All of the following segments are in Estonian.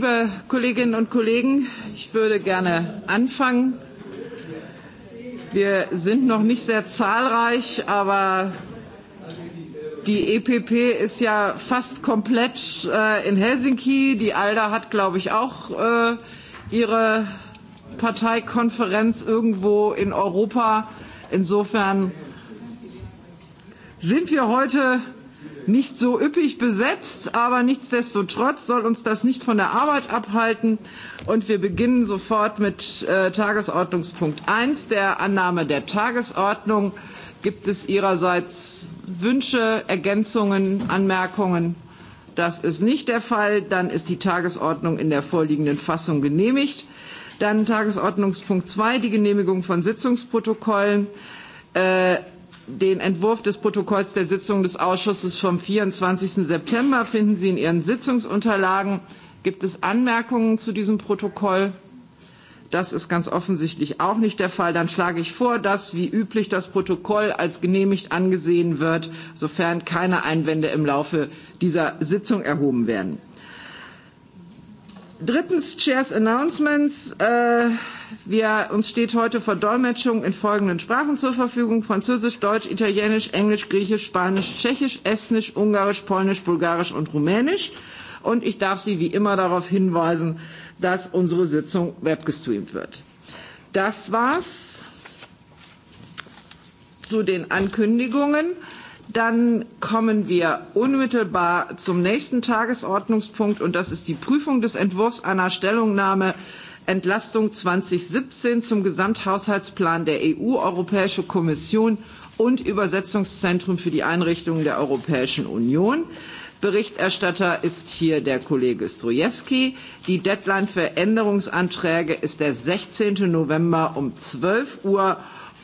liebe Kolleginnen und Kollegen, ich würde gerne anfangen. Wir sind noch nicht sehr zahlreich, aber die EPP ist ja fast komplett äh, in Helsinki. Die ALDA hat, glaube ich, auch äh, ihre Parteikonferenz irgendwo in Europa. Insofern sind wir heute nicht so üppig besetzt, aber nichtsdestotrotz soll uns das nicht von der Arbeit abhalten. Und wir beginnen sofort mit äh, Tagesordnungspunkt 1, der Annahme der Tagesordnung. Gibt es Ihrerseits Wünsche, Ergänzungen, Anmerkungen? Das ist nicht der Fall. Dann ist die Tagesordnung in der vorliegenden Fassung genehmigt. Dann Tagesordnungspunkt 2, die Genehmigung von Sitzungsprotokollen. Äh, Den Entwurf des Protokolls der Sitzung des Ausschusses vom 24. September finden Sie in Ihren Sitzungsunterlagen. Gibt es Anmerkungen zu diesem Protokoll? Das ist ganz offensichtlich auch nicht der Fall. Dann schlage ich vor, dass wie üblich das Protokoll als genehmigt angesehen wird, sofern keine Einwände im Laufe dieser Sitzung erhoben werden. Drittens Chairs Announcements. Äh, wir, uns steht heute Verdolmetschung in folgenden Sprachen zur Verfügung. Französisch, Deutsch, Italienisch, Englisch, Griechisch, Spanisch, Tschechisch, Estnisch, Ungarisch, Polnisch, Bulgarisch und Rumänisch. Und ich darf Sie wie immer darauf hinweisen, dass unsere Sitzung webgestreamt wird. Das war's zu den Ankündigungen. Dann kommen wir unmittelbar zum nächsten Tagesordnungspunkt und das ist die Prüfung des Entwurfs einer Stellungnahme Entlastung 2017 zum Gesamthaushaltsplan der EU, Europäische Kommission und Übersetzungszentrum für die Einrichtungen der Europäischen Union. Berichterstatter ist hier der Kollege Strojewski. Die Deadline für Änderungsanträge ist der 16. November um 12 Uhr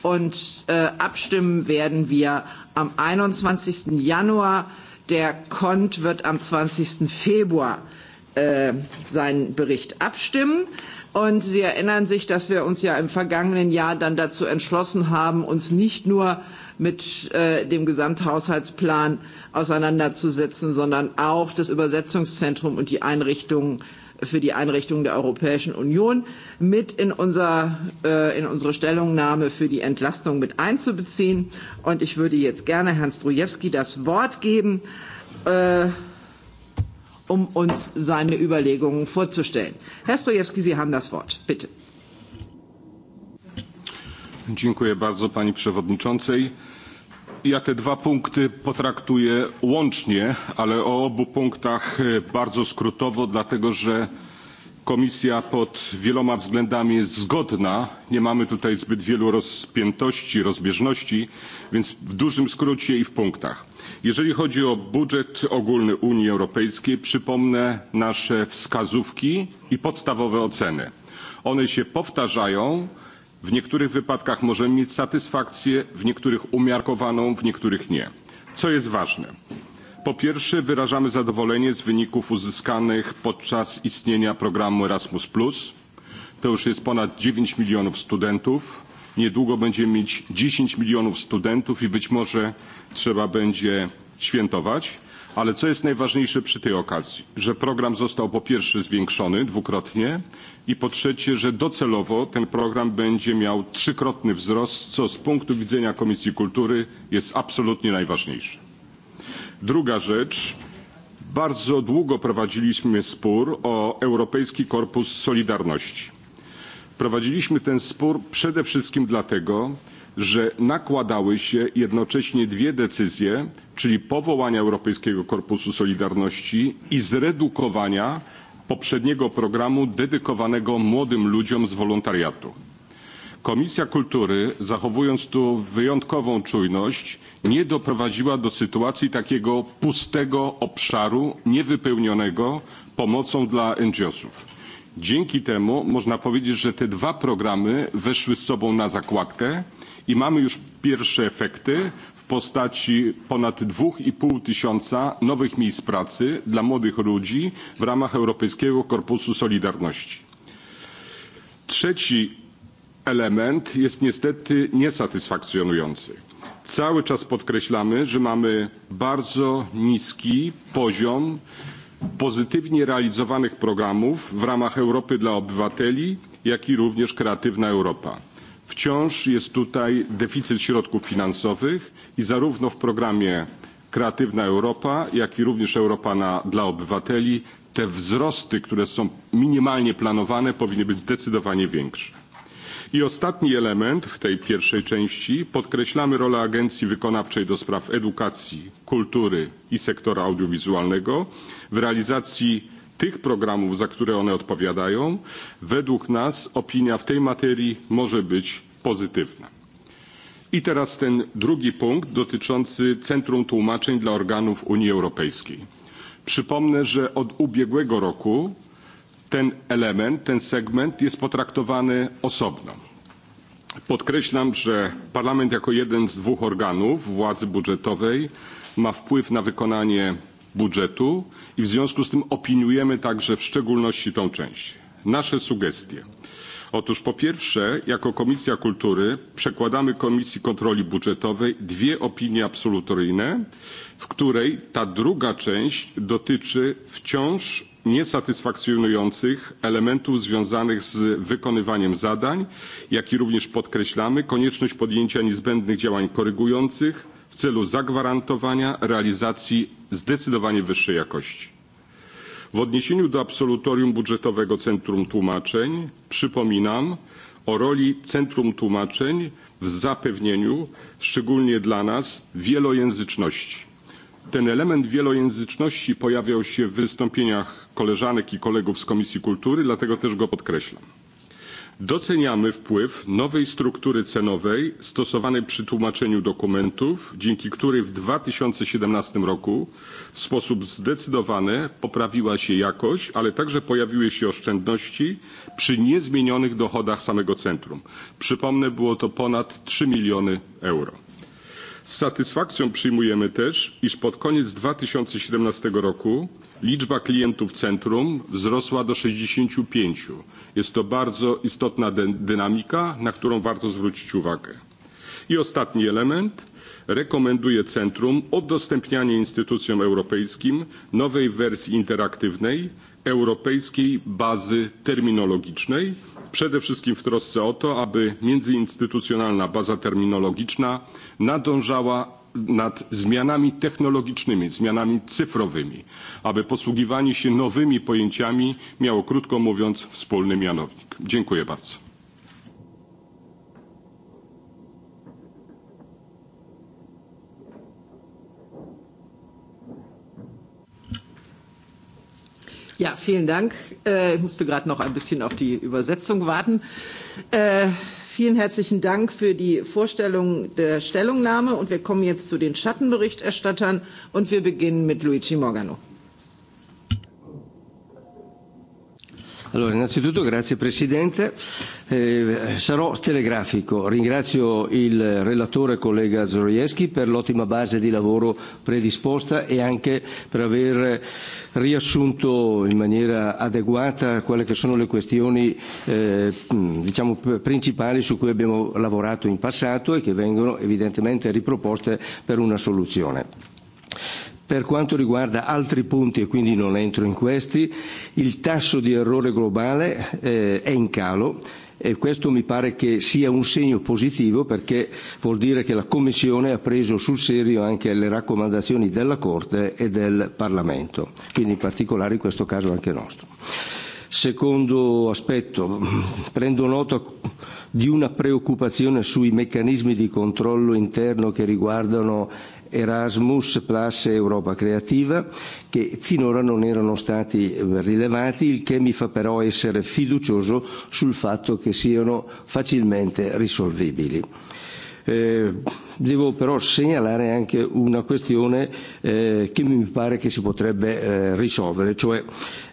und äh, abstimmen werden wir am 21. Januar. Der Kont wird am 20. Februar äh, seinen Bericht abstimmen. Und Sie erinnern sich, dass wir uns ja im vergangenen Jahr dann dazu entschlossen haben, uns nicht nur mit äh, dem Gesamthaushaltsplan auseinanderzusetzen, sondern auch das Übersetzungszentrum und die Einrichtungen äh, für die Einrichtung der Europäischen Union mit in, unser, äh, in unsere Stellungnahme für die Entlastung mit einzubeziehen. Und ich würde jetzt gerne Herrn Strujewski das Wort geben, äh, um uns seine Überlegungen vorzustellen. Herr Strojewski, Sie haben das Wort. Bitte. Dziękuję bardzo Pani Przewodniczącej. Ja te dwa punkty potraktuję łącznie, ale o obu punktach e, bardzo skrótowo, dlatego że komisja pod wieloma względami jest zgodna. Nie mamy tutaj zbyt wielu rozpiętości, rozbieżności, więc w dużym skrócie i w punktach. Jeżeli chodzi o budżet ogólny Unii Europejskiej, przypomnę nasze wskazówki i podstawowe oceny. One się powtarzają, w niektórych wypadkach możemy mieć satysfakcję w niektórych umiarkowaną w niektórych nie. co jest ważne? po pierwsze wyrażamy zadowolenie z wyników uzyskanych podczas istnienia programu erasmus to już jest ponad dziewięć milionów studentów niedługo będziemy mieć dziesięć milionów studentów i być może trzeba będzie świętować ale co jest najważniejsze przy tej okazji że program został po pierwsze zwiększony dwukrotnie i po trzecie że docelowo ten program będzie miał trzykrotny wzrost co z punktu widzenia komisji kultury jest absolutnie najważniejsze. druga rzecz bardzo długo prowadziliśmy spór o europejski korpus solidarności. prowadziliśmy ten spór przede wszystkim dlatego że nakładały się jednocześnie dwie decyzje, czyli powołania Europejskiego Korpusu Solidarności i zredukowania poprzedniego programu dedykowanego młodym ludziom z wolontariatu. Komisja Kultury, zachowując tu wyjątkową czujność, nie doprowadziła do sytuacji takiego pustego obszaru, niewypełnionego pomocą dla NGO-sów. Dzięki temu można powiedzieć, że te dwa programy weszły z sobą na zakładkę i mamy już pierwsze efekty w postaci ponad 2,5 tysiąca nowych miejsc pracy dla młodych ludzi w ramach Europejskiego Korpusu Solidarności. Trzeci element jest niestety niesatysfakcjonujący. Cały czas podkreślamy, że mamy bardzo niski poziom pozytywnie realizowanych programów w ramach Europy dla obywateli, jak i również Kreatywna Europa wciąż jest tutaj deficyt środków finansowych i zarówno w programie kreatywna europa jak i również europa dla obywateli te wzrosty które są minimalnie planowane powinny być zdecydowanie większe. i ostatni element w tej pierwszej części podkreślamy rolę agencji wykonawczej do spraw edukacji kultury i sektora audiowizualnego w realizacji tych programów, za które one odpowiadają, według nas opinia w tej materii może być pozytywna. I teraz ten drugi punkt dotyczący Centrum Tłumaczeń dla Organów Unii Europejskiej. Przypomnę, że od ubiegłego roku ten element, ten segment jest potraktowany osobno. Podkreślam, że Parlament jako jeden z dwóch organów władzy budżetowej ma wpływ na wykonanie budżetu i w związku z tym opiniujemy także w szczególności tą część. Nasze sugestie. Otóż po pierwsze, jako Komisja Kultury przekładamy Komisji Kontroli Budżetowej dwie opinie absolutoryjne, w której ta druga część dotyczy wciąż niesatysfakcjonujących elementów związanych z wykonywaniem zadań, jak i również podkreślamy konieczność podjęcia niezbędnych działań korygujących w celu zagwarantowania realizacji zdecydowanie wyższej jakości. W odniesieniu do absolutorium budżetowego Centrum Tłumaczeń przypominam o roli Centrum Tłumaczeń w zapewnieniu, szczególnie dla nas, wielojęzyczności. Ten element wielojęzyczności pojawiał się w wystąpieniach koleżanek i kolegów z Komisji Kultury, dlatego też go podkreślam. Doceniamy wpływ nowej struktury cenowej stosowanej przy tłumaczeniu dokumentów, dzięki której w 2017 roku w sposób zdecydowany poprawiła się jakość, ale także pojawiły się oszczędności przy niezmienionych dochodach samego centrum. Przypomnę, było to ponad 3 miliony euro. Z satysfakcją przyjmujemy też, iż pod koniec 2017 roku liczba klientów centrum wzrosła do 65 Jest to bardzo istotna dynamika, na którą warto zwrócić uwagę. I ostatni element. Rekomenduje Centrum udostępnianie instytucjom europejskim nowej wersji interaktywnej europejskiej bazy terminologicznej, przede wszystkim w trosce o to, aby międzyinstytucjonalna baza terminologiczna nadążała nad zmianami technologicznymi, zmianami cyfrowymi, aby posługiwanie się nowymi pojęciami miało, krótko mówiąc, wspólny mianownik. Dziękuję bardzo. Ja, vielen Dank. Äh, ich musste gerade noch ein bisschen auf die Übersetzung warten. Äh, Vielen herzlichen Dank für die Vorstellung der Stellungnahme. Und wir kommen jetzt zu den Schattenberichterstattern. Und wir beginnen mit Luigi Morgano. Allora, innanzitutto grazie Presidente. Eh, sarò telegrafico. Ringrazio il relatore collega Zoroieschi per l'ottima base di lavoro predisposta e anche per aver riassunto in maniera adeguata quelle che sono le questioni eh, diciamo, principali su cui abbiamo lavorato in passato e che vengono evidentemente riproposte per una soluzione. Per quanto riguarda altri punti, e quindi non entro in questi, il tasso di errore globale eh, è in calo e questo mi pare che sia un segno positivo perché vuol dire che la Commissione ha preso sul serio anche le raccomandazioni della Corte e del Parlamento, quindi in particolare in questo caso anche nostro. Secondo aspetto, prendo nota di una preoccupazione sui meccanismi di controllo interno che riguardano Erasmus Plus Europa Creativa, che finora non erano stati eh, rilevati, il che mi fa però essere fiducioso sul fatto che siano facilmente risolvibili. Eh, Devo però segnalare anche una questione eh, che mi pare che si potrebbe eh, risolvere, cioè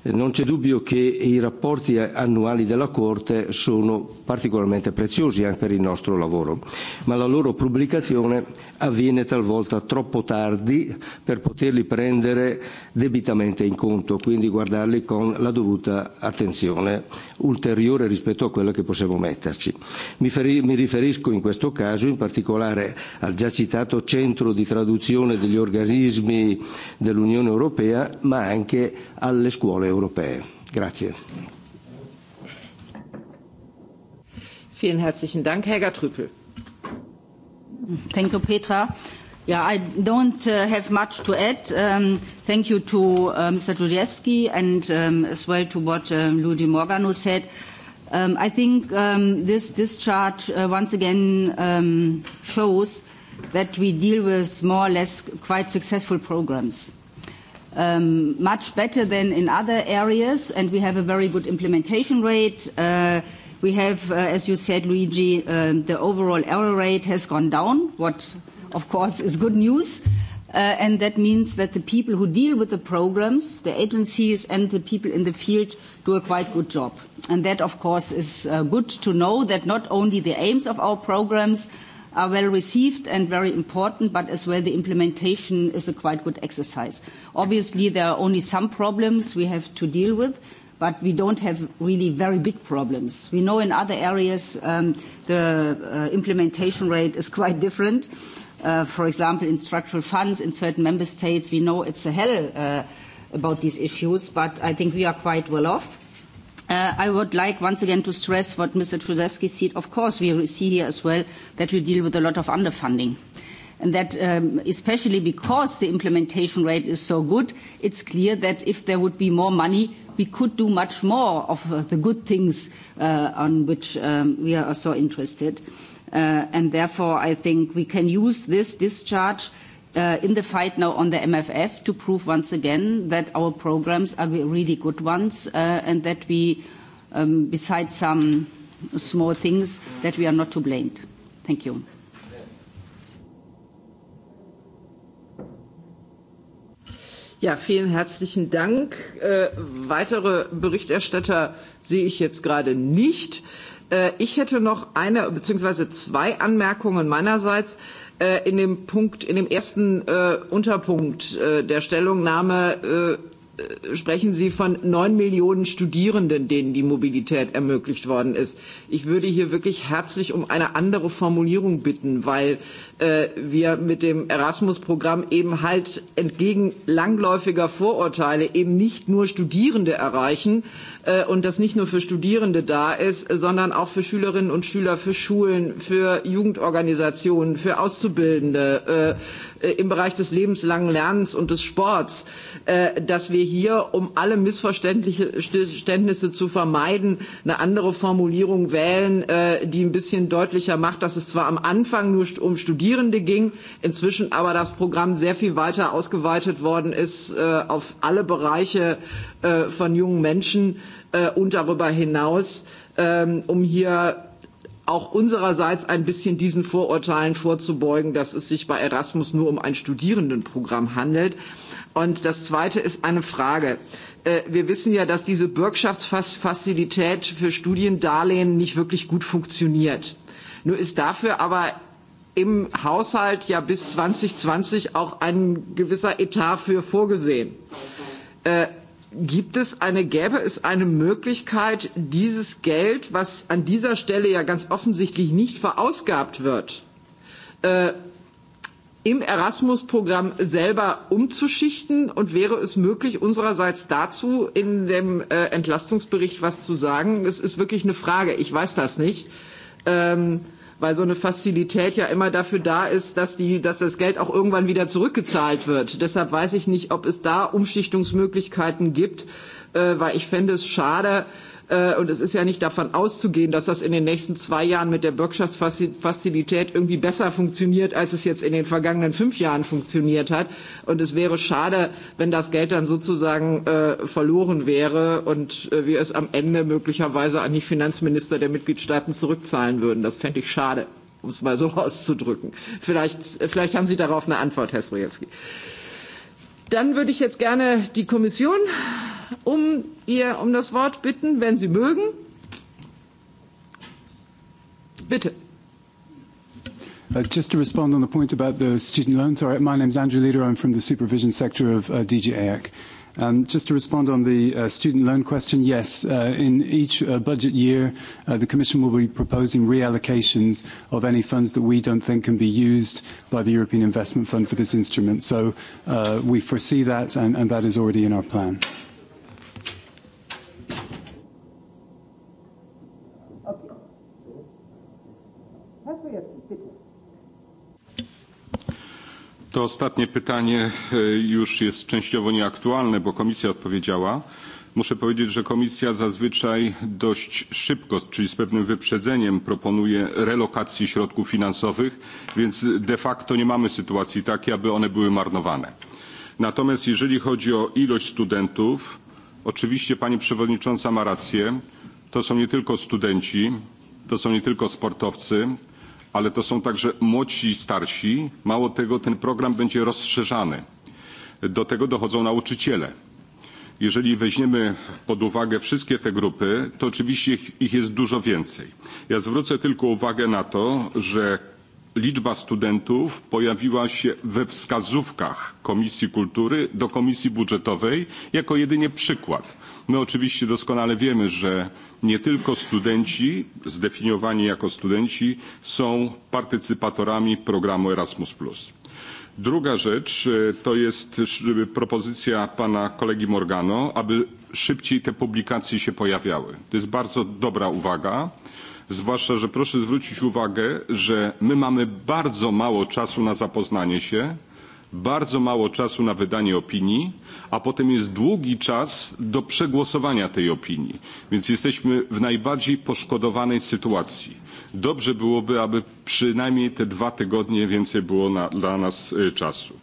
eh, non c'è dubbio che i rapporti annuali della Corte sono particolarmente preziosi anche per il nostro lavoro, ma la loro pubblicazione avviene talvolta troppo tardi per poterli prendere debitamente in conto, quindi guardarli con la dovuta attenzione ulteriore rispetto a quella che possiamo metterci. Mi, feri- mi riferisco in questo caso in particolare al già citato Centro di traduzione degli organismi dell'Unione europea, ma anche alle scuole europee. Grazie. Vielen herzlichen Dank, Helga Trüpel. Thank you, Petra. Yeah, I don't uh, have much to add. Um, thank you to uh, Mr. Dudevsky and um, as well to what um, Luigi Morgano said. Uh, Um, I think um, this, this chart uh, once again um, shows that we deal with more or less quite successful programs. Um, much better than in other areas, and we have a very good implementation rate. Uh, we have, uh, as you said, Luigi, uh, the overall error rate has gone down, what of course is good news. Uh, Uh, and that means that the people who deal with the programs, the agencies and the people in the field do a quite good job. And that, of course, is uh, good to know that not only the aims of our programs are well received and very important, but as well the implementation is a quite good exercise. Obviously, there are only some problems we have to deal with, but we don't have really very big problems. We know in other areas um, the uh, implementation rate is quite different. Uh, uh, for example, in structural funds in certain member states, we know it's a hell uh, about these issues, but I think we are quite well off. Uh, I would like once again to stress what Mr. Trudevsky said. Of course, we see here as well that we deal with a lot of underfunding. And that, um, especially because the implementation rate is so good, it's clear that if there would be more money, we could do much more of uh, the good things uh, on which um, we are so interested. Uh, Uh, and therefore, I think we can use this discharge Uh, in the fight now on the MFF to prove once again that our programs are really good ones uh, and that we, um, besides some small things, that we are not to blamed. Thank you. Ja, vielen herzlichen Dank. Äh, weitere Berichterstatter sehe ich jetzt gerade nicht. Äh, Äh, ich hätte noch eine bzw. zwei Anmerkungen meinerseits äh, in dem Punkt, in dem ersten äh, Unterpunkt äh, der Stellungnahme äh, Äh, sprechen Sie von neun Millionen Studierenden, denen die Mobilität ermöglicht worden ist. Ich würde hier wirklich herzlich um eine andere Formulierung bitten, weil äh, wir mit dem Erasmus-Programm eben halt entgegen langläufiger Vorurteile eben nicht nur Studierende erreichen äh, und das nicht nur für Studierende da ist, sondern auch für Schülerinnen und Schüler, für Schulen, für Jugendorganisationen, für Auszubildende, äh, Äh, im Bereich des lebenslangen Lernens und des Sports, äh, dass wir hier, um alle Missverständnisse zu vermeiden, eine andere Formulierung wählen, äh, die ein bisschen deutlicher macht, dass es zwar am Anfang nur um Studierende ging, inzwischen aber das Programm sehr viel weiter ausgeweitet worden ist auf alle Bereiche von jungen Menschen und darüber hinaus, ähm, um hier auch unsererseits ein bisschen diesen Vorurteilen vorzubeugen, dass es sich bei Erasmus nur um ein Studierendenprogramm handelt. Und das Zweite ist eine Frage. Äh, wir wissen ja, dass diese Bürgschaftsfazilität für Studiendarlehen nicht wirklich gut funktioniert. Nur ist dafür aber im Haushalt ja bis 2020 auch ein gewisser Etat für vorgesehen. Äh, Gibt es eine, gäbe es eine Möglichkeit, dieses Geld, was an dieser Stelle ja ganz offensichtlich nicht verausgabt wird, äh, im Erasmus-Programm selber umzuschichten? Und wäre es möglich, unsererseits dazu in dem äh, Entlastungsbericht was zu sagen? Es ist wirklich eine Frage. Ich weiß das nicht. Ähm, äh, weil so eine Fazilität ja immer dafür da ist, dass, die, dass das Geld auch irgendwann wieder zurückgezahlt wird. Deshalb weiß ich nicht, ob es da Umschichtungsmöglichkeiten gibt, äh, weil ich fände es schade, äh, äh, und es ist ja nicht davon auszugehen, dass das in den nächsten zwei Jahren mit der Bürgschaftsfazilität irgendwie besser funktioniert, als es jetzt in den vergangenen fünf Jahren funktioniert hat. Und es wäre schade, wenn das Geld dann sozusagen äh, verloren wäre und äh, wir es am Ende möglicherweise an die Finanzminister der Mitgliedstaaten zurückzahlen würden. Das fände ich schade, um es mal so auszudrücken. Vielleicht, äh, vielleicht haben Sie darauf eine Antwort, Herr Strejewski. Äh, Dann würde ich jetzt gerne die Kommission um, ihr, um das Wort bitten, wenn Sie mögen. Bitte. Uh, just to respond on the point about the student loan, sorry, my name's Andrew Leader. I'm from the supervision sector of uh, DG AEC. Um, just to respond on the uh, student loan question, yes, uh, in each uh, budget year, uh, the Commission will be proposing reallocations of any funds that we don't think can be used by the European Investment Fund for this instrument. So, uh, we foresee that, and, and that is already in our plan. To ostatnie pytanie e, już jest częściowo nieaktualne, bo Komisja odpowiedziała. Muszę powiedzieć, że Komisja zazwyczaj dość szybko, czyli z pewnym wyprzedzeniem proponuje relokację środków finansowych, więc de facto nie mamy sytuacji takiej, aby one były marnowane. Natomiast jeżeli chodzi o ilość studentów, oczywiście Pani Przewodnicząca ma rację, to są nie tylko studenci, to są nie tylko sportowcy, ale to są także młodsi i starsi. Mało tego, ten program będzie rozszerzany. Do tego dochodzą nauczyciele. Jeżeli weźmiemy pod uwagę wszystkie te grupy, to oczywiście ich, ich jest dużo więcej. Ja zwrócę tylko uwagę na to, że liczba studentów pojawiła się we wskazówkach Komisji Kultury do Komisji Budżetowej jako jedynie przykład. My oczywiście doskonale wiemy, że nie tylko studenci zdefiniowani jako studenci są partycypatorami programu Erasmus. Druga rzecz e, to jest propozycja pana kolegi Morgano, aby szybciej te publikacje się pojawiały. To jest bardzo dobra uwaga. Zwłaszcza, że proszę zwrócić uwagę, że my mamy bardzo mało czasu na zapoznanie się bardzo mało czasu na wydanie opinii, a potem jest długi czas do przegłosowania tej opinii. Więc jesteśmy w najbardziej poszkodowanej sytuacji. Dobrze byłoby, aby przynajmniej te dwa tygodnie więcej było na, dla nas czasu.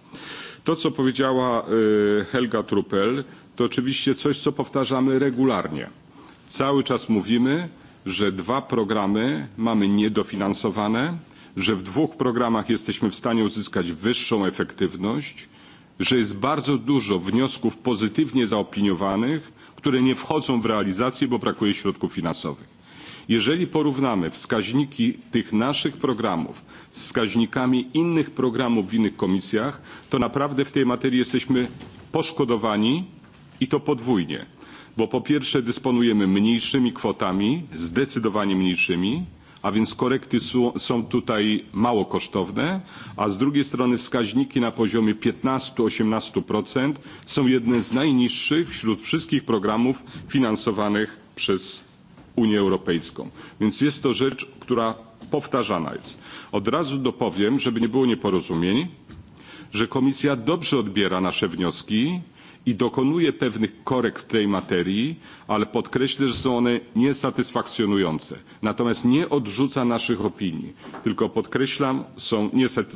To, co powiedziała Helga Truppel, to oczywiście coś, co powtarzamy regularnie. Cały czas mówimy, że dwa programy mamy niedofinansowane, że w dwóch programach jesteśmy w stanie uzyskać wyższą efektywność, że jest bardzo dużo wniosków pozytywnie zaopiniowanych, które nie wchodzą w realizację, bo brakuje środków finansowych. Jeżeli porównamy wskaźniki tych naszych programów z wskaźnikami innych programów w innych komisjach, to naprawdę w tej materii jesteśmy poszkodowani i to podwójnie, bo po pierwsze dysponujemy mniejszymi kwotami, zdecydowanie mniejszymi, a więc korekty są tutaj mało kosztowne, a z drugiej strony wskaźniki na poziomie 15-18% są jedne z najniższych wśród wszystkich programów finansowanych przez Unię Europejską. Więc jest to rzecz, która powtarzana jest. Od razu dopowiem, żeby nie było nieporozumień, że Komisja dobrze odbiera nasze wnioski i dokonuje pewnych korekt w tej materii, ale podkreślę, że są one niesatysfakcjonujące. Natomiast nie odrzuca naszych opinii, tylko podkreślam, są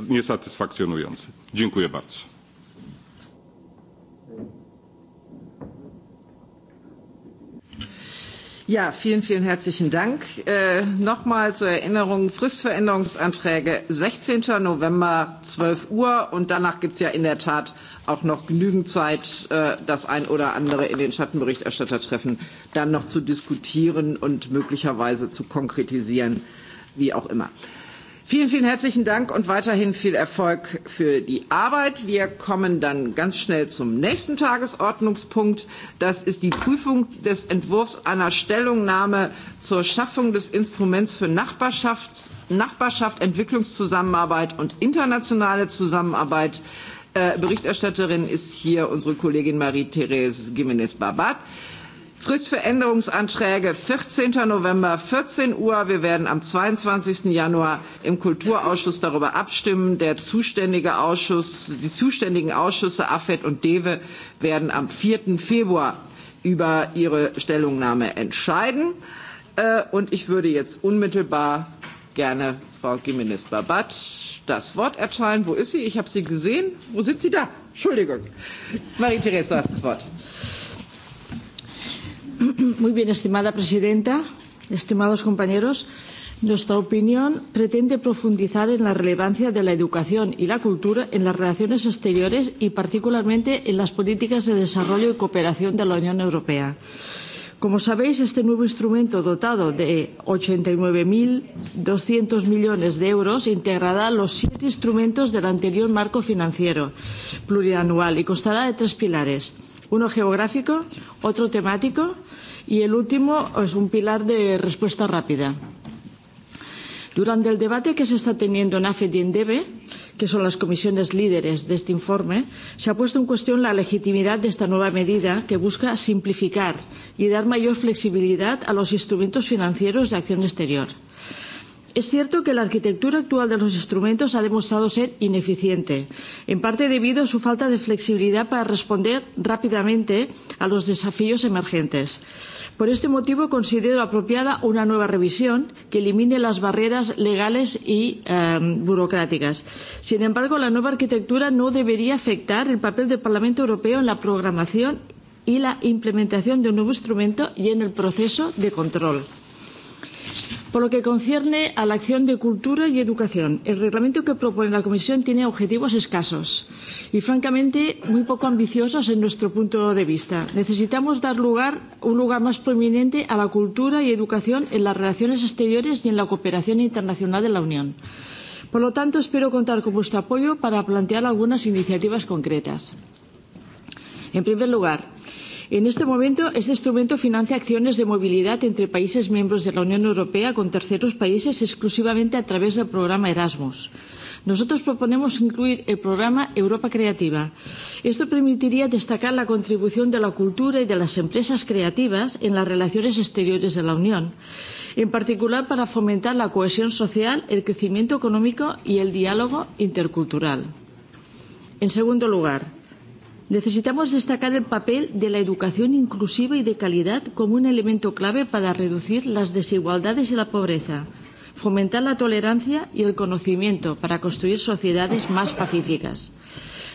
niesatysfakcjonujące. Dziękuję bardzo. Ja, vielen, vielen herzlichen Dank. Äh, Nochmal zur Erinnerung, Fristveränderungsanträge 16. November 12 Uhr und danach gibt es ja in der Tat auch noch genügend Zeit, äh, das ein oder andere in den Schattenberichterstattertreffen dann noch zu diskutieren und möglicherweise zu konkretisieren, wie auch immer. Vielen, vielen herzlichen Dank und weiterhin viel Erfolg für die Arbeit. Wir kommen dann ganz schnell zum nächsten Tagesordnungspunkt. Das ist die Prüfung des Entwurfs einer Stellungnahme zur Schaffung des Instruments für Nachbarschafts Nachbarschaft, Entwicklungszusammenarbeit und internationale Zusammenarbeit. Äh, Berichterstatterin ist hier unsere Kollegin Marie-Therese Gimenez-Barbat. Äh, Frist für Änderungsanträge 14. November 14 Uhr. Wir werden am 22. Januar im Kulturausschuss darüber abstimmen. Der zuständige Ausschuss, die zuständigen Ausschüsse AFET und DEWE werden am 4. Februar über ihre Stellungnahme entscheiden. Äh, und ich würde jetzt unmittelbar gerne Frau Gimenez Babat das Wort erteilen. Wo ist sie? Ich habe sie gesehen. Wo sitzt sie da? Entschuldigung. Marie-Therese, du hast das Wort. Muy bien, estimada presidenta, estimados compañeros. Nuestra opinión pretende profundizar en la relevancia de la educación y la cultura en las relaciones exteriores y particularmente en las políticas de desarrollo y cooperación de la Unión Europea. Como sabéis, este nuevo instrumento, dotado de 89.200 millones de euros, integrará los siete instrumentos del anterior marco financiero plurianual y constará de tres pilares. Uno geográfico, otro temático, Y el último es un pilar de respuesta rápida. Durante el debate que se está teniendo en AFET y en DEBE, que son las comisiones líderes de este informe, se ha puesto en cuestión la legitimidad de esta nueva medida que busca simplificar y dar mayor flexibilidad a los instrumentos financieros de acción exterior. Es cierto que la arquitectura actual de los instrumentos ha demostrado ser ineficiente, en parte debido a su falta de flexibilidad para responder rápidamente a los desafíos emergentes. Por este motivo, considero apropiada una nueva revisión que elimine las barreras legales y eh, burocráticas. Sin embargo, la nueva arquitectura no debería afectar el papel del Parlamento Europeo en la programación y la implementación de un nuevo instrumento y en el proceso de control. Por lo que concierne a la acción de cultura y educación, el reglamento que propone la Comisión tiene objetivos escasos y, francamente, muy poco ambiciosos en nuestro punto de vista. Necesitamos dar lugar, un lugar más prominente a la cultura y educación en las relaciones exteriores y en la cooperación internacional de la Unión. Por lo tanto, espero contar con vuestro apoyo para plantear algunas iniciativas concretas. En primer lugar, En este momento, este instrumento financia acciones de movilidad entre países miembros de la Unión Europea con terceros países exclusivamente a través del programa Erasmus. Nosotros proponemos incluir el programa Europa Creativa. Esto permitiría destacar la contribución de la cultura y de las empresas creativas en las relaciones exteriores de la Unión, en particular para fomentar la cohesión social, el crecimiento económico y el diálogo intercultural. En segundo lugar, Necesitamos destacar el papel de la educación inclusiva y de calidad como un elemento clave para reducir las desigualdades y la pobreza, fomentar la tolerancia y el conocimiento para construir sociedades más pacíficas.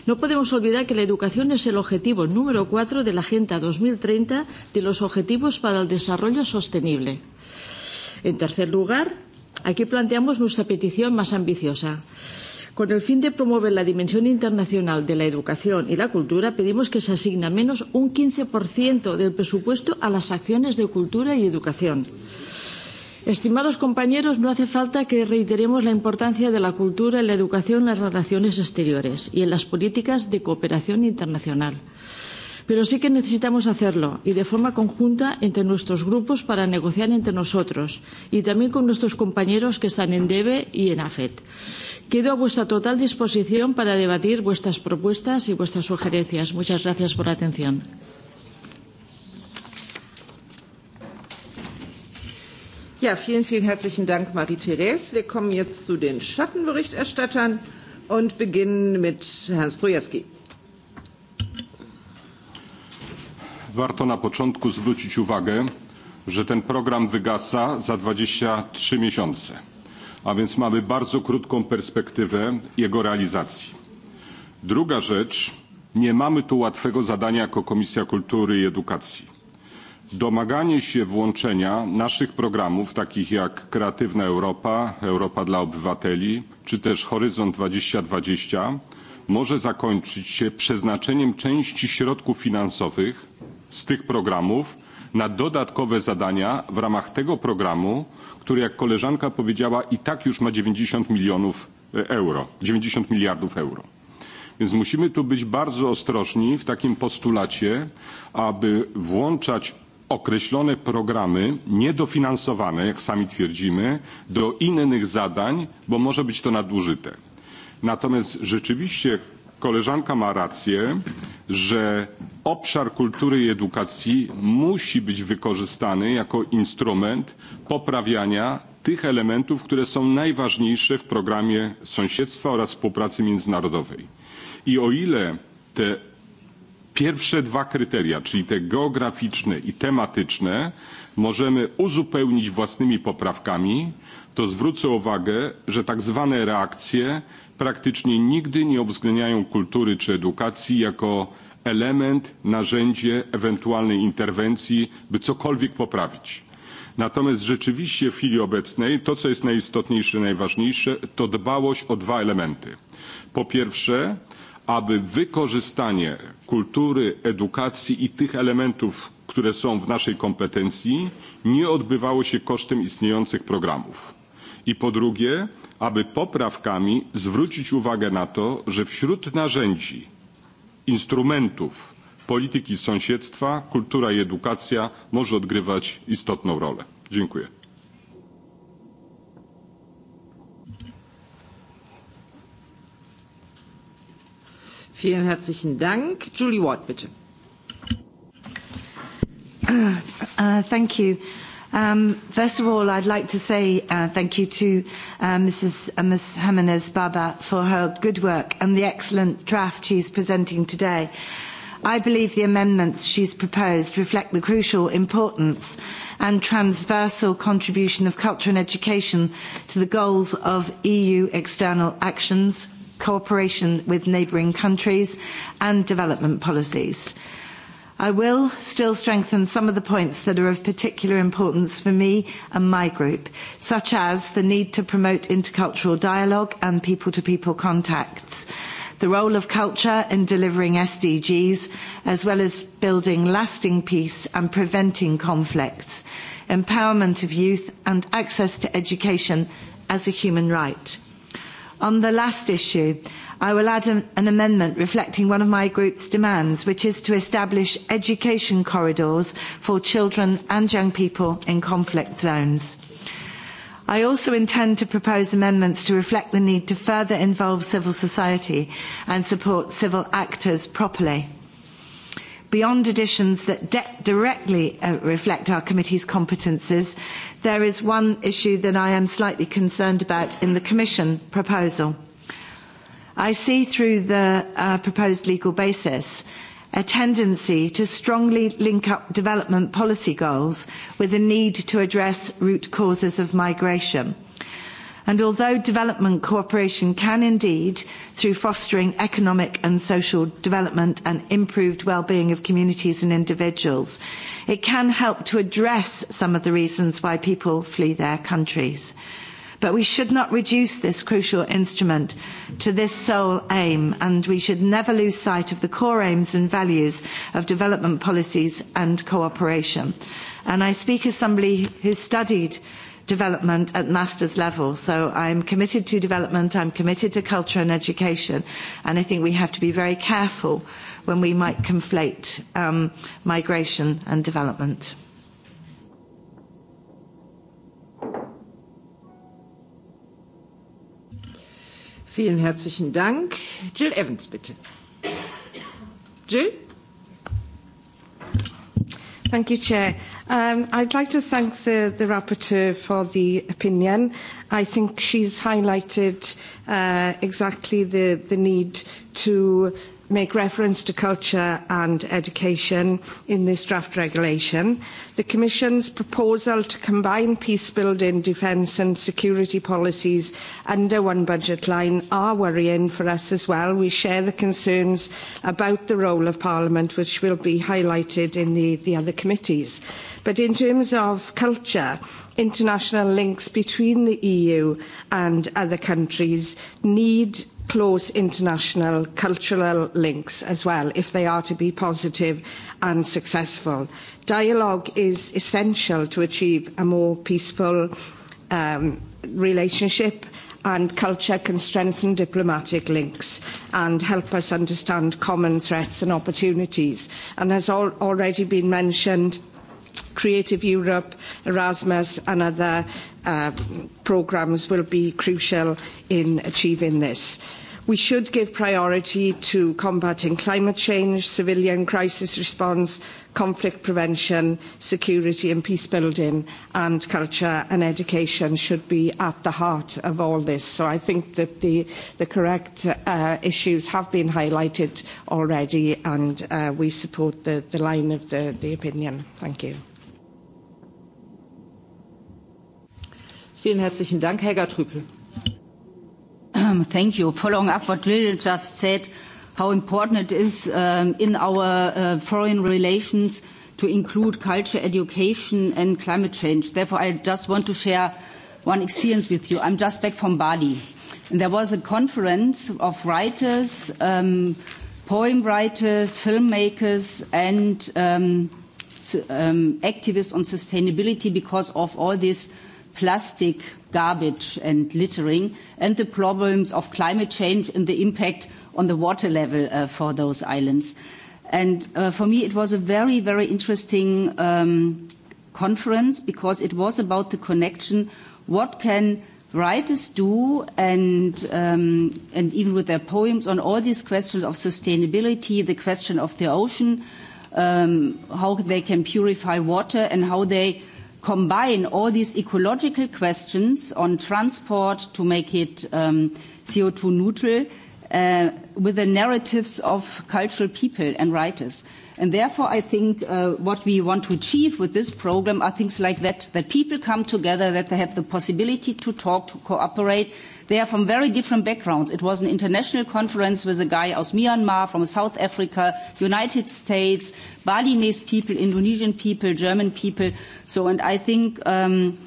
No podemos olvidar que la educación es el objetivo número cuatro de la Agenda 2030 de los Objetivos para el Desarrollo Sostenible. En tercer lugar, aquí planteamos nuestra petición más ambiciosa Con el fin de promover la dimensión internacional de la educación y la cultura, pedimos que se asigne menos un 15% del presupuesto a las acciones de cultura y educación. Estimados compañeros, no hace falta que reiteremos la importancia de la cultura en la educación, en las relaciones exteriores y en las políticas de cooperación internacional. Pero sí que necesitamos hacerlo y de forma conjunta entre nuestros grupos para negociar entre nosotros y también con nuestros compañeros que están en DEBE y en AFET. Quedo a vuestra total disposición para debatir vuestras propuestas y vuestras sugerencias. Muchas gracias por la atención. Ja, vielen, vielen herzlichen Dank, Marie-Therese. Wir kommen jetzt zu den Schattenberichterstattern und beginnen mit Herrn Strojewski. Warto na początku zwrócić uwagę, że ten program wygasa za 23 miesiące a więc mamy bardzo krótką perspektywę jego realizacji. Druga rzecz, nie mamy tu łatwego zadania jako Komisja Kultury i Edukacji. Domaganie się włączenia naszych programów, takich jak Kreatywna Europa, Europa dla Obywateli czy też Horyzont 2020, może zakończyć się przeznaczeniem części środków finansowych z tych programów na dodatkowe zadania w ramach tego programu, który jak koleżanka powiedziała i tak już ma 90 milionów e, euro, 90 miliardów euro. Więc musimy tu być bardzo ostrożni w takim postulacie, aby włączać określone programy niedofinansowane, jak sami twierdzimy, do innych zadań, bo może być to nadużyte. Natomiast rzeczywiście koleżanka ma rację, że obszar kultury i edukacji musi być wykorzystany jako instrument poprawiania tych elementów, które są najważniejsze w programie sąsiedztwa oraz współpracy międzynarodowej. I o ile te pierwsze dwa kryteria, czyli te geograficzne i tematyczne, możemy uzupełnić własnymi poprawkami, to zwrócę uwagę, że tak zwane reakcje praktycznie nigdy nie uwzględniają kultury czy edukacji jako element, narzędzie ewentualnej interwencji, by cokolwiek poprawić. Natomiast rzeczywiście w chwili obecnej to, co jest najistotniejsze, najważniejsze, to dbałość o dwa elementy. Po pierwsze, aby wykorzystanie kultury, edukacji i tych elementów, które są w naszej kompetencji, nie odbywało się kosztem istniejących programów. I po drugie, aby poprawkami zwrócić uwagę na to, że wśród narzędzi instrumentów polityki sąsiedztwa kultura i edukacja może odgrywać istotną rolę. Dziękuję. Vielen herzlichen Dank. Julie Ward, bitte. Uh, uh, thank you. Um, first of all, I'd like to say uh, thank you to uh, Mrs. Uh, Ms. Jimenez Baba for her good work and the excellent draft she's presenting today. I believe the amendments she's proposed reflect the crucial importance and transversal contribution of culture and education to the goals of EU external actions, cooperation with neighbouring countries and development policies. Uh, I will still strengthen some of the points that are of particular importance for me and my group, such as the need to promote intercultural dialogue and people-to-people -people contacts, the role of culture in delivering SDGs, as well as building lasting peace and preventing conflicts, empowerment of youth and access to education as a human right. On the last issue, I will add an, an amendment reflecting one of my group's demands, which is to establish education corridors for children and young people in conflict zones. I also intend to propose amendments to reflect the need to further involve civil society and support civil actors properly. Beyond additions that de- directly uh, reflect our committee's competences, there is one issue that I am slightly concerned about in the Commission proposal. I see through the uh, proposed legal basis a tendency to strongly link up development policy goals with the need to address root causes of migration. And although development cooperation can indeed, through fostering economic and social development and improved well-being of communities and individuals, it can help to address some of the reasons why people flee their countries. Uh, But we should not reduce this crucial instrument to this sole aim, and we should never lose sight of the core aims and values of development policies and cooperation. And I speak as somebody who studied development at master's level. So I'm committed to development, I'm committed to culture and education, and I think we have to be very careful when we might conflate um, migration and development. Vielen herzlichen Dank. Jill Evans, bitte. Jill? Thank you, Chair. Um, I'd like to thank the, the rapporteur for the opinion. I think she's highlighted uh, exactly the, the need to make reference to culture and education in this draft regulation. The Commission's proposal to combine peacebuilding, defence and security policies under one budget line are worrying for us as well. We share the concerns about the role of Parliament, which will be highlighted in the, the other committees. But in terms of culture, international links between the EU and other countries need close international cultural links as well if they are to be positive and successful. Dialogue is essential to achieve a more peaceful um, relationship and culture can strengthen diplomatic links and help us understand common threats and opportunities. And as al already been mentioned, Creative Europe, Erasmus and other uh, programmes will be crucial in achieving this we should give priority to combating climate change civilian crisis response conflict prevention security and peace building and culture and education should be at the heart of all this so i think that the the correct uh, issues have been highlighted already and uh, we support the the line of the the opinion thank you vielen herzlichen dank helga trüpel Thank you. Following up what Lil just said, how important it is um, in our uh, foreign relations to include culture, education, and climate change. Therefore, I just want to share one experience with you. I'm just back from Bali. And there was a conference of writers, um, poem writers, filmmakers, and um, um, activists on sustainability because of all these plastic garbage and littering and the problems of climate change and the impact on the water level uh, for those islands. And uh, for me, it was a very, very interesting um, conference because it was about the connection. What can writers do and um, and even with their poems on all these questions of sustainability, the question of the ocean, um, how they can purify water, and how they combine all these ecological questions on transport to make it um, CO2 neutral uh, with the narratives of cultural people and writers. And therefore, I think uh, what we want to achieve with this program are things like that, that people come together, that they have the possibility to talk, to cooperate, They are from very different backgrounds. It was an international conference with a guy aus Myanmar, from South Africa, United States, Balinese people, Indonesian people, German people. So, and I think. Um,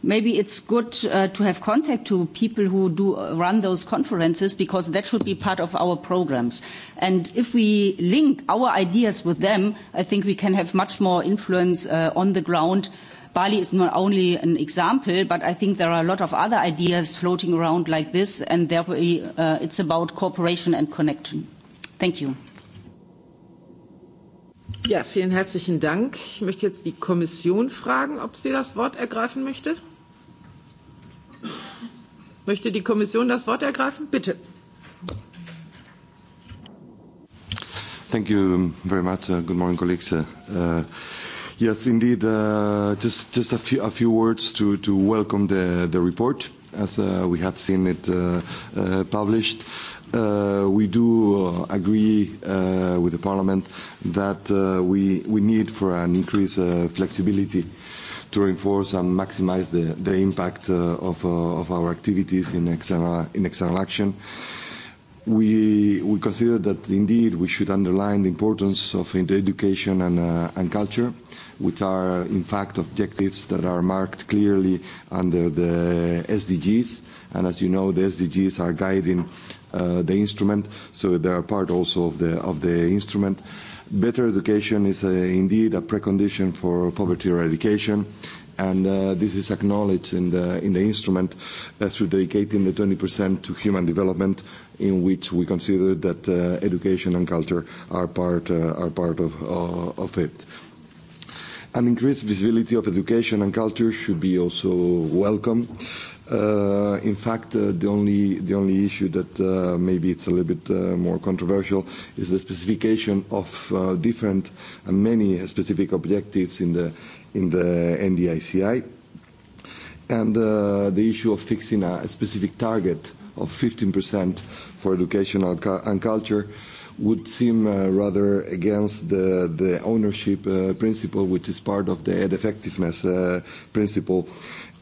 maybe it's good uh, to have contact to people who do uh, run those conferences because that should be part of our programs. And if we link our ideas with them, I think we can have much more influence uh, on the ground Bali is not only an example, but I think there are a lot of other ideas floating around like this, and therefore uh, it's about cooperation and connection. Thank you. Ja, vielen herzlichen Dank. Ich möchte jetzt die Kommission fragen, ob sie das Wort ergreifen möchte. Möchte die Kommission das Wort ergreifen? Bitte. Thank you very much. Uh, good morning, colleagues. Uh, uh, Yes, indeed. Uh, just just a few a few words to to welcome the the report as uh, we have seen it uh, uh, published. Uh, we do uh, agree uh, with the Parliament that uh, we, we need for an increased uh, flexibility to reinforce and maximize the, the impact uh, of, uh, of our activities in external, in external action. Uh, we we consider that indeed we should underline the importance of education and uh, and culture, which are uh, in fact objectives that are marked clearly under the SDGs. And as you know, the SDGs are guiding uh, the instrument, so they are part also of the of the instrument. Better education is a, uh, indeed a precondition for poverty eradication. Uh, and uh, this is acknowledged in the, in the instrument uh, through dedicating the 20% to human development, in which we consider that uh, education and culture are part, uh, are part of, uh, of it. An increased visibility of education and culture should be also welcome. Uh, in fact, uh, the only the only issue that uh, maybe it's a little bit uh, more controversial is the specification of uh, different and many specific objectives in the in the NDICI. And uh, the issue of fixing a, a specific target of 15% for education and culture would seem uh, rather against the, the ownership uh, principle, which is part of the ed effectiveness uh, principle.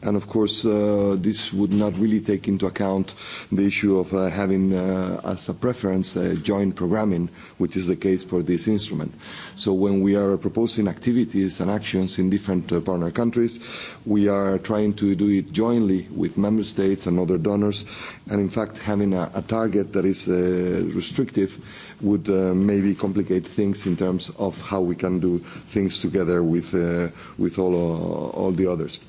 And of course, uh, this would not really take into account the issue of uh, having uh, as a preference uh, joint programming, which is the case for this instrument. So when we are proposing activities and actions in different uh, partner countries, we are trying to do it jointly with member states and other donors. And in fact, having a, a target that is uh, restrictive would uh, maybe complicate things in terms of how we can do things together with, uh, with all, uh, all the others. Uh,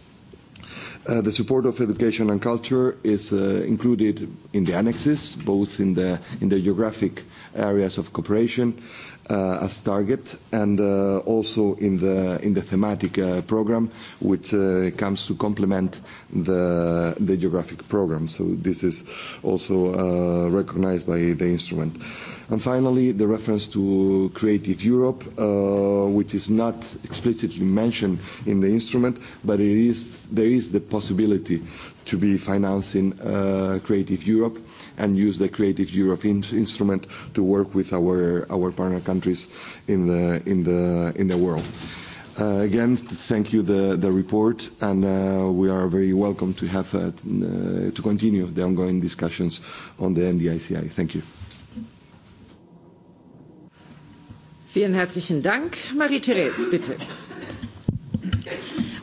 Uh, the support of education and culture is uh, included in the annexes, both in the, in the geographic areas of cooperation. Uh, uh, as target and uh, also in the in the thematic uh, program which uh, comes to complement the the geographic program so this is also uh, recognized by the instrument and finally the reference to creative europe uh, which is not explicitly mentioned in the instrument but it is there is the possibility to be financing uh, creative europe uh, and use the Creative Europe in instrument to work with our, our partner countries in the, in the, in the world. Uh, again, thank you the, the report, and uh, we are very welcome to have uh, uh to continue the ongoing discussions on the NDICI. Thank you. Vielen herzlichen Dank. Marie-Therese, bitte.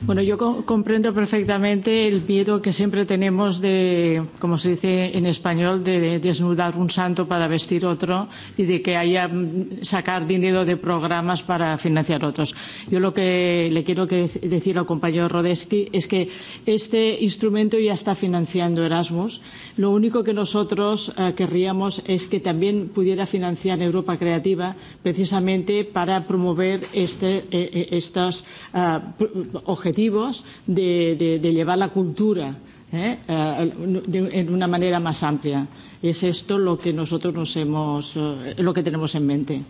Bueno, yo co comprendo perfectamente el miedo que siempre tenemos de, como se dice en español, de, de desnudar un santo para vestir otro y de que haya mm, sacar dinero de programas para financiar otros. Yo lo que le quiero que de decir al compañero Rodesky es que este instrumento ya está financiando Erasmus. Lo único que nosotros eh, querríamos es que también pudiera financiar Europa Creativa precisamente para promover este, eh, estos eh, ah, objetivos objetivos de, de, de llevar la cultura ¿eh? Uh, de, en una manera más amplia. Es esto lo que nosotros nos hemos, uh, lo que tenemos en mente.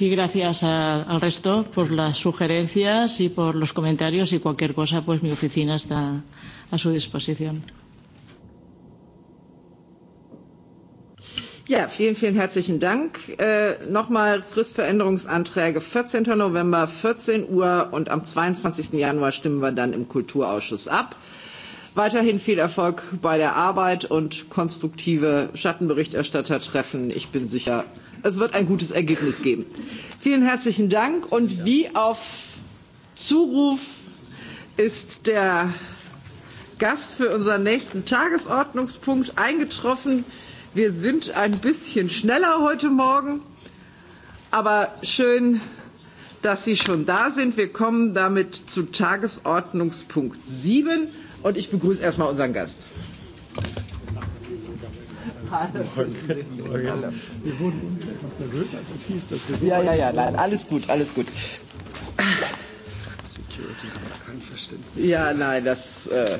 Y gracias a, al resto por las sugerencias y por los comentarios y cualquier cosa, pues mi oficina está a su disposición. Ja, vielen, vielen herzlichen Dank. Äh, Nochmal Fristveränderungsanträge 14. November, 14 Uhr und am 22. Januar stimmen wir dann im Kulturausschuss ab. Weiterhin viel Erfolg bei der Arbeit und konstruktive Schattenberichterstattertreffen. Ich bin sicher, es wird ein gutes Ergebnis geben. Vielen herzlichen Dank und wie auf Zuruf ist der Gast für unseren nächsten Tagesordnungspunkt eingetroffen. Wir sind ein bisschen schneller heute Morgen, aber schön, dass Sie schon da sind. Wir kommen damit zu Tagesordnungspunkt 7 und ich begrüße erstmal unseren Gast. Morgen. Morgen. Wir wurden etwas nervös, als es hieß, dass wir so. Ja, ja, ja, nein, alles gut, alles gut. Security hat kein Verständnis. Ja, nein, das, äh,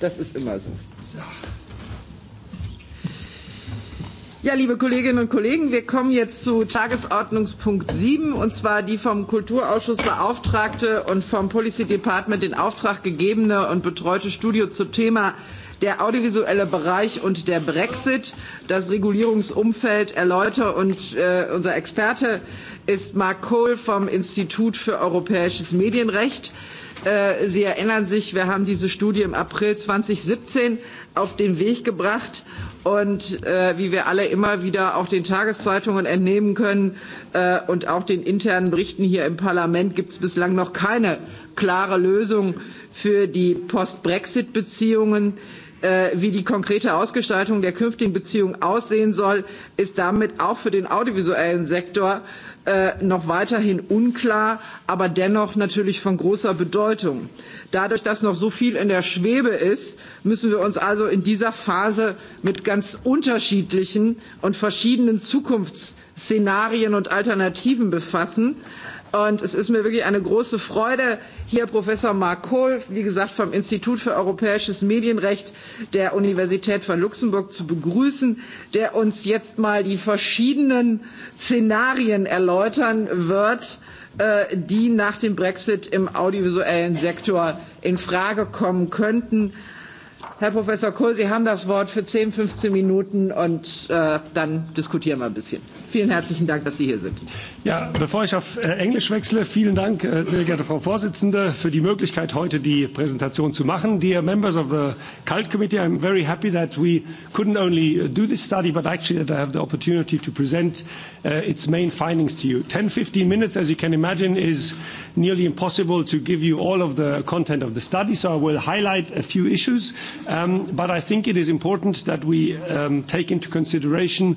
das ist immer so. So. Ja, liebe Kolleginnen und Kollegen, wir kommen jetzt zu Tagesordnungspunkt 7, und zwar die vom Kulturausschuss beauftragte und vom Policy Department in Auftrag gegebene und betreute Studie zum Thema der audiovisuelle Bereich und der Brexit, das Regulierungsumfeld erläutert und äh, unser Experte ist Mark Kohl vom Institut für europäisches Medienrecht. Äh, Sie erinnern sich, wir haben diese Studie im April 2017 auf den Weg gebracht und äh, wie wir alle immer wieder auch den Tageszeitungen entnehmen können äh, und auch den internen Berichten hier im Parlament gibt es bislang noch keine klare Lösung für die Post-Brexit-Beziehungen. Äh, wie die konkrete Ausgestaltung der künftigen Beziehung aussehen soll, ist damit auch für den audiovisuellen Sektor äh, Äh, noch weiterhin unklar, aber dennoch natürlich von großer Bedeutung. Dadurch, dass noch so viel in der Schwebe ist, müssen wir uns also in dieser Phase mit ganz unterschiedlichen und verschiedenen Zukunftsszenarien und Alternativen befassen. Und es ist mir wirklich eine große Freude, hier Professor Mark Kohl, wie gesagt, vom Institut für Europäisches Medienrecht der Universität von Luxemburg zu begrüßen, der uns jetzt mal die verschiedenen Szenarien erläutern wird, äh, die nach dem Brexit im audiovisuellen Sektor in Frage kommen könnten. Herr Professor Kohl, Sie haben das Wort für 10, 15 Minuten und äh, dann diskutieren wir ein bisschen. Vielen herzlichen Dank, dass Sie hier sind. Ja, bevor ich auf äh, Englisch wechsle, vielen Dank, äh, sehr geehrte Frau Vorsitzende, für die Möglichkeit, heute die Präsentation zu machen. Dear members of the CULT Committee, I'm very happy that we couldn't only uh, do this study, but actually that I have the opportunity to present uh, its main findings to you. 10, 15 minutes, as you can imagine, is nearly impossible to give you all of the content of the study, so I will highlight a few issues, um, but I think it is important that we um, take into consideration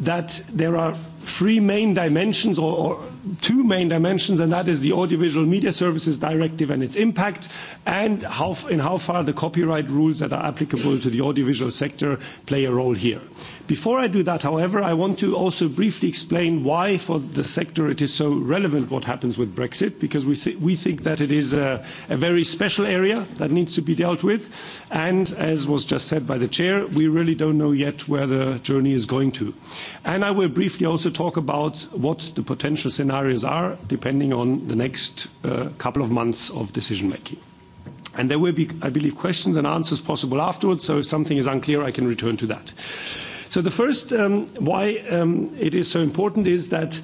that there are three main dimensions or, or two main dimensions, and that is the Audiovisual Media Services Directive and its impact, and how, in how far the copyright rules that are applicable to the audiovisual sector play a role here. Uh, Before I do that, however, I want to also briefly explain why, for the sector, it is so relevant what happens with Brexit, because we, th- we think that it is a, a very special area that needs to be dealt with. And as was just said by the chair, we really don't know yet where the journey is going to. And I will briefly also talk about what the potential scenarios are, depending on the next uh, couple of months of decision making. And there will be, I believe, questions and answers possible afterwards, so if something is unclear, I can return to that. Uh, So the first, um, why um, it is so important is that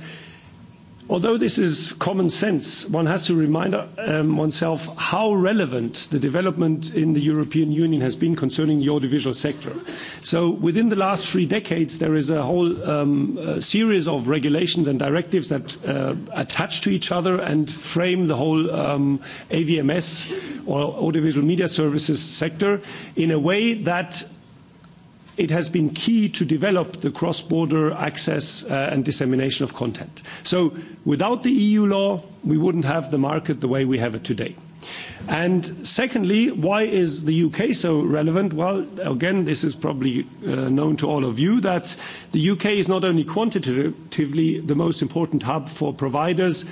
although this is common sense, one has to remind um, oneself how relevant the development in the European Union has been concerning the audiovisual sector. So within the last three decades, there is a whole um, uh, series of regulations and directives that uh, attach to each other and frame the whole um, AVMS or audiovisual media services sector in a way that it has been key to develop the cross-border access uh, and dissemination of content. So without the EU law, we wouldn't have the market the way we have it today. And secondly, why is the U.K. so relevant? Well, again, this is probably uh, known to all of you that the U.K. is not only quantitatively the most important hub for providers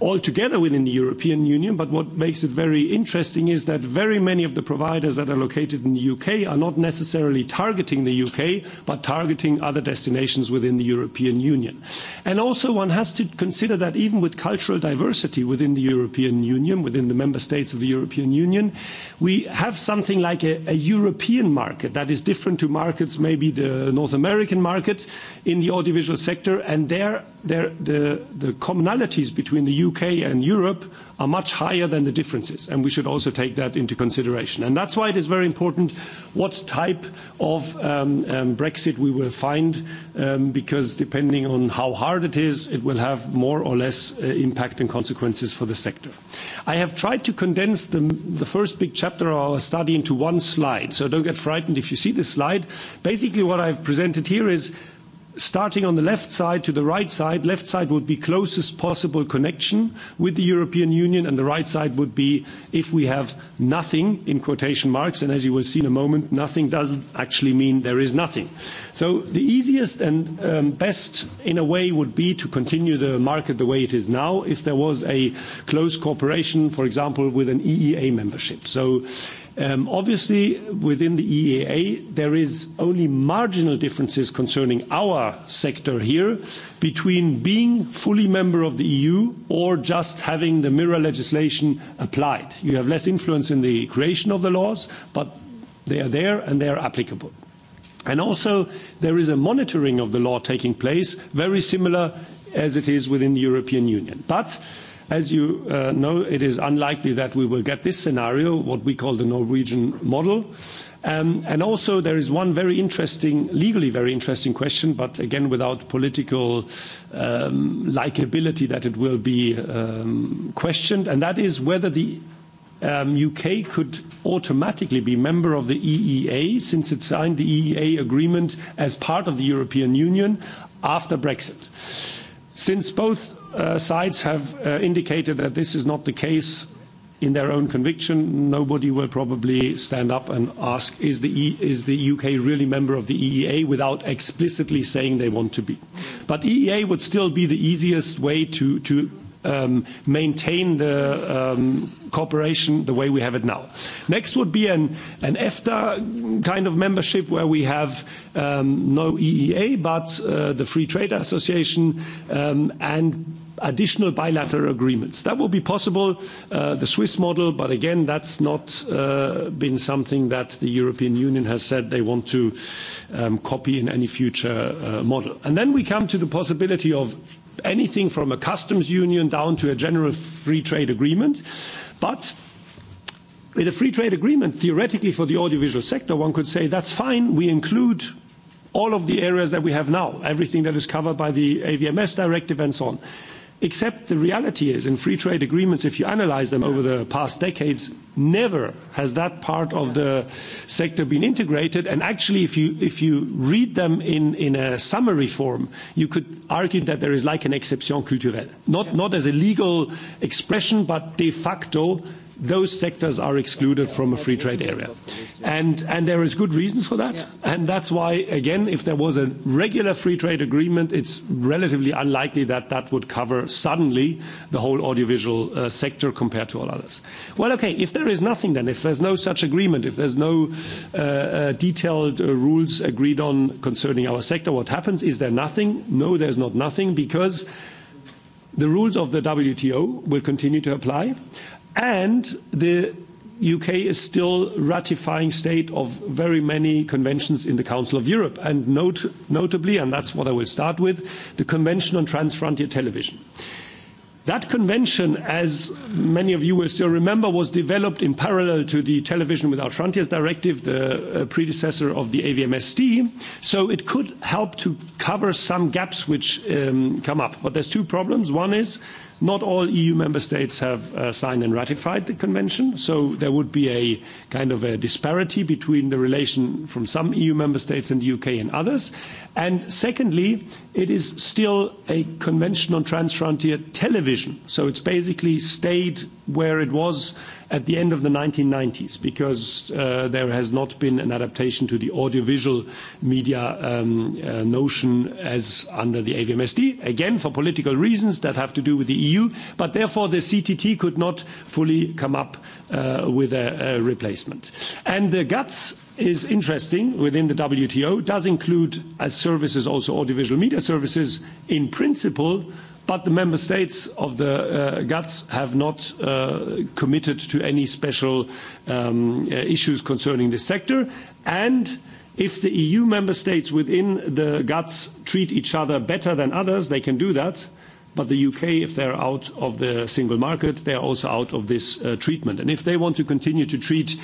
altogether within the European Union. But what makes it very interesting is that very many of the providers that are located in the UK are not necessarily targeting the UK, but targeting other destinations within the European Union. And also, one has to consider that even with cultural diversity within the European Union, within the member states of the European Union, we have something like a, a European market that is different to markets, maybe the North American market in the audiovisual sector. And there, there, the, the commonalities between the U.K. and Europe are much higher than the differences, and we should also take that into consideration. And that's why it is very important what type of um, um, Brexit we will find, um, because depending on how hard it is, it will have more or less uh, impact and consequences for the sector. I have tried to condense the, the first big chapter of our study into one slide, so don't get frightened if you see this slide. Basically, what I've presented here is starting on the left side to the right side, left side would be closest possible connection with the European Union, and the right side would be if we have nothing, in quotation marks, and as you will see in a moment, nothing doesn't actually mean there is nothing. So the easiest and um, best, in a way, would be to continue the market the way it is now if there was a close cooperation, for example, with an EEA membership. So Um, obviously, within the EEA, there is only marginal differences concerning our sector here between being fully member of the EU or just having the mirror legislation applied. You have less influence in the creation of the laws, but they are there and they are applicable. And also, there is a monitoring of the law taking place, very similar as it is within the European Union. But As you uh, know, it is unlikely that we will get this scenario, what we call the Norwegian model. Um, and also there is one very interesting, legally very interesting question, but again, without political um, likability that it will be um, questioned, and that is whether the um, UK could automatically be member of the EEA since it signed the EEA agreement as part of the European Union after Brexit. Since both uh, sides have uh, indicated that this is not the case in their own conviction. Nobody will probably stand up and ask, is the, e- is the UK really member of the EEA without explicitly saying they want to be? But EEA would still be the easiest way to, to um, maintain the um, cooperation the way we have it now. Next would be an, an EFTA kind of membership where we have um, no EEA but uh, the Free Trade Association um, and additional bilateral agreements. That will be possible, uh, the Swiss model, but again, that's not uh, been something that the European Union has said they want to um, copy in any future uh, model. And then we come to the possibility of anything from a customs union down to a general free trade agreement. But with a free trade agreement, theoretically for the audiovisual sector, one could say that's fine, we include all of the areas that we have now, everything that is covered by the AVMS directive and so on. Except the reality is, in free trade agreements, if you analyze them over the past decades, never has that part of the sector been integrated. And actually, if you, if you read them in, in a summary form, you could argue that there is like an exception culturelle. Not, yeah. not as a legal expression, but de facto, those sectors are excluded from a free trade area. And, and there is good reasons for that. Yeah. And that's why, again, if there was a regular free trade agreement, it's relatively unlikely that that would cover suddenly the whole audiovisual uh, sector compared to all others. Well, okay, if there is nothing then, if there's no such agreement, if there's no uh, uh, detailed uh, rules agreed on concerning our sector, what happens? Is there nothing? No, there's not nothing because the rules of the WTO will continue to apply. And the UK is still ratifying state of very many conventions in the Council of Europe, and note, notably, and that's what I will start with, the Convention on Transfrontier Television. That convention, as many of you will still remember, was developed in parallel to the Television Without Frontiers Directive, the uh, predecessor of the AVMSD, so it could help to cover some gaps which um, come up. But there's two problems. One is Not all EU member states have uh, signed and ratified the convention, so there would be a kind of a disparity between the relation from some EU member states and the UK and others. And secondly, it is still a convention on transfrontier television, so it's basically state where it was at the end of the 1990s, because uh, there has not been an adaptation to the audiovisual media um, uh, notion as under the AVMSD, again, for political reasons that have to do with the EU, but therefore the CTT could not fully come up uh, with a, a replacement. And the GUTS is interesting within the WTO, does include as services also audiovisual media services in principle, But the member states of the uh, GATS have not uh, committed to any special um, uh, issues concerning this sector. And if the EU member states within the GATS treat each other better than others, they can do that. But the UK, if they're out of the single market, they're also out of this uh, treatment. And if they want to continue to treat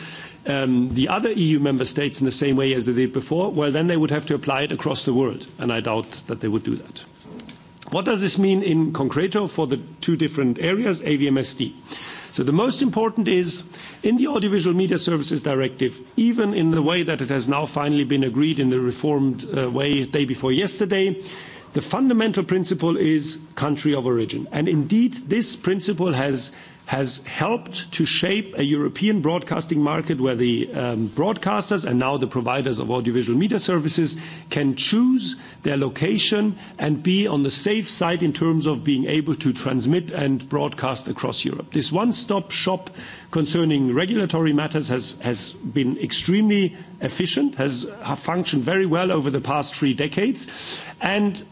um, the other EU member states in the same way as they did before, well, then they would have to apply it across the world. And I doubt that they would do that. What does this mean in concreto for the two different areas, AVMSD? So the most important is in the Audiovisual Media Services Directive, even in the way that it has now finally been agreed in the reformed uh, way day before yesterday, the fundamental principle is country of origin. And indeed, this principle has has helped to shape a European broadcasting market where the um, broadcasters and now the providers of audiovisual media services can choose their location and be on the safe side in terms of being able to transmit and broadcast across Europe. This one-stop shop concerning regulatory matters has, has been extremely efficient, has, has functioned very well over the past three decades, and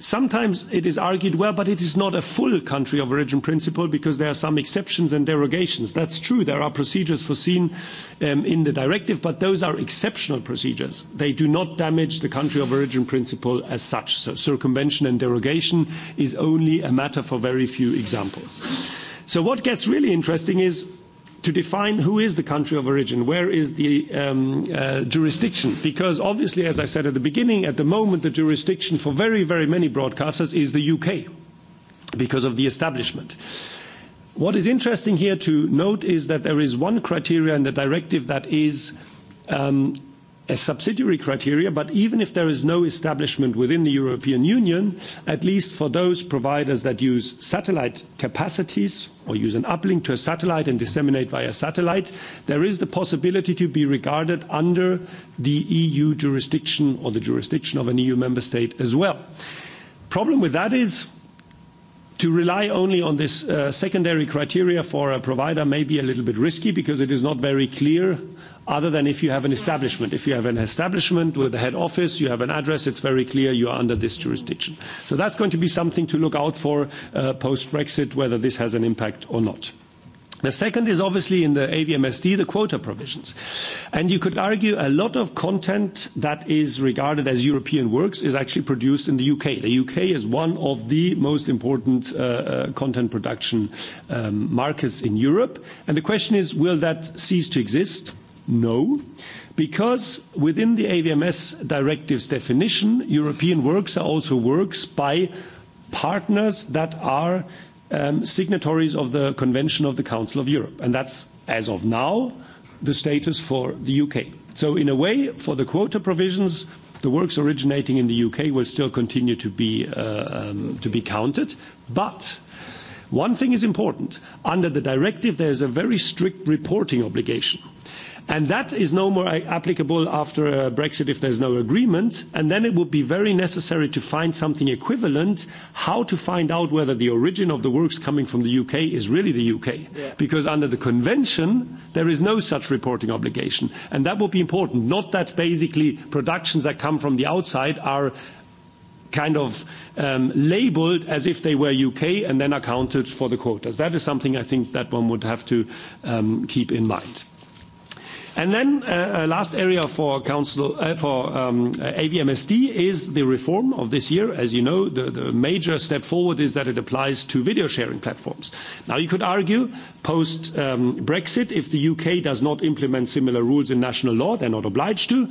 Sometimes it is argued, well, but it is not a full country of origin principle because there are some exceptions and derogations. That's true. There are procedures foreseen um, in the directive, but those are exceptional procedures. They do not damage the country of origin principle as such. So circumvention and derogation is only a matter for very few examples. So what gets really interesting is to define who is the country of origin, where is the um, uh, jurisdiction, because obviously, as I said at the beginning, at the moment the jurisdiction for very, very many broadcasters is the UK because of the establishment. What is interesting here to note is that there is one criteria in the directive that is um, as subsidiary criteria, but even if there is no establishment within the European Union, at least for those providers that use satellite capacities or use an uplink to a satellite and disseminate via satellite, there is the possibility to be regarded under the EU jurisdiction or the jurisdiction of an EU member state as well. Problem with that is To rely only on this uh, secondary criteria for a provider may be a little bit risky because it is not very clear other than if you have an establishment. If you have an establishment with a head office, you have an address, it's very clear you are under this jurisdiction. So that's going to be something to look out for uh, post-Brexit, whether this has an impact or not. Uh, The second is obviously in the AVMSD, the quota provisions. And you could argue a lot of content that is regarded as European works is actually produced in the UK. The UK is one of the most important uh, uh, content production um, markets in Europe. And the question is, will that cease to exist? No because within the AVMS directive's definition, European works are also works by partners that are um, signatories of the Convention of the Council of Europe. And that's, as of now, the status for the UK. So, in a way, for the quota provisions, the works originating in the UK will still continue to be, uh, um, to be counted. But one thing is important. Under the directive, there is a very strict reporting obligation. And that is no more uh, applicable after uh, Brexit if there's no agreement. And then it would be very necessary to find something equivalent, how to find out whether the origin of the works coming from the UK is really the UK. Yeah. Because under the convention, there is no such reporting obligation. And that would be important. Not that basically productions that come from the outside are kind of um, labeled as if they were UK and then accounted for the quotas. That is something I think that one would have to um, keep in mind. And then uh, uh, last area for council uh, for um, uh, AVMSD is the reform of this year. As you know, the, the major step forward is that it applies to video sharing platforms. Now, you could argue post um, Brexit, if the UK does not implement similar rules in national law, they're not obliged to,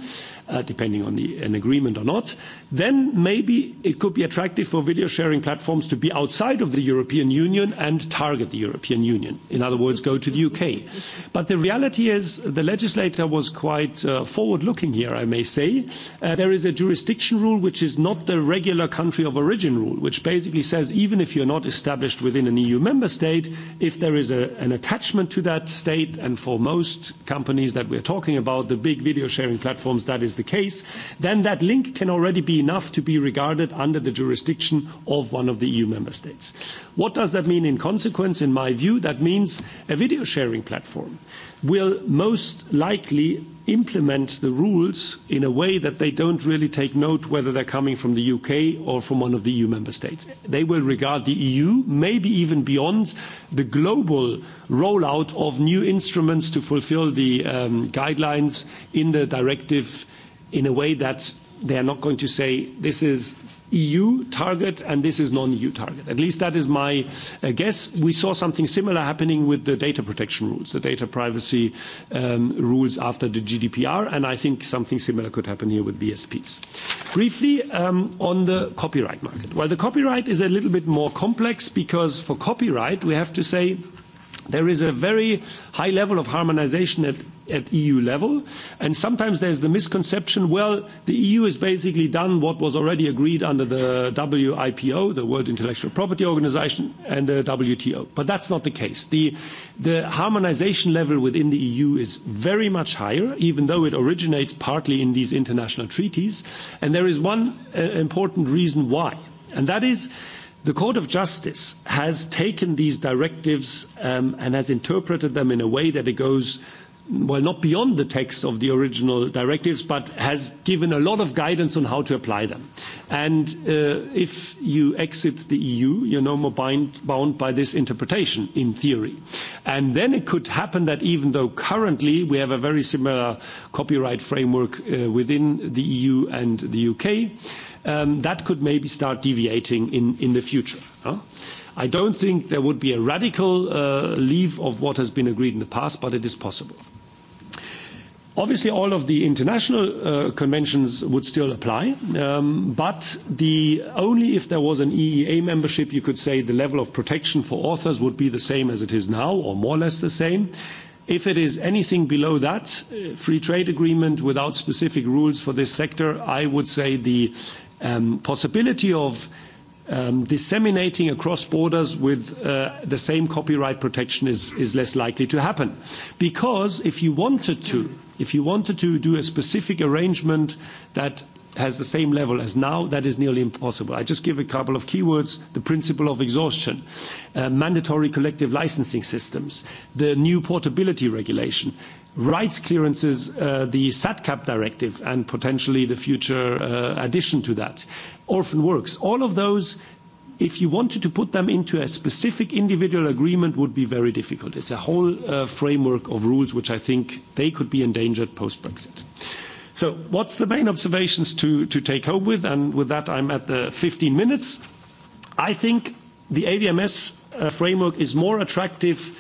uh, depending on the, an agreement or not, then maybe it could be attractive for video sharing platforms to be outside of the European Union and target the European Union. In other words, go to the UK. But the reality is the legislation legislator was quite uh, forward-looking here, I may say. Uh, there is a jurisdiction rule which is not the regular country of origin rule, which basically says even if you're not established within an EU member state, if there is a, an attachment to that state, and for most companies that we're talking about, the big video sharing platforms, that is the case, then that link can already be enough to be regarded under the jurisdiction of one of the EU member states. What does that mean in consequence? In my view, that means a video sharing platform platform will most likely implement the rules in a way that they don't really take note whether they're coming from the UK or from one of the EU member states. They will regard the EU, maybe even beyond, the global rollout of new instruments to fulfill the um, guidelines in the directive in a way that they are not going to say this is EU target and this is non-EU target. At least that is my uh, guess. We saw something similar happening with the data protection rules, the data privacy um, rules after the GDPR, and I think something similar could happen here with VSPs. Briefly, um, on the copyright market. Well, the copyright is a little bit more complex because for copyright, we have to say there is a very high level of harmonization at at EU level. And sometimes there's the misconception, well, the EU has basically done what was already agreed under the WIPO, the World Intellectual Property Organization, and the WTO. But that's not the case. The, the harmonization level within the EU is very much higher, even though it originates partly in these international treaties. And there is one uh, important reason why, and that is The Court of Justice has taken these directives um, and has interpreted them in a way that it goes well, not beyond the text of the original directives, but has given a lot of guidance on how to apply them. And uh, if you exit the EU, you're no more bind, bound by this interpretation, in theory. And then it could happen that even though currently we have a very similar copyright framework uh, within the EU and the UK, um, that could maybe start deviating in, in the future. Huh? I don't think there would be a radical uh, leave of what has been agreed in the past, but it is possible. Obviously, all of the international uh, conventions would still apply, um, but the, only if there was an EEA membership, you could say the level of protection for authors would be the same as it is now, or more or less the same. If it is anything below that, uh, free trade agreement without specific rules for this sector, I would say the um, possibility of um, disseminating across borders with uh, the same copyright protection is, is less likely to happen. Because if you wanted to, If you wanted to do a specific arrangement that has the same level as now, that is nearly impossible. I just give a couple of keywords, the principle of exhaustion, uh, mandatory collective licensing systems, the new portability regulation, rights clearances, uh, the SATCAP directive, and potentially the future uh, addition to that, orphan works. All of those if you wanted to put them into a specific individual agreement would be very difficult. It's a whole uh, framework of rules which I think they could be endangered post-Brexit. So what's the main observations to, to take home with? And with that, I'm at the 15 minutes. I think the AVMS uh, framework is more attractive uh,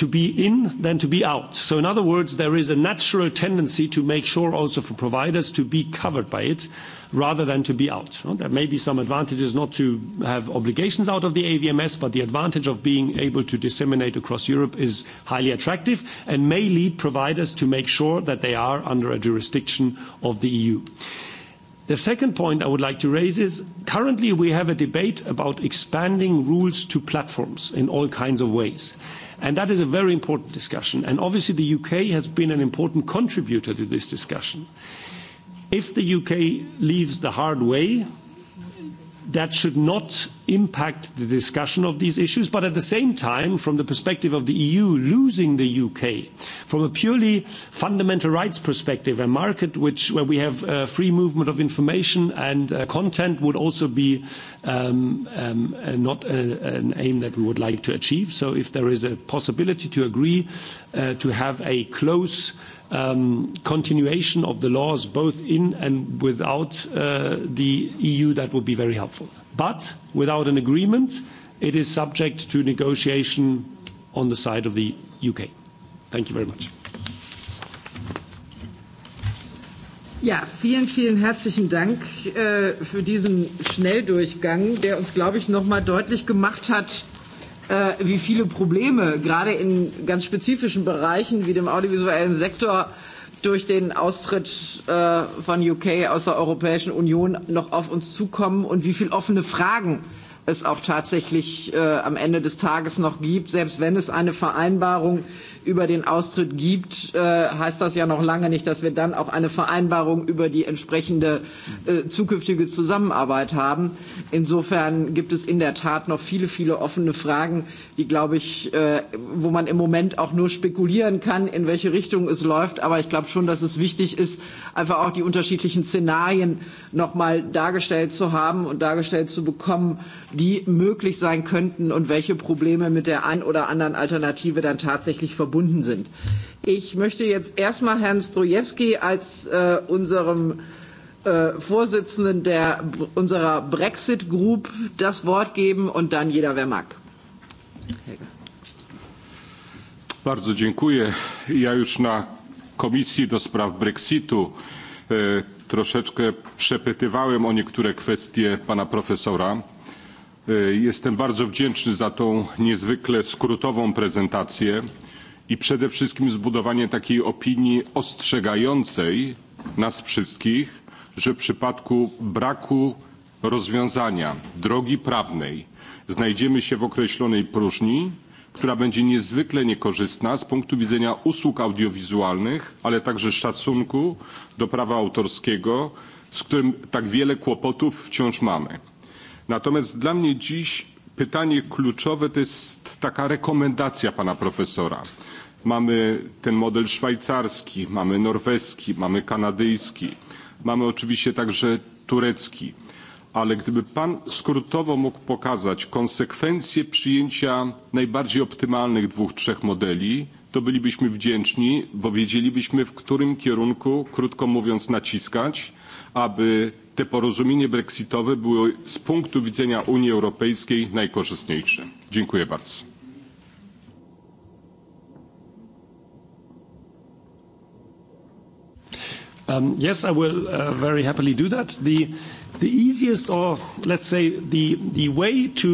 to be in than to be out. So in other words, there is a natural tendency to make sure also for providers to be covered by it rather than to be out. There may be some advantages not to have obligations out of the AVMS, but the advantage of being able to disseminate across Europe is highly attractive and may lead providers to make sure that they are under a jurisdiction of the EU. The second point I would like to raise is currently we have a debate about expanding rules to platforms in all kinds of ways. And that is a very important discussion. And obviously, the UK has been an important contributor to this discussion. If the UK leaves the hard way, that should not impact the discussion of these issues, but at the same time, from the perspective of the EU, losing the UK from a purely fundamental rights perspective, a market which, where we have uh, free movement of information and uh, content would also be um, um, uh, not a, uh, an aim that we would like to achieve. So if there is a possibility to agree uh, to have a close uh, um, continuation of the laws both in and without uh, the EU, that would be very helpful. But without an agreement, it is subject to negotiation on the side of the UK. Thank you very much. Ja, vielen, vielen herzlichen Dank äh, für diesen Schnelldurchgang, der uns, glaube ich, nochmal deutlich gemacht hat, äh, äh, wie viele Probleme gerade in ganz spezifischen Bereichen wie dem audiovisuellen Sektor durch den Austritt äh, von UK aus der Europäischen Union noch auf uns zukommen und wie viele offene Fragen äh, es auch tatsächlich äh, am Ende des Tages noch gibt. Selbst wenn es eine Vereinbarung über den Austritt gibt, äh, heißt das ja noch lange nicht, dass wir dann auch eine Vereinbarung über die entsprechende äh, zukünftige Zusammenarbeit haben. Insofern gibt es in der Tat noch viele, viele offene Fragen, die, glaube ich, äh, wo man im Moment auch nur spekulieren kann, in welche Richtung es läuft. Aber ich glaube schon, dass es wichtig ist, einfach auch die unterschiedlichen Szenarien nochmal dargestellt zu haben und dargestellt zu bekommen, die möglich sein könnten und welche Probleme mit der ein oder anderen Alternative dann tatsächlich verbunden sind. Ich möchte jetzt erstmal Herrn Strojewski als äh, unserem äh, Vorsitzenden der, unserer Brexit Group das Wort geben und dann jeder, wer mag. Helga. Bardzo dziękuję. Ja już na Komisji do Spraw Brexitu e, troszeczkę przepytywałem o niektóre kwestie pana profesora E, jestem bardzo wdzięczny za tą niezwykle skrótową prezentację i przede wszystkim zbudowanie takiej opinii ostrzegającej nas wszystkich, że w przypadku braku rozwiązania drogi prawnej znajdziemy się w określonej próżni, która będzie niezwykle niekorzystna z punktu widzenia usług audiowizualnych, ale także szacunku do prawa autorskiego, z którym tak wiele kłopotów wciąż mamy. Natomiast dla mnie dziś pytanie kluczowe to jest taka rekomendacja pana profesora. Mamy ten model szwajcarski, mamy norweski, mamy kanadyjski, mamy oczywiście także turecki. Ale gdyby pan skrótowo mógł pokazać konsekwencje przyjęcia najbardziej optymalnych dwóch, trzech modeli, to bylibyśmy wdzięczni, bo wiedzielibyśmy, w którym kierunku, krótko mówiąc, naciskać aby te porozumienie brexitowe było z punktu widzenia Unii Europejskiej najkorzystniejsze. Dziękuję bardzo. Um, yes, I will uh, very happily do that. The, the easiest or let's say the, the way to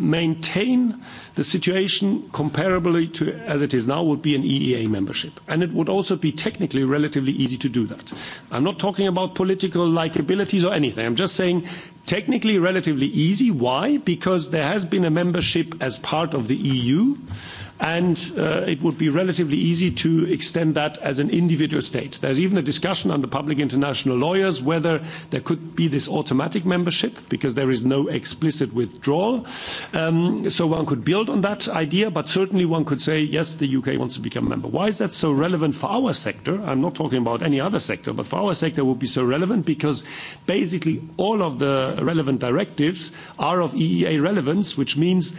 maintain the situation comparably to as it is now would be an EEA membership. And it would also be technically relatively easy to do that. I'm not talking about political likabilities or anything. I'm just saying technically relatively easy. Why? Because there has been a membership as part of the EU. Uh, and uh, it would be relatively easy to extend that as an individual state. There's even a discussion under public international lawyers whether there could be this automatic membership because there is no explicit withdrawal. Um, so one could build on that idea, but certainly one could say, yes, the UK wants to become a member. Why is that so relevant for our sector? I'm not talking about any other sector, but for our sector it would be so relevant because basically all of the relevant directives are of EEA relevance, which means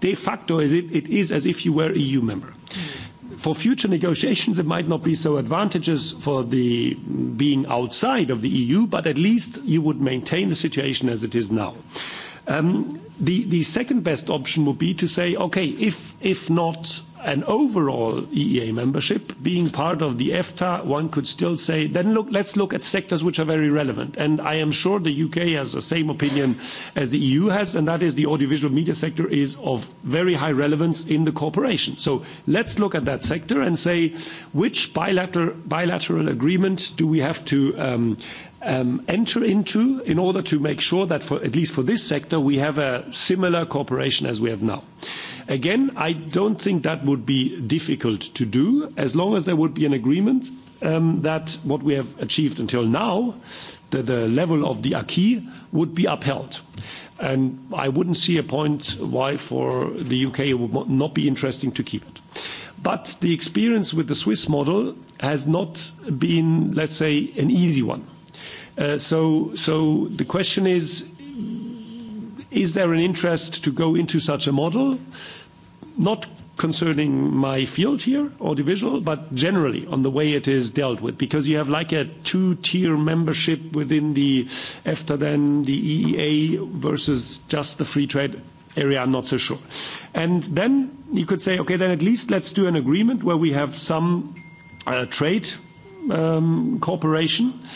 de facto is it, it is as if you were EU member. For future negotiations, it might not be so advantageous for the being outside of the EU, but at least you would maintain the situation as it is now. Um, the, the second best option would be to say, okay, if, if not an overall EEA membership, being part of the EFTA, one could still say, then look, let's look at sectors which are very relevant. And I am sure the UK has the same opinion as the EU has, and that is the audiovisual media sector is of very high relevance in the cooperation. So let's look at that sector and say, which bilateral, bilateral agreement do we have to um, um, enter into in order to make sure that, for, at least for this sector, we have a similar cooperation as we have now? Uh, Again, I don't think that would be difficult to do as long as there would be an agreement um, that what we have achieved until now, that the level of the acquis would be upheld. And I wouldn't see a point why for the U.K. it would not be interesting to keep it. But the experience with the Swiss model has not been, let's say, an easy one. Uh, so, so the question is, Is there an interest to go into such a model? Not concerning my field here or division, but generally on the way it is dealt with, because you have like a two-tier membership within the EFTA, then the EEA versus just the free trade area, I'm not so sure. And then you could say, okay, then at least let's do an agreement where we have some uh, trade um, cooperation. Uh,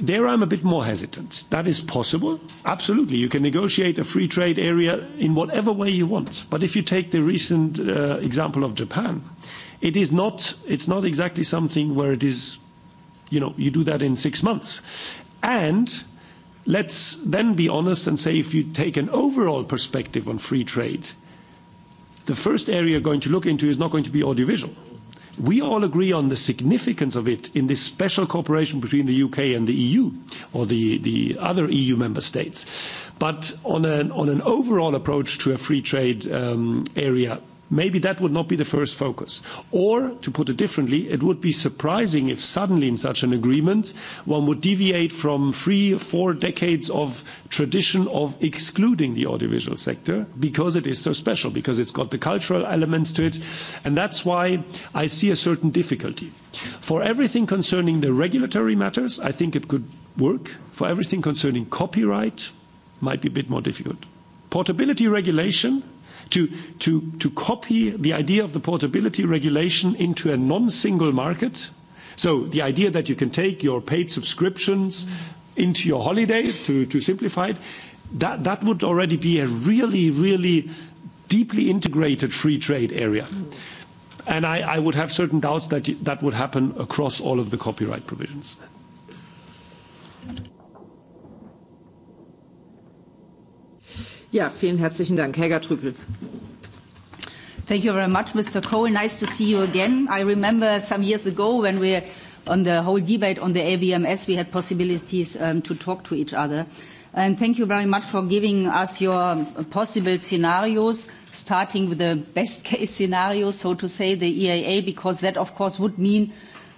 There I'm a bit more hesitant. That is possible. Absolutely. You can negotiate a free trade area in whatever way you want. But if you take the recent uh, example of Japan, it is not, it's not exactly something where it is, you know, you do that in six months. And let's then be honest and say if you take an overall perspective on free trade, the first area you're going to look into is not going to be audiovisual We all agree on the significance of it in this special cooperation between the UK and the EU or the, the other EU member states. But on an, on an overall approach to a free trade um, area, maybe that would not be the first focus. Or, to put it differently, it would be surprising if suddenly in such an agreement one would deviate from three or four decades of tradition of excluding the audiovisual sector because it is so special, because it's got the cultural elements to it. And that's why I see a certain difficulty. For everything concerning the regulatory matters, I think it could work. For everything concerning copyright, might be a bit more difficult. Portability regulation, to, to, to copy the idea of the portability regulation into a non-single market. So the idea that you can take your paid subscriptions into your holidays, to, to simplify it, that, that would already be a really, really deeply integrated free trade area. Mm. And I, I would have certain doubts that that would happen across all of the copyright provisions. Ja, vielen herzlichen Dank. Helga Trüpel. Thank you very much, Mr. Cole. Nice to see you again. I remember some years ago when we on the whole debate on the AVMS, we had possibilities um, to talk to each other. And thank you very much for giving us your possible scenarios, starting with the best case scenario, so to say, the EAA, because that, of course, would mean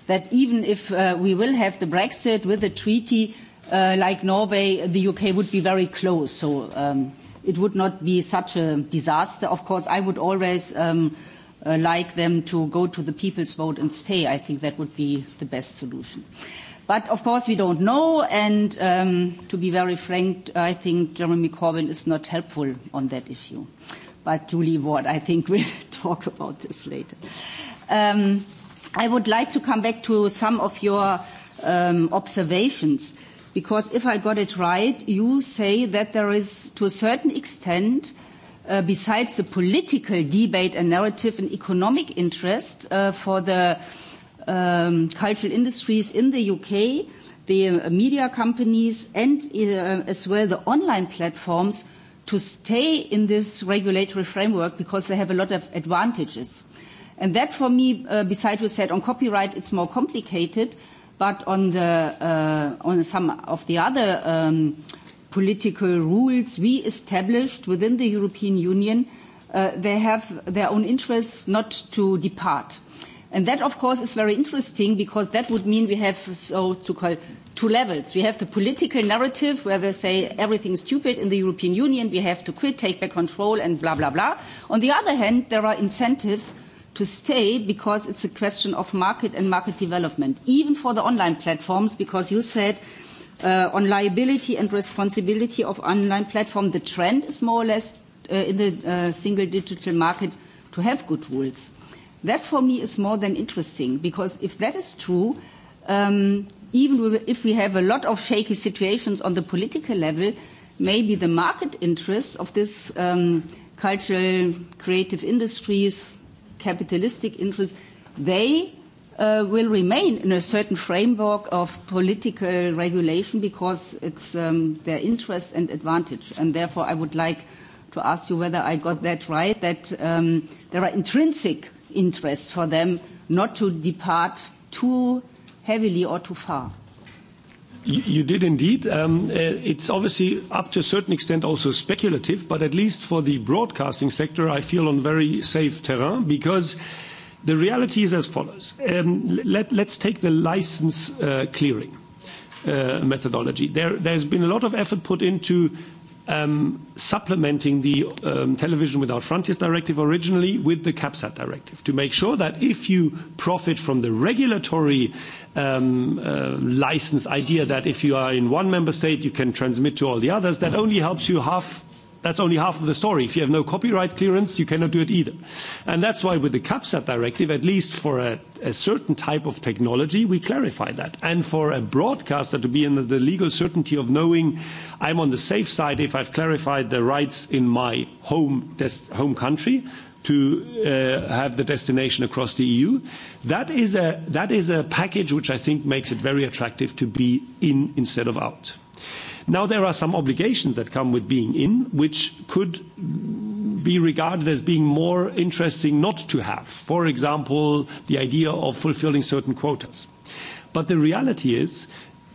that even if uh, we will have the Brexit with the treaty, uh, like Norway, the UK would be very close. So, um, it would not be such a disaster. Of course, I would always um, uh, like them to go to the people's vote and stay. I think that would be the best solution. But of course, we don't know. And um, to be very frank, I think Jeremy Corbyn is not helpful on that issue. But Julie Ward, I think, will talk about this later. Um, I would like to come back to some of your um, observations. Uh, Because if I got it right, you say that there is, to a certain extent, uh, besides the political debate and narrative, an economic interest uh, for the um, cultural industries in the UK, the uh, media companies, and uh, as well the online platforms to stay in this regulatory framework because they have a lot of advantages. And that, for me, uh, besides what said on copyright, it's more complicated But on, the, uh, on some of the other um, political rules we established within the European Union, uh, they have their own interests not to depart. And that, of course, is very interesting because that would mean we have so to call two levels. We have the political narrative where they say everything's stupid in the European Union, we have to quit, take back control, and blah, blah, blah. On the other hand, there are incentives to stay because it's a question of market and market development, even for the online platforms, because you said uh, on liability and responsibility of online platform, the trend is more or less uh, in the uh, single digital market to have good rules. That for me is more than interesting because if that is true, um, even if we have a lot of shaky situations on the political level, maybe the market interests of this um, cultural creative industries, capitalistic interests, they uh, will remain in a certain framework of political regulation because it's um, their interest and advantage. And therefore, I would like to ask you whether I got that right, that um, there are intrinsic interests for them not to depart too heavily or too far. You, you did indeed. Um, uh, it's obviously up to a certain extent also speculative, but at least for the broadcasting sector, I feel on very safe terrain because the reality is as follows. Um, let, let's take the license uh, clearing uh, methodology. There, there's been a lot of effort put into um, supplementing the um, Television Without Frontiers Directive originally with the CAPSAT Directive to make sure that if you profit from the regulatory um, uh, license idea that if you are in one member state you can transmit to all the others, that only helps you half That's only half of the story. If you have no copyright clearance, you cannot do it either. And that's why with the CAPSAT directive, at least for a, a certain type of technology, we clarify that. And for a broadcaster to be in the legal certainty of knowing I'm on the safe side if I've clarified the rights in my home, des- home country, to uh, have the destination across the EU. That is, a, that is a package which I think makes it very attractive to be in instead of out. Now, there are some obligations that come with being in, which could be regarded as being more interesting not to have. For example, the idea of fulfilling certain quotas. But the reality is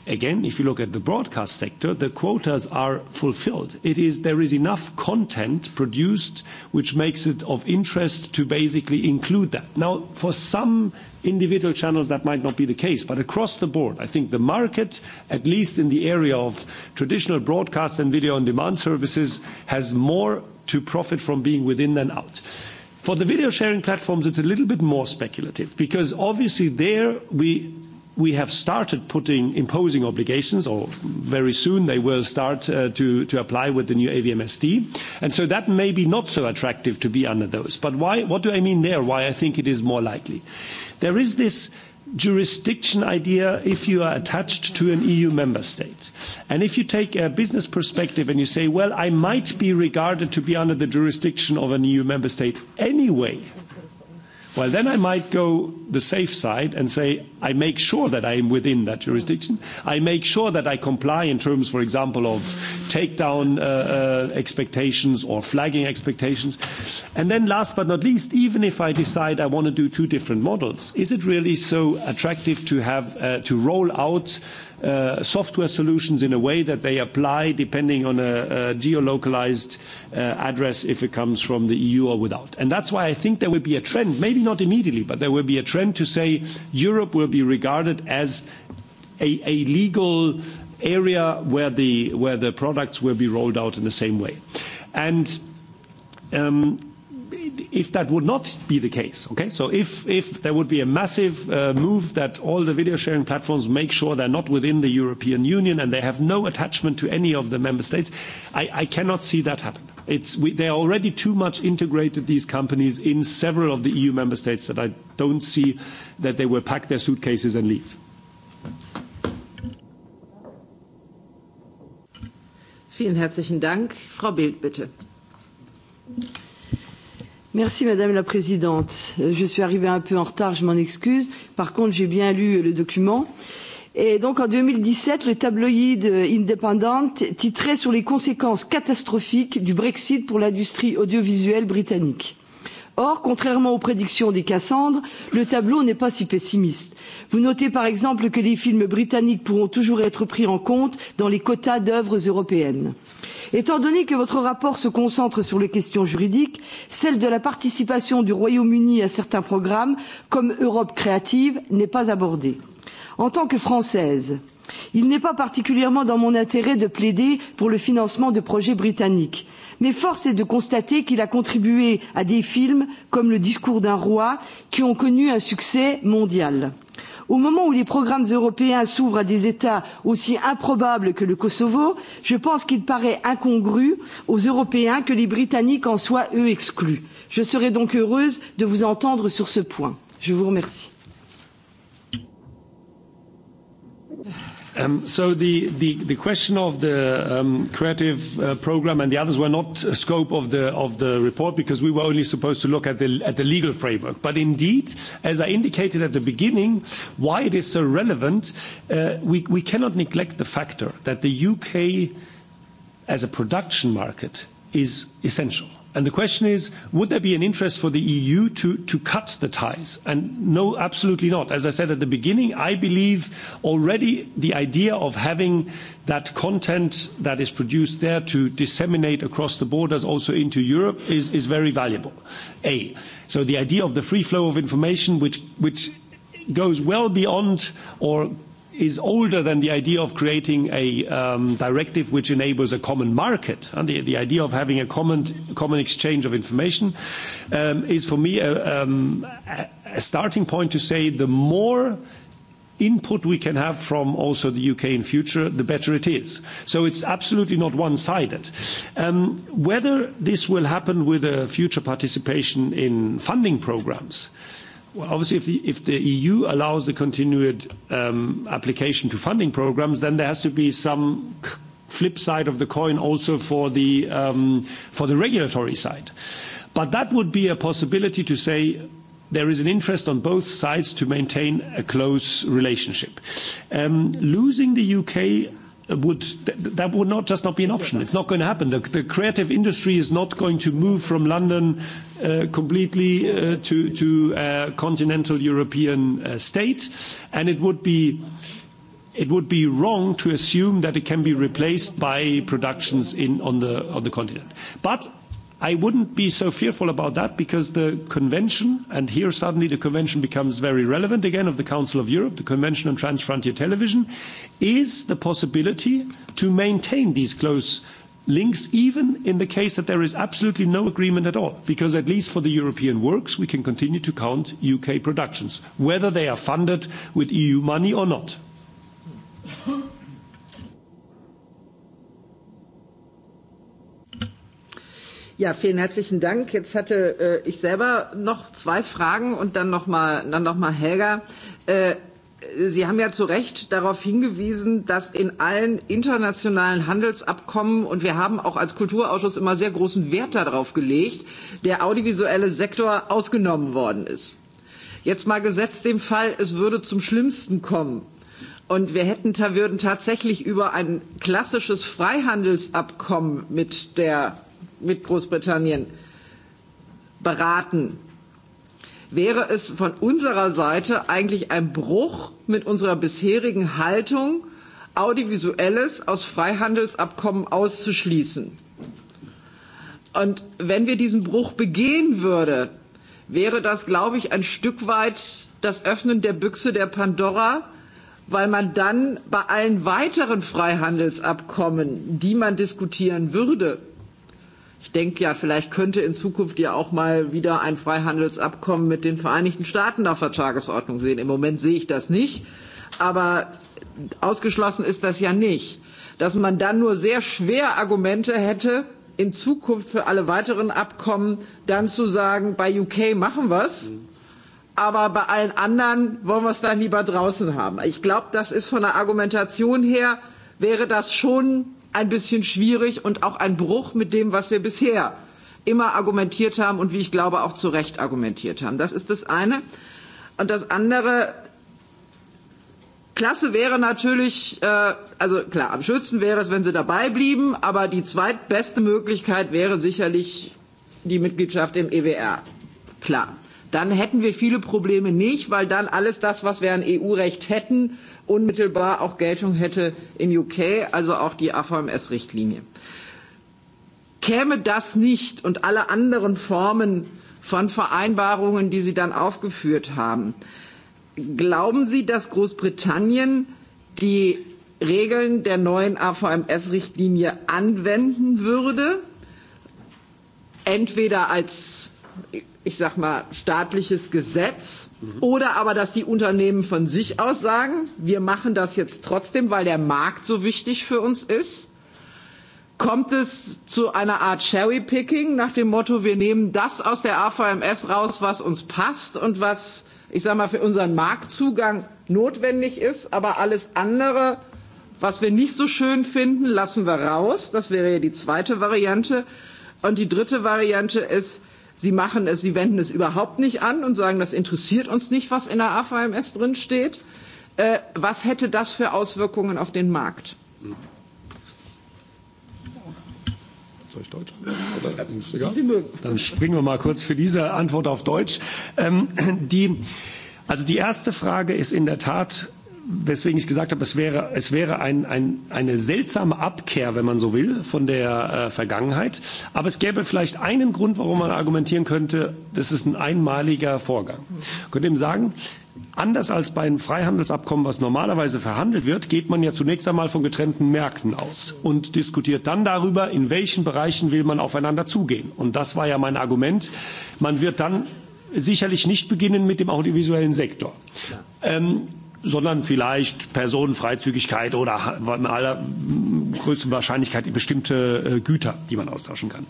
again, if you look at the broadcast sector, the quotas are fulfilled. It is, there is enough content produced which makes it of interest to basically include that. Now, for some individual channels, that might not be the case, but across the board, I think the market, at least in the area of traditional broadcast and video on demand services, has more to profit from being within than out. For the video sharing platforms, it's a little bit more speculative because obviously there we we have started putting imposing obligations, or very soon they will start uh, to, to apply with the new AVMSD. And so that may be not so attractive to be under those. But why, what do I mean there? Why I think it is more likely? There is this jurisdiction idea if you are attached to an EU member state. And if you take a business perspective and you say, well, I might be regarded to be under the jurisdiction of an EU member state anyway, Well, then I might go the safe side and say, I make sure that I am within that jurisdiction. I make sure that I comply in terms, for example, of takedown uh, uh, expectations or flagging expectations. And then last but not least, even if I decide I want to do two different models, is it really so attractive to have, uh, to roll out uh, software solutions in a way that they apply depending on a, a geolocalized uh, address if it comes from the EU or without. And that's why I think there will be a trend, maybe not immediately, but there will be a trend to say Europe will be regarded as a, a legal area where the, where the products will be rolled out in the same way. And um, if that would not be the case, okay? So if, if there would be a massive uh, move that all the video sharing platforms make sure they're not within the European Union and they have no attachment to any of the member states, I, I cannot see that happen. It's, we, they're already too much integrated, these companies, in several of the EU member states that I don't see that they will pack their suitcases and leave. Vielen herzlichen Dank. Frau Bild, bitte. Merci Madame la Présidente. Euh, je suis arrivée un peu en retard, je m'en excuse. Par contre, j'ai bien lu le document. Et donc en 2017, le tabloïd euh, Independent titrait sur les conséquences catastrophiques du Brexit pour l'industrie audiovisuelle britannique. Or, contrairement aux prédictions des Cassandres, le tableau n'est pas si pessimiste. Vous notez par exemple que les films britanniques pourront toujours être pris en compte dans les quotas d'œuvres européennes. Étant donné que votre rapport se concentre sur les questions juridiques, celle de la participation du Royaume-Uni à certains programmes, comme Europe créative, n'est pas abordée. En tant que Française, il n'est pas particulièrement dans mon intérêt de plaider pour le financement de projets britanniques mais force est de constater qu'il a contribué à des films comme le discours d'un roi qui ont connu un succès mondial. au moment où les programmes européens s'ouvrent à des états aussi improbables que le kosovo je pense qu'il paraît incongru aux européens que les britanniques en soient eux exclus. je serai donc heureuse de vous entendre sur ce point. je vous remercie. Um, so the, the, the question of the um, creative uh, program and the others were not a scope of the, of the report because we were only supposed to look at the, at the legal framework. But indeed, as I indicated at the beginning, why it is so relevant, uh, we, we cannot neglect the factor that the UK as a production market is essential And the question is, would there be an interest for the EU to, to cut the ties? And no, absolutely not. As I said at the beginning, I believe already the idea of having that content that is produced there to disseminate across the borders also into Europe is, is very valuable. A. So the idea of the free flow of information, which, which goes well beyond or is older than the idea of creating a um, directive which enables a common market. And the, the idea of having a common, common exchange of information um, is for me a, um, a starting point to say the more input we can have from also the UK in future, the better it is. So it's absolutely not one-sided. Um, whether this will happen with a future participation in funding programs, uh, Well, obviously, if the, if the EU allows the continued um, application to funding programs, then there has to be some flip side of the coin also for the, um, for the regulatory side. But that would be a possibility to say there is an interest on both sides to maintain a close relationship. Um, losing the UK would that would not just not be an option. It's not going to happen. The, the creative industry is not going to move from London uh, completely uh, to to uh, continental European uh, state, and it would be. It would be wrong to assume that it can be replaced by productions in, on, the, on the continent. But I wouldn't be so fearful about that because the convention, and here suddenly the convention becomes very relevant again of the Council of Europe, the Convention on Transfrontier Television, is the possibility to maintain these close links even in the case that there is absolutely no agreement at all because at least for the european works we can continue to count uk productions whether they are funded with eu money or not Ja, vielen herzlichen Dank. Jetzt hatte äh, ich selber noch zwei Fragen und dann nochmal dann noch mal Helga. Äh, Sie haben ja zu Recht darauf hingewiesen, dass in allen internationalen Handelsabkommen und wir haben auch als Kulturausschuss immer sehr großen Wert darauf gelegt, der audiovisuelle Sektor ausgenommen worden ist. Jetzt mal gesetzt dem Fall, es würde zum Schlimmsten kommen und wir hätten, würden tatsächlich über ein klassisches Freihandelsabkommen mit der mit Großbritannien beraten, wäre es von unserer Seite eigentlich ein Bruch mit unserer bisherigen Haltung, Audiovisuelles aus Freihandelsabkommen auszuschließen. Und wenn wir diesen Bruch begehen würde, wäre das, glaube ich, ein Stück weit das Öffnen der Büchse der Pandora, weil man dann bei allen weiteren Freihandelsabkommen, die man diskutieren würde, Ich denke ja, vielleicht könnte in Zukunft ja auch mal wieder ein Freihandelsabkommen mit den Vereinigten Staaten auf der Tagesordnung sehen. Im Moment sehe ich das nicht, aber ausgeschlossen ist das ja nicht. Dass man dann nur sehr schwer Argumente hätte, in Zukunft für alle weiteren Abkommen dann zu sagen, bei UK machen wir's. Mhm aber bei allen anderen wollen wir es dann lieber draußen haben. Ich glaube, das ist von der Argumentation her, wäre das schon ein bisschen schwierig und auch ein Bruch mit dem, was wir bisher immer argumentiert haben und wie ich glaube auch zu Recht argumentiert haben. Das ist das eine. Und das andere, klasse wäre natürlich, äh, also klar, am schönsten wäre es, wenn sie dabei blieben, aber die zweitbeste Möglichkeit wäre sicherlich die Mitgliedschaft im EWR. Klar. Dann hätten wir viele Probleme nicht, weil dann alles das, was wir an EU-Recht hätten, äh, unmittelbar auch Geltung hätte in UK, also auch die AVMS-Richtlinie. Käme das nicht und alle anderen Formen von Vereinbarungen, die Sie dann aufgeführt haben, glauben Sie, dass Großbritannien die Regeln der neuen AVMS-Richtlinie anwenden würde, entweder als ich sag mal, staatliches Gesetz mhm. oder aber, dass die Unternehmen von sich aus sagen, wir machen das jetzt trotzdem, weil der Markt so wichtig für uns ist? Kommt es zu einer Art Cherry-Picking nach dem Motto, wir nehmen das aus der AVMS raus, was uns passt und was, ich sag mal, für unseren Marktzugang notwendig ist, aber alles andere, was wir nicht so schön finden, lassen wir raus. Das wäre ja die zweite Variante. Und die dritte Variante ist, Sie machen es, sie wenden es überhaupt nicht an und sagen, das interessiert uns nicht, was in der AVMS drin steht. Äh, was hätte das für Auswirkungen auf den Markt? Soll ich Deutsch? Oder? Egal. Sie mögen. Dann springen wir mal kurz für diese Antwort auf Deutsch. Ähm, die, also die erste Frage ist in der Tat weswegen ich gesagt habe, es wäre, es wäre ein, ein, eine seltsame Abkehr, wenn man so will, von der äh, Vergangenheit. Aber es gäbe vielleicht einen Grund, warum man argumentieren könnte, das ist ein einmaliger Vorgang. Man könnte eben sagen, anders als bei einem Freihandelsabkommen, was normalerweise verhandelt wird, geht man ja zunächst einmal von getrennten Märkten aus und diskutiert dann darüber, in welchen Bereichen will man aufeinander zugehen. Und das war ja mein Argument. Man wird dann sicherlich nicht beginnen mit dem audiovisuellen Sektor. Ja. Ähm, sondern vielleicht Personenfreizügigkeit oder mit aller größten Wahrscheinlichkeit bestimmte äh, Güter, die man austauschen kann.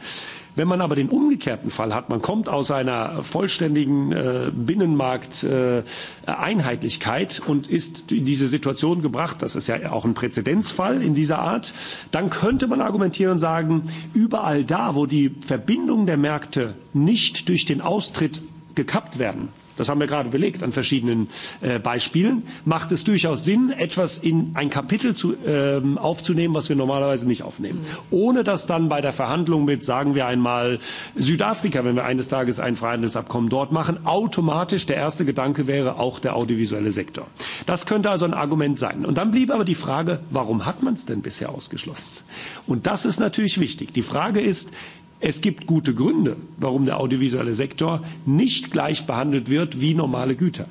Wenn man aber den umgekehrten Fall hat, man kommt aus einer vollständigen äh, Binnenmarkteinheitlichkeit äh, und ist in diese Situation gebracht, das ist ja auch ein Präzedenzfall in dieser Art, dann könnte man argumentieren und sagen, überall da, wo die Verbindung der Märkte nicht durch den Austritt gekappt werden, das haben wir gerade belegt an verschiedenen äh, Beispielen, macht es durchaus Sinn, etwas in ein Kapitel zu, ähm, aufzunehmen, was wir normalerweise nicht aufnehmen. Mhm. Ohne dass dann bei der Verhandlung mit, sagen wir einmal, Südafrika, wenn wir eines Tages ein Freihandelsabkommen dort machen, automatisch der erste Gedanke wäre auch der audiovisuelle Sektor. Das könnte also ein Argument sein. Und dann blieb aber die Frage, warum hat man es denn bisher ausgeschlossen? Und das ist natürlich wichtig. Die Frage ist, Es gibt gute Gründe, warum der audiovisuelle Sektor nicht gleich behandelt wird wie normale Güter.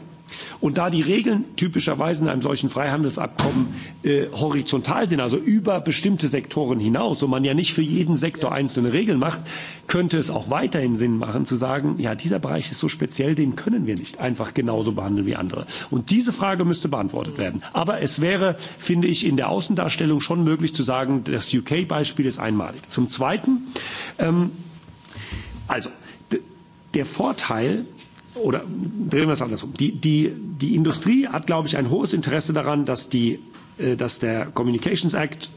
Und da die Regeln typischerweise in einem solchen Freihandelsabkommen äh, horizontal sind, also über bestimmte Sektoren hinaus, und man ja nicht für jeden Sektor einzelne Regeln macht, könnte es auch weiterhin Sinn machen zu sagen, ja, dieser Bereich ist so speziell, den können wir nicht einfach genauso behandeln wie andere. Und diese Frage müsste beantwortet werden. Aber es wäre, finde ich, in der Außendarstellung schon möglich zu sagen, das UK-Beispiel ist einmalig. Zum Zweiten, ähm, also, der Vorteil oder drehen wir es andersrum. Die, die, die Industrie hat, glaube ich, ein hohes Interesse daran, dass, die, äh, dass der Communications Act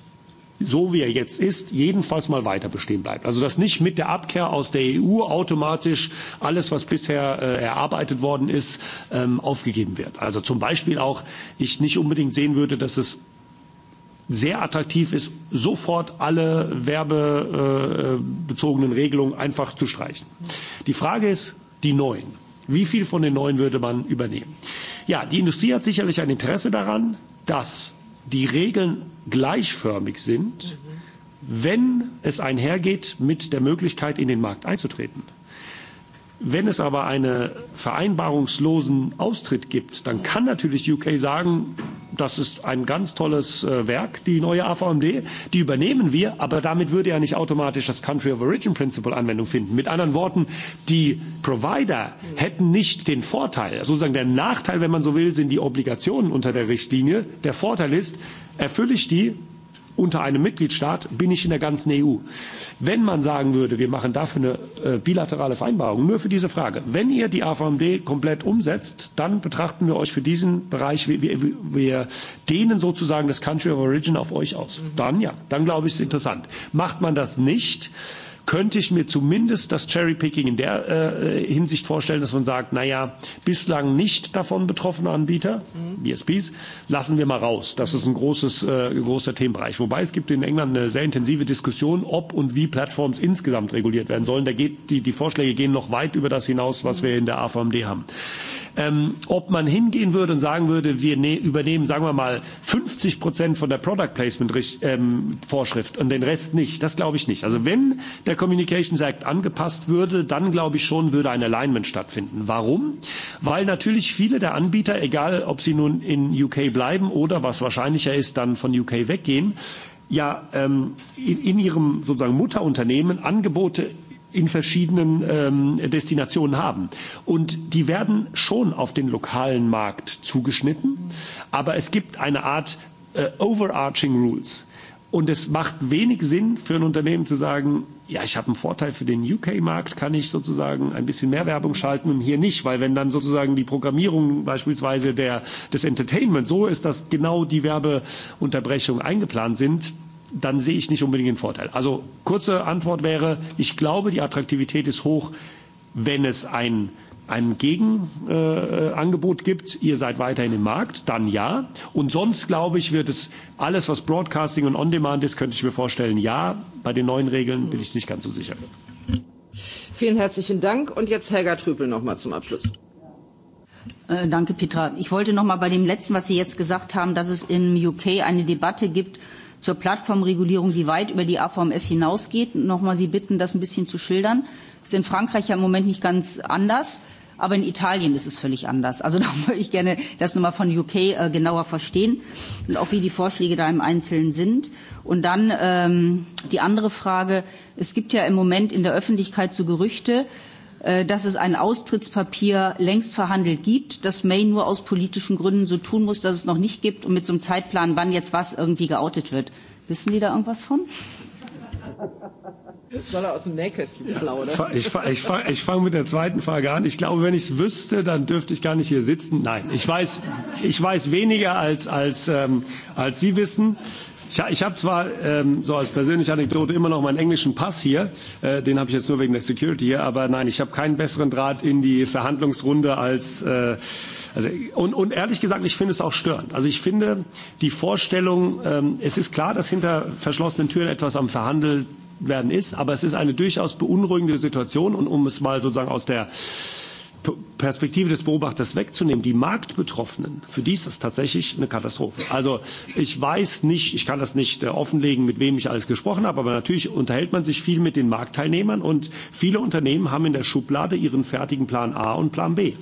so wie er jetzt ist, jedenfalls mal weiter bestehen bleibt. Also dass nicht mit der Abkehr aus der EU automatisch alles, was bisher äh, erarbeitet worden ist, ähm, aufgegeben wird. Also zum Beispiel auch, ich nicht unbedingt sehen würde, dass es sehr attraktiv ist, sofort alle werbebezogenen äh, äh Regelungen einfach zu streichen. Die Frage ist, die neuen. Wie viel von den neuen würde man übernehmen? Ja, die Industrie hat sicherlich ein Interesse daran, dass die Regeln gleichförmig sind, mhm. wenn es einhergeht mit der Möglichkeit, in den Markt einzutreten. Wenn es aber einen vereinbarungslosen Austritt gibt, dann kann natürlich UK sagen, das ist ein ganz tolles äh, Werk, die neue AVMD, die übernehmen wir, aber damit würde ja nicht automatisch das Country of Origin Principle Anwendung finden. Mit anderen Worten, die Provider hätten nicht den Vorteil, sozusagen der Nachteil, wenn man so will, sind die Obligationen unter der Richtlinie. Der Vorteil ist, erfülle ich die, unter einem Mitgliedstaat bin ich in der ganzen EU. Wenn man sagen würde, wir machen dafür eine äh, bilaterale Vereinbarung, nur für diese Frage, wenn ihr die AVMD komplett umsetzt, dann betrachten wir euch für diesen Bereich, wir, wir, wir dehnen sozusagen das Country of Origin auf euch aus. Mhm. Dann ja, dann glaube ich, ist interessant. Macht man das nicht, äh, könnte ich mir zumindest das Cherrypicking in der äh, Hinsicht vorstellen, dass man sagt, naja, bislang nicht davon betroffene Anbieter, mhm. BSPs, lassen wir mal raus. Das ist ein großes, äh, großer Themenbereich. Wobei es gibt in England eine sehr intensive Diskussion, ob und wie Plattforms insgesamt reguliert werden sollen. Da geht, die, die Vorschläge gehen noch weit über das hinaus, was mhm. wir in der AVMD haben. Ähm, ob man hingehen würde und sagen würde, wir ne übernehmen, sagen wir mal, 50 Prozent von der Product Placement ähm, Vorschrift und den Rest nicht, das glaube ich nicht. Also wenn der Communications Act angepasst würde, dann glaube ich schon, würde ein Alignment stattfinden. Warum? Weil natürlich viele der Anbieter, egal ob sie nun in UK bleiben oder was wahrscheinlicher ist, dann von UK weggehen, ja ähm, in, in ihrem sozusagen Mutterunternehmen Angebote in verschiedenen ähm, Destinationen haben. Und die werden schon auf den lokalen Markt zugeschnitten, aber es gibt eine Art äh, overarching Rules. Und es macht wenig Sinn für ein Unternehmen zu sagen, ja, ich habe einen Vorteil für den UK-Markt, kann ich sozusagen ein bisschen mehr Werbung schalten und hier nicht, weil wenn dann sozusagen die Programmierung beispielsweise der, des Entertainment so ist, dass genau die Werbeunterbrechungen eingeplant sind, dann sehe ich nicht unbedingt den Vorteil. Also kurze Antwort wäre, ich glaube, die Attraktivität ist hoch, wenn es ein ein Gegenangebot äh, gibt, ihr seid weiterhin im Markt, dann ja. Und sonst, glaube ich, wird es alles, was Broadcasting und On-Demand ist, könnte ich mir vorstellen, ja. Bei den neuen Regeln bin ich nicht ganz so sicher. Vielen herzlichen Dank. Und jetzt Helga Trüpel nochmal zum Abschluss. Äh, danke, Petra. Ich wollte nochmal bei dem letzten, was Sie jetzt gesagt haben, dass es im UK eine Debatte gibt zur Plattformregulierung, die weit über die AVMS hinausgeht. Nochmal Sie bitten, das ein bisschen zu schildern. Das ist in Frankreich ja im Moment nicht ganz anders, aber in Italien ist es völlig anders. Also da würde ich gerne das nochmal von UK äh, genauer verstehen und auch wie die Vorschläge da im Einzelnen sind. Und dann ähm, die andere Frage. Es gibt ja im Moment in der Öffentlichkeit so Gerüchte, äh, Äh, dass es ein Austrittspapier längst verhandelt gibt, dass May nur aus politischen Gründen so tun muss, dass es noch nicht gibt und mit so einem Zeitplan, wann jetzt was irgendwie geoutet wird. Wissen die da irgendwas von? Soll er aus dem Nähkästchen plaudern? Ich, ich, ich fange ich fang mit der zweiten Frage an. Ich glaube, wenn ich es wüsste, dann dürfte ich gar nicht hier sitzen. Nein, ich weiß, ich weiß weniger als, als, ähm, als Sie wissen. Ja, ich habe zwar ähm, so als persönliche Anekdote immer noch meinen englischen Pass hier, äh, den habe ich jetzt nur wegen der Security hier, aber nein, ich habe keinen besseren Draht in die Verhandlungsrunde als äh, also und, und ehrlich gesagt, ich finde es auch störend. Also ich finde die Vorstellung, ähm, es ist klar, dass hinter verschlossenen Türen etwas am Verhandelt werden ist, aber es ist eine durchaus beunruhigende Situation und um es mal sozusagen aus der äh, Perspektive des Beobachters wegzunehmen, die Marktbetroffenen, für die ist das tatsächlich eine Katastrophe. Also ich weiß nicht, ich kann das nicht äh, offenlegen, mit wem ich alles gesprochen habe, aber natürlich unterhält man sich viel mit den Marktteilnehmern und viele Unternehmen haben in der Schublade ihren fertigen Plan A und Plan B.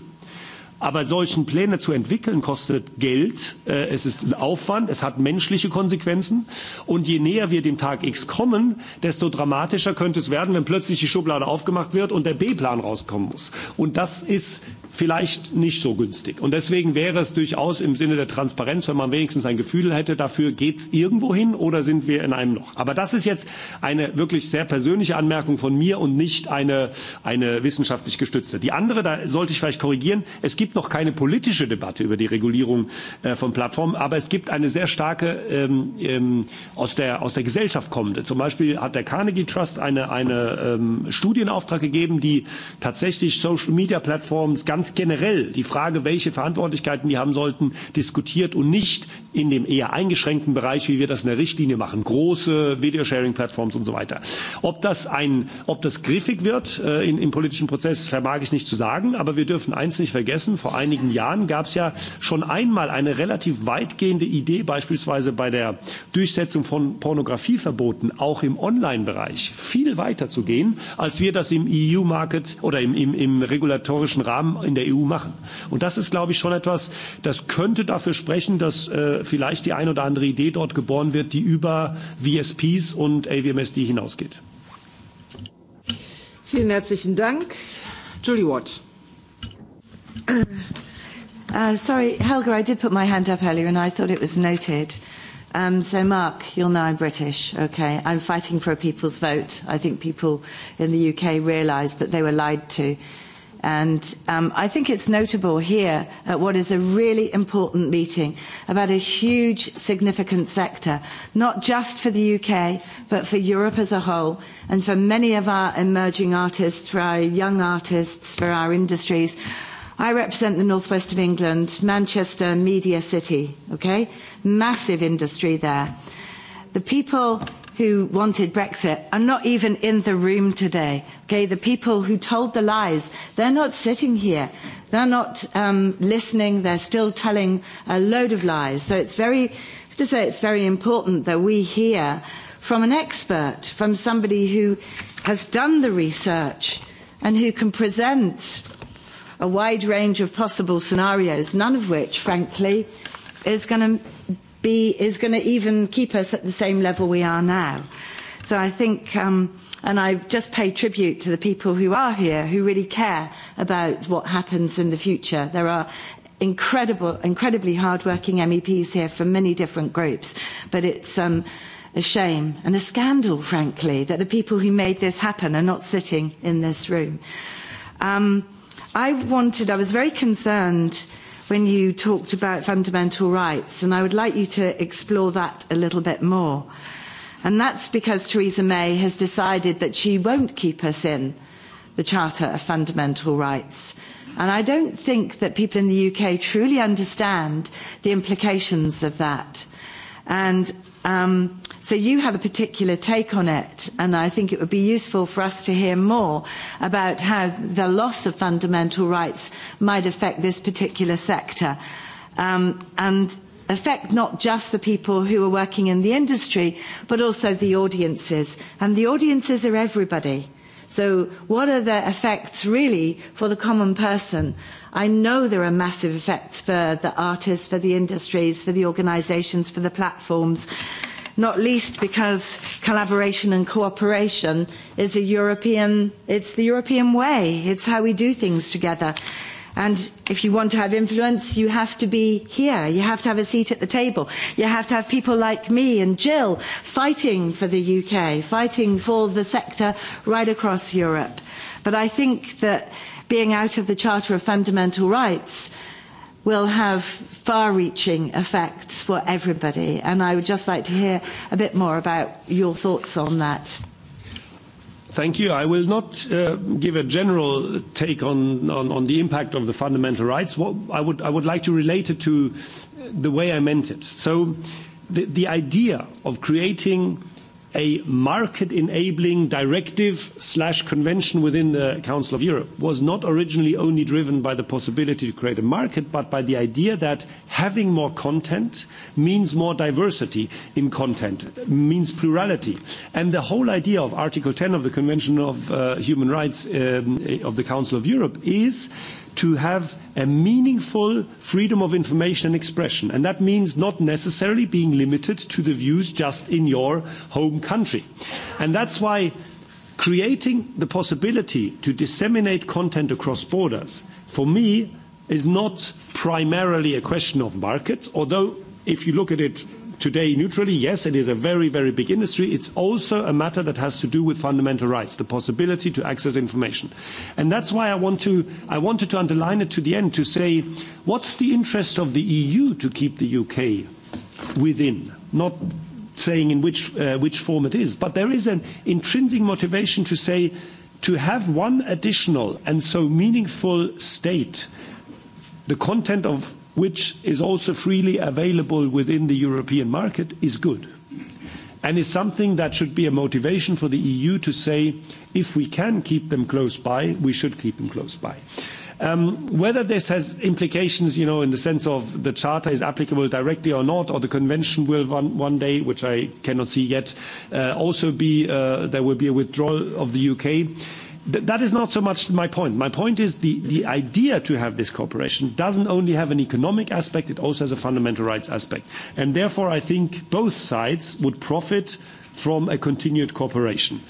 Aber solchen Pläne zu entwickeln kostet Geld, äh, es ist Aufwand, es hat menschliche Konsequenzen. Und je näher wir dem Tag X kommen, desto dramatischer könnte es werden, wenn plötzlich die Schublade aufgemacht wird und der B-Plan rauskommen muss. Und das ist vielleicht nicht so günstig. Und deswegen wäre es durchaus im Sinne der Transparenz, wenn man wenigstens ein Gefühl hätte, dafür geht es irgendwo hin oder sind wir in einem Loch. Aber das ist jetzt eine wirklich sehr persönliche Anmerkung von mir und nicht eine, eine wissenschaftlich gestützte. Die andere, da sollte ich vielleicht korrigieren, es gibt noch keine politische Debatte über die Regulierung äh, von Plattformen, aber es gibt eine sehr starke ähm, ähm, aus, der, aus der Gesellschaft kommende. Zum Beispiel hat der Carnegie Trust eine, eine ähm, Studienauftrag gegeben, die tatsächlich Social Media Plattformen ganz ganz generell die Frage, welche Verantwortlichkeiten die haben sollten, diskutiert und nicht in dem eher eingeschränkten Bereich, wie wir das in der Richtlinie machen, große Video-Sharing-Plattforms und so weiter. Ob das, ein, ob das griffig wird äh, in, im politischen Prozess, vermag ich nicht zu sagen, aber wir dürfen eins nicht vergessen, vor einigen Jahren gab es ja schon einmal eine relativ weitgehende Idee, beispielsweise bei der Durchsetzung von Pornografieverboten, auch im Online-Bereich, viel weiter zu gehen, als wir das im EU-Market oder im, im, im regulatorischen Rahmen in der EU machen. Und das ist, glaube ich, schon etwas, das könnte dafür sprechen, dass äh, vielleicht die ein oder andere Idee dort geboren wird, die über VSPs und AVMSD hinausgeht. Vielen herzlichen Dank. Julie Watt. Uh, uh, sorry, Helga, I did put my hand up earlier and I thought it was noted. Um, so, Mark, you'll know I'm British, okay? I'm fighting for a people's vote. I think people in the UK realised that they were lied to And um, I think it's notable here at what is a really important meeting about a huge, significant sector, not just for the UK, but for Europe as a whole, and for many of our emerging artists, for our young artists, for our industries. I represent the northwest of England, Manchester media city, okay? Massive industry there. The people who wanted Brexit are not even in the room today. Okay, the people who told the lies, they're not sitting here. They're not um, listening. They're still telling a load of lies. So it's very, to say it's very important that we hear from an expert, from somebody who has done the research and who can present a wide range of possible scenarios, none of which, frankly, is going to be is going to even keep us at the same level we are now. So I think, um, and I just pay tribute to the people who are here who really care about what happens in the future. There are incredible, incredibly hardworking MEPs here from many different groups, but it's um, a shame and a scandal, frankly, that the people who made this happen are not sitting in this room. Um, I wanted, I was very concerned uh, when you talked about fundamental rights, and I would like you to explore that a little bit more. And that's because Theresa May has decided that she won't keep us in the Charter of Fundamental Rights. And I don't think that people in the UK truly understand the implications of that. And Um, so you have a particular take on it, and I think it would be useful for us to hear more about how the loss of fundamental rights might affect this particular sector, um, and affect not just the people who are working in the industry, but also the audiences. And the audiences are everybody. So what are the effects really for the common person? I know there are massive effects for the artists, for the industries, for the organisations, for the platforms, not least because collaboration and cooperation is a European, it's the European way. It's how we do things together. And if you want to have influence, you have to be here. You have to have a seat at the table. You have to have people like me and Jill fighting for the UK, fighting for the sector right across Europe. But I think that being out of the Charter of Fundamental Rights will have far-reaching effects for everybody. And I would just like to hear a bit more about your thoughts on that. Thank you. I will not uh, give a general take on, on, on the impact of the fundamental rights. What I would, I would like to relate it to the way I meant it. So the, the idea of creating a market-enabling directive/convention within the Council of Europe was not originally only driven by the possibility to create a market, but by the idea that having more content means more diversity in content, means plurality. And the whole idea of Article 10 of the Convention of uh, Human Rights um, of the Council of Europe is to have a meaningful freedom of information and expression. And that means not necessarily being limited to the views just in your home country. And that's why creating the possibility to disseminate content across borders, for me, is not primarily a question of markets, although if you look at it today neutrally, yes, it is a very, very big industry. It's also a matter that has to do with fundamental rights, the possibility to access information. And that's why I, want to, I wanted to underline it to the end to say, what's the interest of the EU to keep the UK within? Not saying in which, uh, which form it is, but there is an intrinsic motivation to say, to have one additional and so meaningful state, the content of which is also freely available within the European market, is good and is something that should be a motivation for the EU to say, if we can keep them close by, we should keep them close by. Um, whether this has implications, you know, in the sense of the charter is applicable directly or not, or the convention will one, one day, which I cannot see yet, uh, also be uh, there will be a withdrawal of the UK th- that is not so much my point. My point is the, the idea to have this cooperation doesn't only have an economic aspect, it also has a fundamental rights aspect. And therefore, I think both sides would profit from a continued cooperation.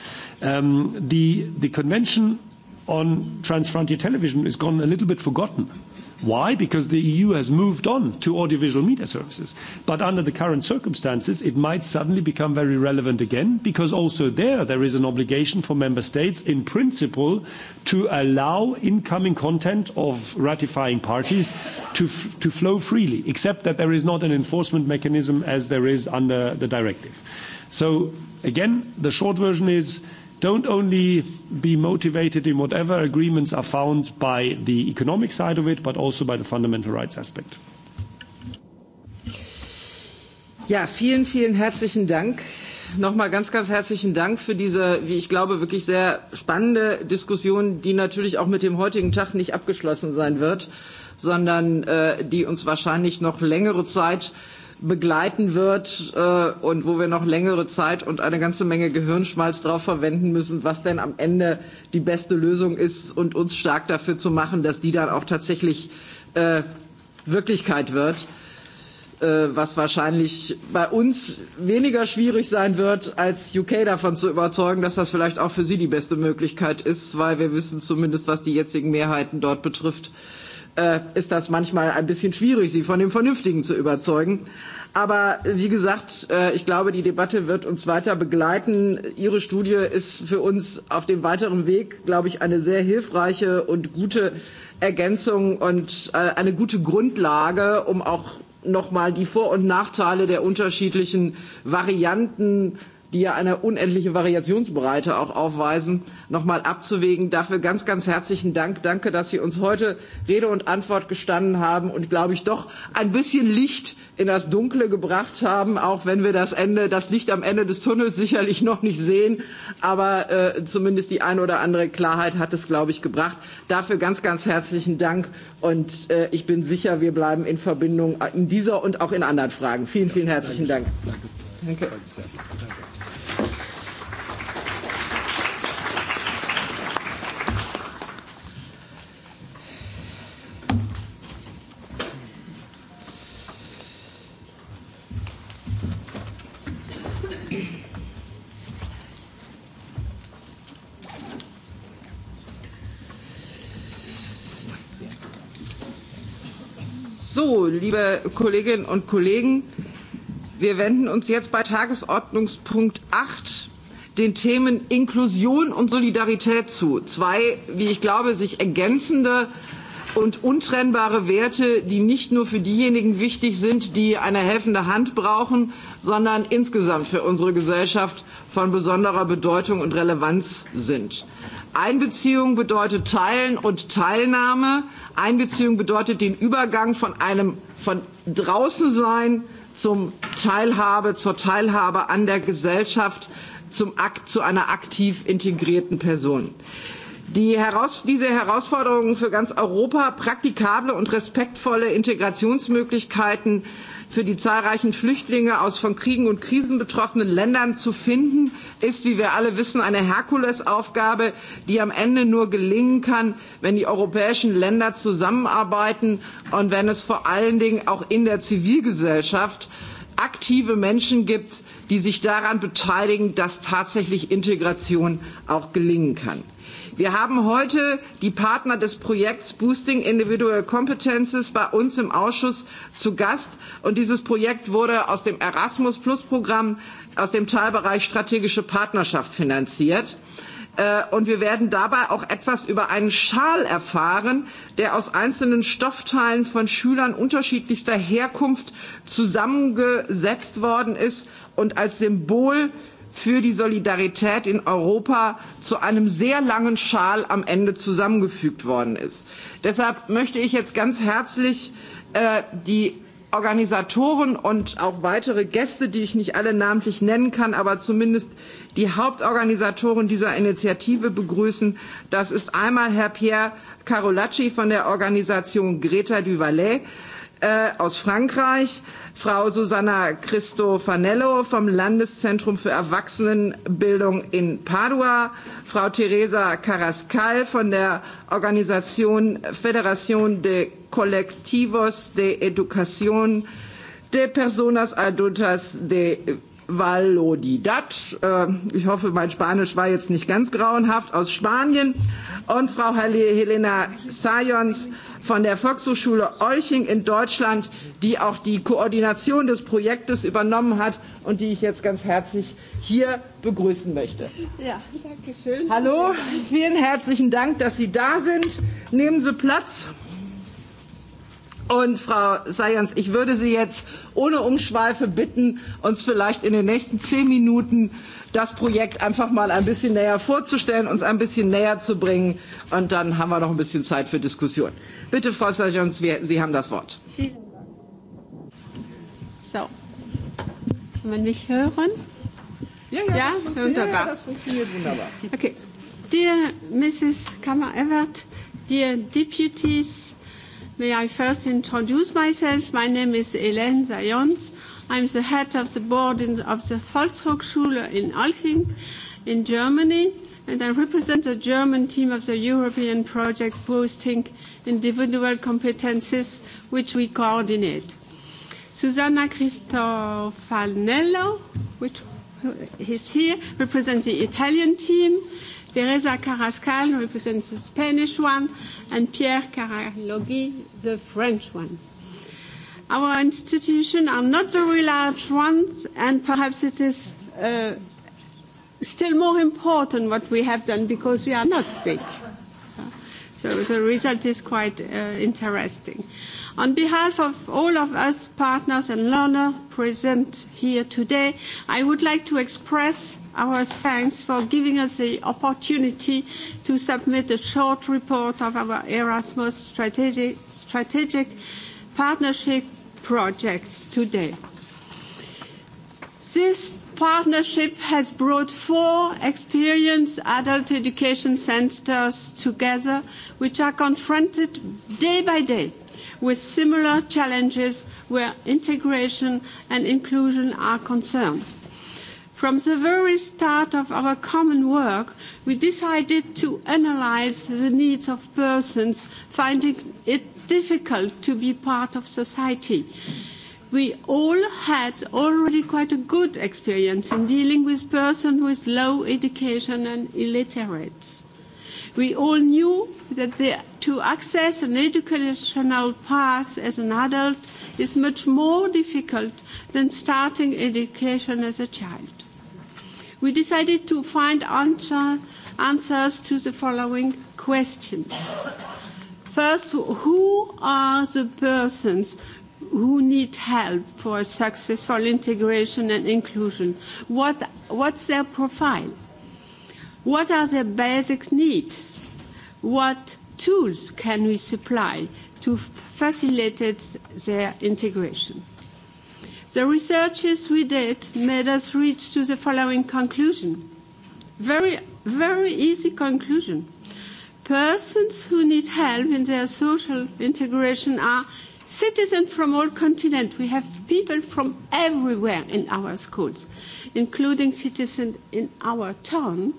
Um, the, the Convention on Transfrontier Television is gone a little bit forgotten. Why? Because the EU has moved on to audiovisual media services. But under the current circumstances, it might suddenly become very relevant again, because also there, there is an obligation for member states, in principle, to allow incoming content of ratifying parties to, f- to flow freely, except that there is not an enforcement mechanism as there is under the directive. So again, the short version is don't only be motivated in whatever agreements are found by the economic side of it, but also by the fundamental rights aspect. Ja, vielen, vielen herzlichen Dank. Nochmal ganz, ganz herzlichen Dank für diese, wie ich glaube, wirklich sehr spannende Diskussion, die natürlich auch mit dem heutigen Tag nicht abgeschlossen sein wird, sondern äh, die uns wahrscheinlich noch längere Zeit äh, begleiten wird äh, und wo wir noch längere Zeit und eine ganze Menge Gehirnschmalz drauf verwenden müssen, was denn am Ende die beste Lösung ist und uns stark dafür zu machen, dass die dann auch tatsächlich äh, Wirklichkeit wird, äh, was wahrscheinlich bei uns weniger schwierig sein wird, als UK davon zu überzeugen, dass das vielleicht auch für sie die beste Möglichkeit ist, weil wir wissen zumindest, was die jetzigen Mehrheiten dort betrifft, äh, äh, ist das manchmal ein bisschen schwierig, sie von dem Vernünftigen zu überzeugen. Aber wie gesagt, äh, ich glaube, die Debatte wird uns weiter begleiten. Ihre Studie ist für uns auf dem weiteren Weg, glaube ich, eine sehr hilfreiche und gute Ergänzung und äh, eine gute Grundlage, um auch nochmal die Vor- und Nachteile der unterschiedlichen Varianten die ja eine unendliche Variationsbreite auch aufweisen, nochmal abzuwägen. Dafür ganz, ganz herzlichen Dank. Danke, dass Sie uns heute Rede und Antwort gestanden haben und, glaube ich, doch ein bisschen Licht in das Dunkle gebracht haben, auch wenn wir das Ende, das Licht am Ende des Tunnels sicherlich noch nicht sehen. Aber äh, zumindest die eine oder andere Klarheit hat es, glaube ich, gebracht. Dafür ganz, ganz herzlichen Dank. Und äh, ich bin sicher, wir bleiben in Verbindung äh, in dieser und auch in anderen Fragen. Vielen, vielen herzlichen Dank. Danke. Danke. Danke. So, liebe Kolleginnen und Kollegen, wir wenden uns jetzt bei Tagesordnungspunkt 8 den Themen Inklusion und Solidarität zu. Zwei, wie ich glaube, sich ergänzende und untrennbare Werte, die nicht nur für diejenigen wichtig sind, die eine helfende Hand brauchen, sondern insgesamt für unsere Gesellschaft von besonderer Bedeutung und Relevanz sind. Einbeziehung bedeutet Teilen und Teilnahme. Einbeziehung bedeutet den Übergang von einem von draußen sein zum Teilhabe, zur Teilhabe an der Gesellschaft, zum Akt, zu einer aktiv integrierten Person. Die Heraus diese Herausforderungen für ganz Europa, praktikable und respektvolle Integrationsmöglichkeiten für die zahlreichen flüchtlinge aus von kriegen und krisen betroffenen ländern zu finden ist wie wir alle wissen eine herkulesaufgabe die am ende nur gelingen kann wenn die europäischen länder zusammenarbeiten und wenn es vor allen dingen auch in der zivilgesellschaft aktive menschen gibt die sich daran beteiligen dass tatsächlich integration auch gelingen kann. Wir haben heute die Partner des Projekts Boosting Individual Competences bei uns im Ausschuss zu Gast. Und dieses Projekt wurde aus dem Erasmus Plus Programm aus dem Teilbereich strategische Partnerschaft finanziert. Äh, und wir werden dabei auch etwas über einen Schal erfahren, der aus einzelnen Stoffteilen von Schülern unterschiedlichster Herkunft zusammengesetzt worden ist und als Symbol für die Solidarität in Europa zu einem sehr langen Schal am Ende zusammengefügt worden ist. Deshalb möchte ich jetzt ganz herzlich äh, die Organisatoren und auch weitere Gäste, die ich nicht alle namentlich nennen kann, aber zumindest die Hauptorganisatoren dieser Initiative begrüßen. Das ist einmal Herr Pierre Carolacci von der Organisation Greta Duvalet, äh, aus Frankreich, Frau Susanna Cristofanello vom Landeszentrum für Erwachsenenbildung in Padua, Frau Teresa Carrascal von der Organisation Federación de Colectivos de Educación de Personas Adultas de Valodidat, äh, ich hoffe, mein Spanisch war jetzt nicht ganz grauenhaft, aus Spanien und Frau Helena Sayons von der Volkshochschule Olching in Deutschland, die auch die Koordination des Projektes übernommen hat und die ich jetzt ganz herzlich hier begrüßen möchte. Ja, danke schön. Hallo, vielen herzlichen Dank, dass Sie da sind. Nehmen Sie Platz. Applaus Und Frau Sayans, ich würde Sie jetzt ohne Umschweife bitten, uns vielleicht in den nächsten zehn Minuten das Projekt einfach mal ein bisschen näher vorzustellen, uns ein bisschen näher zu bringen. Und dann haben wir noch ein bisschen Zeit für Diskussion. Bitte, Frau Sayans, Sie haben das Wort. Vielen Dank. So. Kann man mich hören? Ja, ja, ja, das, funktioniert, wunderbar. ja das funktioniert wunderbar. Okay. Dear Mrs. Kammer-Evert, dear deputies, May I first introduce myself? My name is Hélène Zayons. I'm the head of the board in, of the Volkshochschule in Olching in Germany, and I represent the German team of the European project boosting individual competences, which we coordinate. Susanna Cristofanello, which is here, represents the Italian team. Teresa Carrascal represents the Spanish one, and Pierre Caralogui, the French one. Our institutions are not very large ones, and perhaps it is uh, still more important what we have done because we are not big. So the result is quite uh, interesting. Uh, On behalf of all of us partners and learners present here today, I would like to express our thanks for giving us the opportunity to submit a short report of our Erasmus strategic, strategic partnership projects today. This partnership has brought four experienced adult education centers together, which are confronted day by day with similar challenges where integration and inclusion are concerned. From the very start of our common work, we decided to analyze the needs of persons finding it difficult to be part of society. We all had already quite a good experience in dealing with persons with low education and illiterates. We all knew that the, to access an educational path as an adult is much more difficult than starting education as a child. We decided to find answer, answers to the following questions. First, who are the persons who need help for successful integration and inclusion? What, what's their profile? What are their basic needs? What tools can we supply to facilitate their integration? The researches we did made us reach to the following conclusion. Very, very easy conclusion. Persons who need help in their social integration are citizens from all continents. We have people from everywhere in our schools, including citizens in our town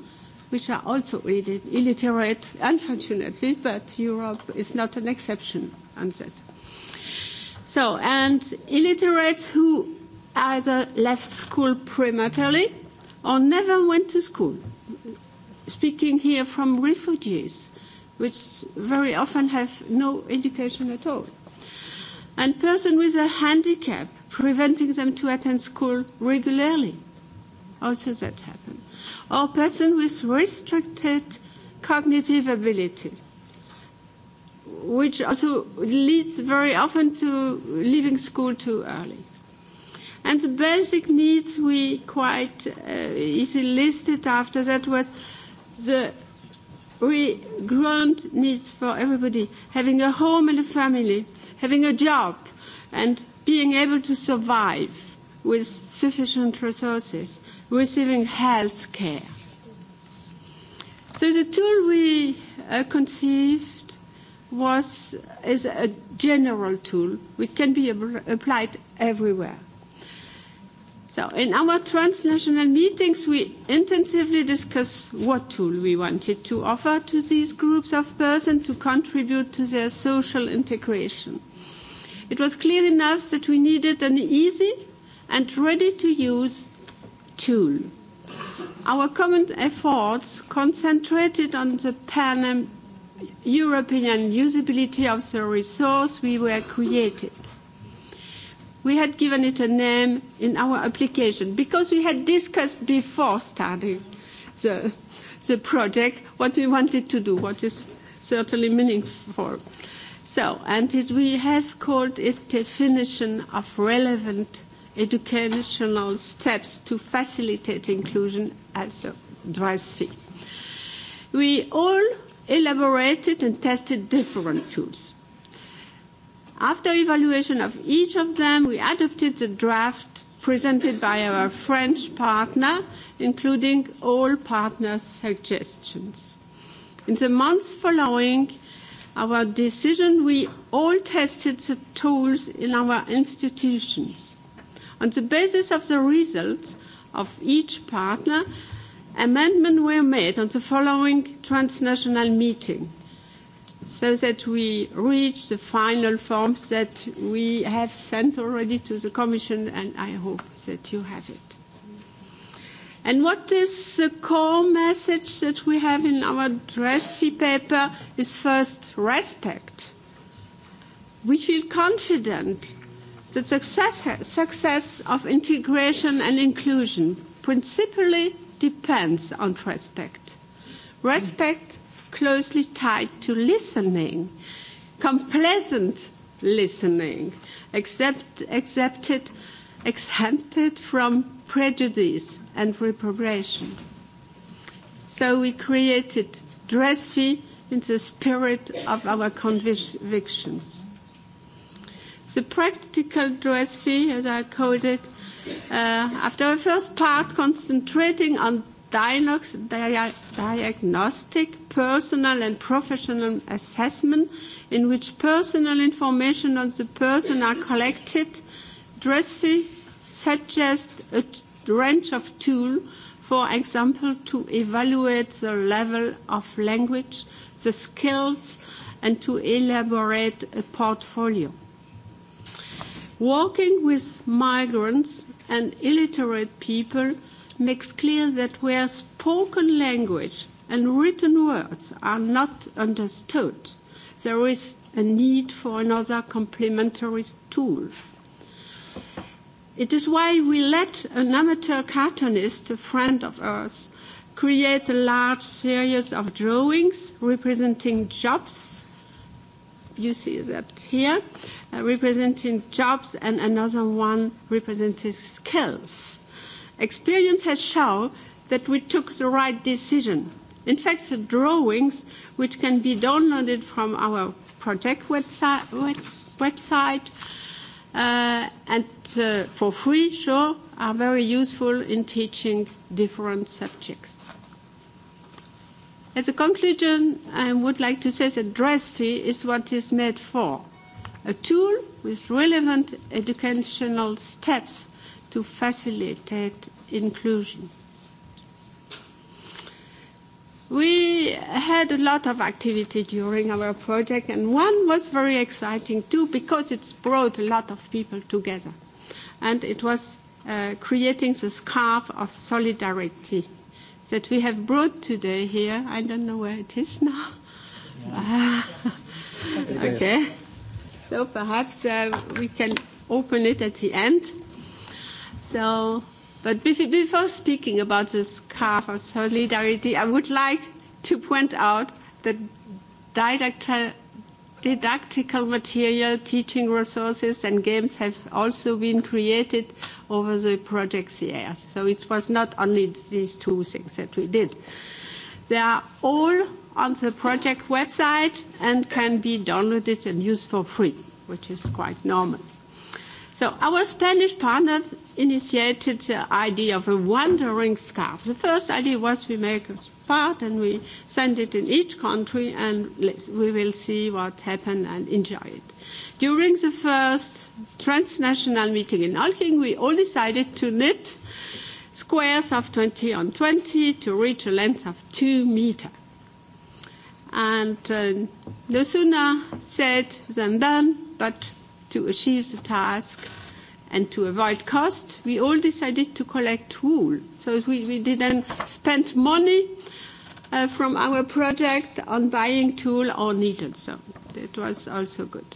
which are also illiterate, unfortunately, but Europe is not an exception on that. So, and illiterates who either left school prematurely or never went to school. Speaking here from refugees, which very often have no education at all. And persons with a handicap, preventing them to attend school regularly. Also that happens or person with restricted cognitive ability, which also leads very often to leaving school too early. And the basic needs we quite uh, easily listed after that was the we grant needs for everybody, having a home and a family, having a job, and being able to survive with sufficient resources receiving health care. So the tool we uh, conceived was is a general tool which can be applied everywhere. So in our transnational meetings, we intensively discuss what tool we wanted to offer to these groups of persons to contribute to their social integration. It was clear enough that we needed an easy and ready to use tool. Our common efforts concentrated on the pan-European usability of the resource we were creating. We had given it a name in our application because we had discussed before starting the, the project what we wanted to do, what is certainly meaningful. So, and it, we have called it definition of relevant educational steps to facilitate inclusion, also DRISV. We all elaborated and tested different tools. After evaluation of each of them, we adopted the draft presented by our French partner, including all partners' suggestions. In the months following our decision, we all tested the tools in our institutions. On the basis of the results of each partner, amendments were made on the following transnational meeting so that we reach the final forms that we have sent already to the Commission, and I hope that you have it. And what is the core message that we have in our DRESFI paper is first respect. We feel confident the success, success of integration and inclusion principally depends on respect. Respect closely tied to listening, complacent listening, accept, accepted, exempted from prejudice and reprobation. So we created DRESFI in the spirit of our convictions the practical DOSV, as I called it, uh, after the first part concentrating on dialogues, dia- diagnostic, personal and professional assessment, in which personal information on the person are collected, DRESFI suggests a t- range of tools, for example, to evaluate the level of language, the skills, and to elaborate a portfolio. Working with migrants and illiterate people makes clear that where spoken language and written words are not understood, there is a need for another complementary tool. It is why we let an amateur cartoonist, a friend of ours, create a large series of drawings representing jobs you see that here, uh, representing jobs and another one representing skills. Experience has shown that we took the right decision. In fact, the drawings, which can be downloaded from our project website, web, website uh, and uh, for free, sure, are very useful in teaching different subjects. As a conclusion, I would like to say that DRESFI is what it's made for, a tool with relevant educational steps to facilitate inclusion. We had a lot of activity during our project, and one was very exciting too because it brought a lot of people together. And it was uh, creating the scarf of solidarity. Uh, that we have brought today here. I don't know where it is now. Ah. okay. So perhaps uh, we can open it at the end. So, but before speaking about this car for solidarity, I would like to point out that didacti didactical material, teaching resources, and games have also been created over the project years. So it was not only these two things that we did. They are all on the project website and can be downloaded and used for free, which is quite normal. So our Spanish partner initiated the idea of a wandering scarf. The first idea was we make a part and we send it in each country and let's, we will see what happened and enjoy it. During the first transnational meeting in Alking, we all decided to knit squares of 20 on 20 to reach a length of 2 meter. And uh, no sooner said than done, but to achieve the task and to avoid cost, we all decided to collect wool. So we, we didn't spend money uh, from our project on buying tool or needles. So that was also good.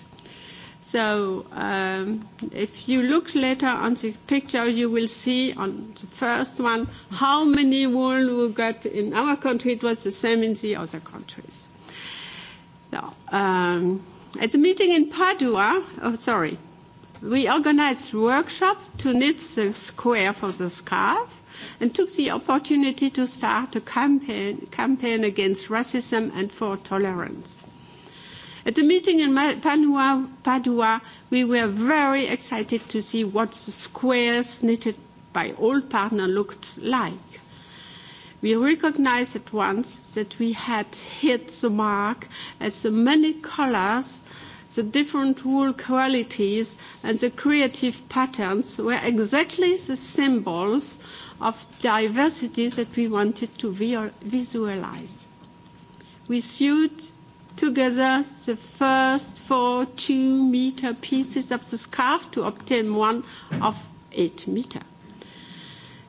So um, if you look later on the picture, you will see on the first one how many wool we got in our country. It was the same in the other countries. So, um, at the meeting in Padua, oh, sorry, we organized workshop to knit the square for the scarf and took the opportunity to start a campaign, campaign against racism and for tolerance. At the meeting in Padua, Padua, we were very excited to see what the squares knitted by all partners looked like. We recognized at once that we had hit the mark as the many colors uh, the different wool qualities and the creative patterns were exactly the symbols of diversity that we wanted to visualize. We sewed together the first four two-meter pieces of the scarf to obtain one of eight meter.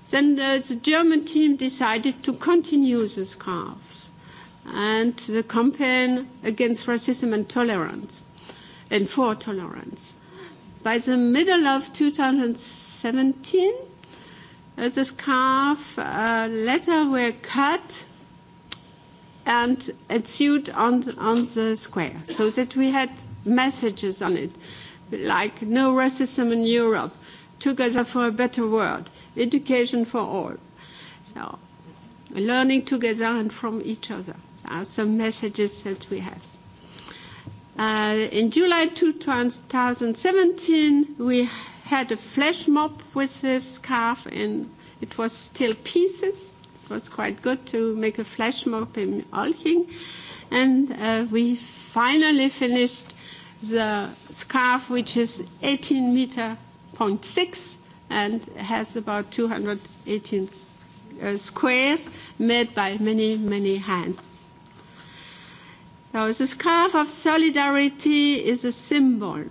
Then uh, the German team decided to continue the scarves and the campaign against racism and tolerance and for tolerance. By the middle of 2017, uh, the scarf uh, letter were cut and ensued on, on the square so that we had messages on it like no racism in Europe, together for a better world, education for all. So learning together and from each other are some messages that we have. Uh, in July 2017, we had a flash mob with this scarf, and it was still pieces. It was quite good to make a flash mob in Olching. And uh, we finally finished the scarf, which is 18 meter point six and has about 218 uh, squares made by many, many hands. Now, the scarf of solidarity is a symbol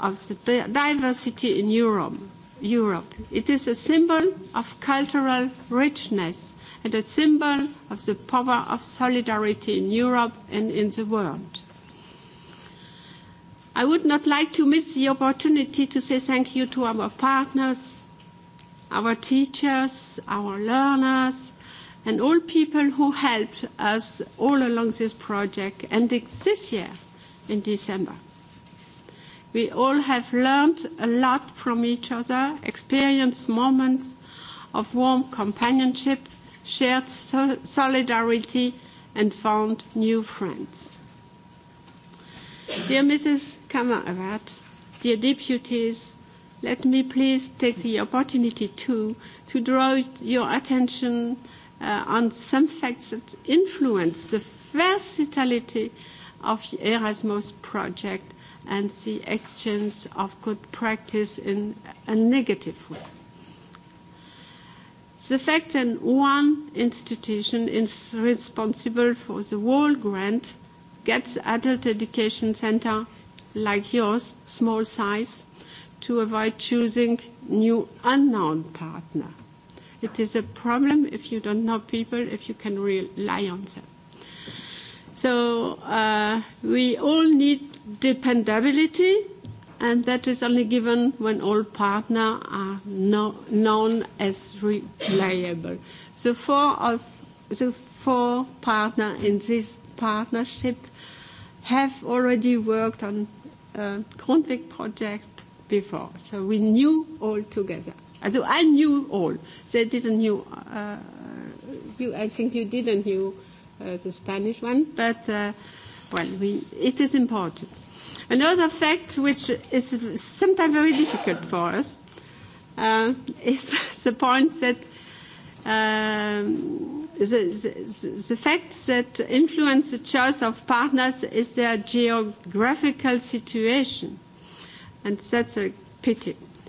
of the diversity in Europe. Europe. It is a symbol of cultural richness and a symbol of the power of solidarity in Europe and in the world. I would not like to miss the opportunity to say thank you to our partners, our teachers, our learners, and all people who helped us all along this project ending this year in December. We all have learned a lot from each other, experienced moments of warm companionship, shared so- solidarity, and found new friends. Dear Mrs. Kammerevert, dear deputies, let me please take the opportunity too to draw your attention uh, on some facts that influence the versatility of the Erasmus project and the exchange of good practice in a negative way. The fact that one institution is responsible for the whole grant gets adult education center like yours, small size, to avoid choosing new unknown partner. It is a problem if you don't know people, if you can rely on them. So uh, we all need dependability, and that is only given when all partners are no, known as reliable. The four of the four partners in this partnership have already worked on uh, conflict projects before, so we knew all together. Also I knew all. They didn't knew. Uh, you, I think you didn't knew uh, the Spanish one, but uh, well, we, it is important. Another fact which is sometimes very difficult for us uh, is the point that um, the, the, the fact that influence the choice of partners is their geographical situation, and that's a pity. Uh,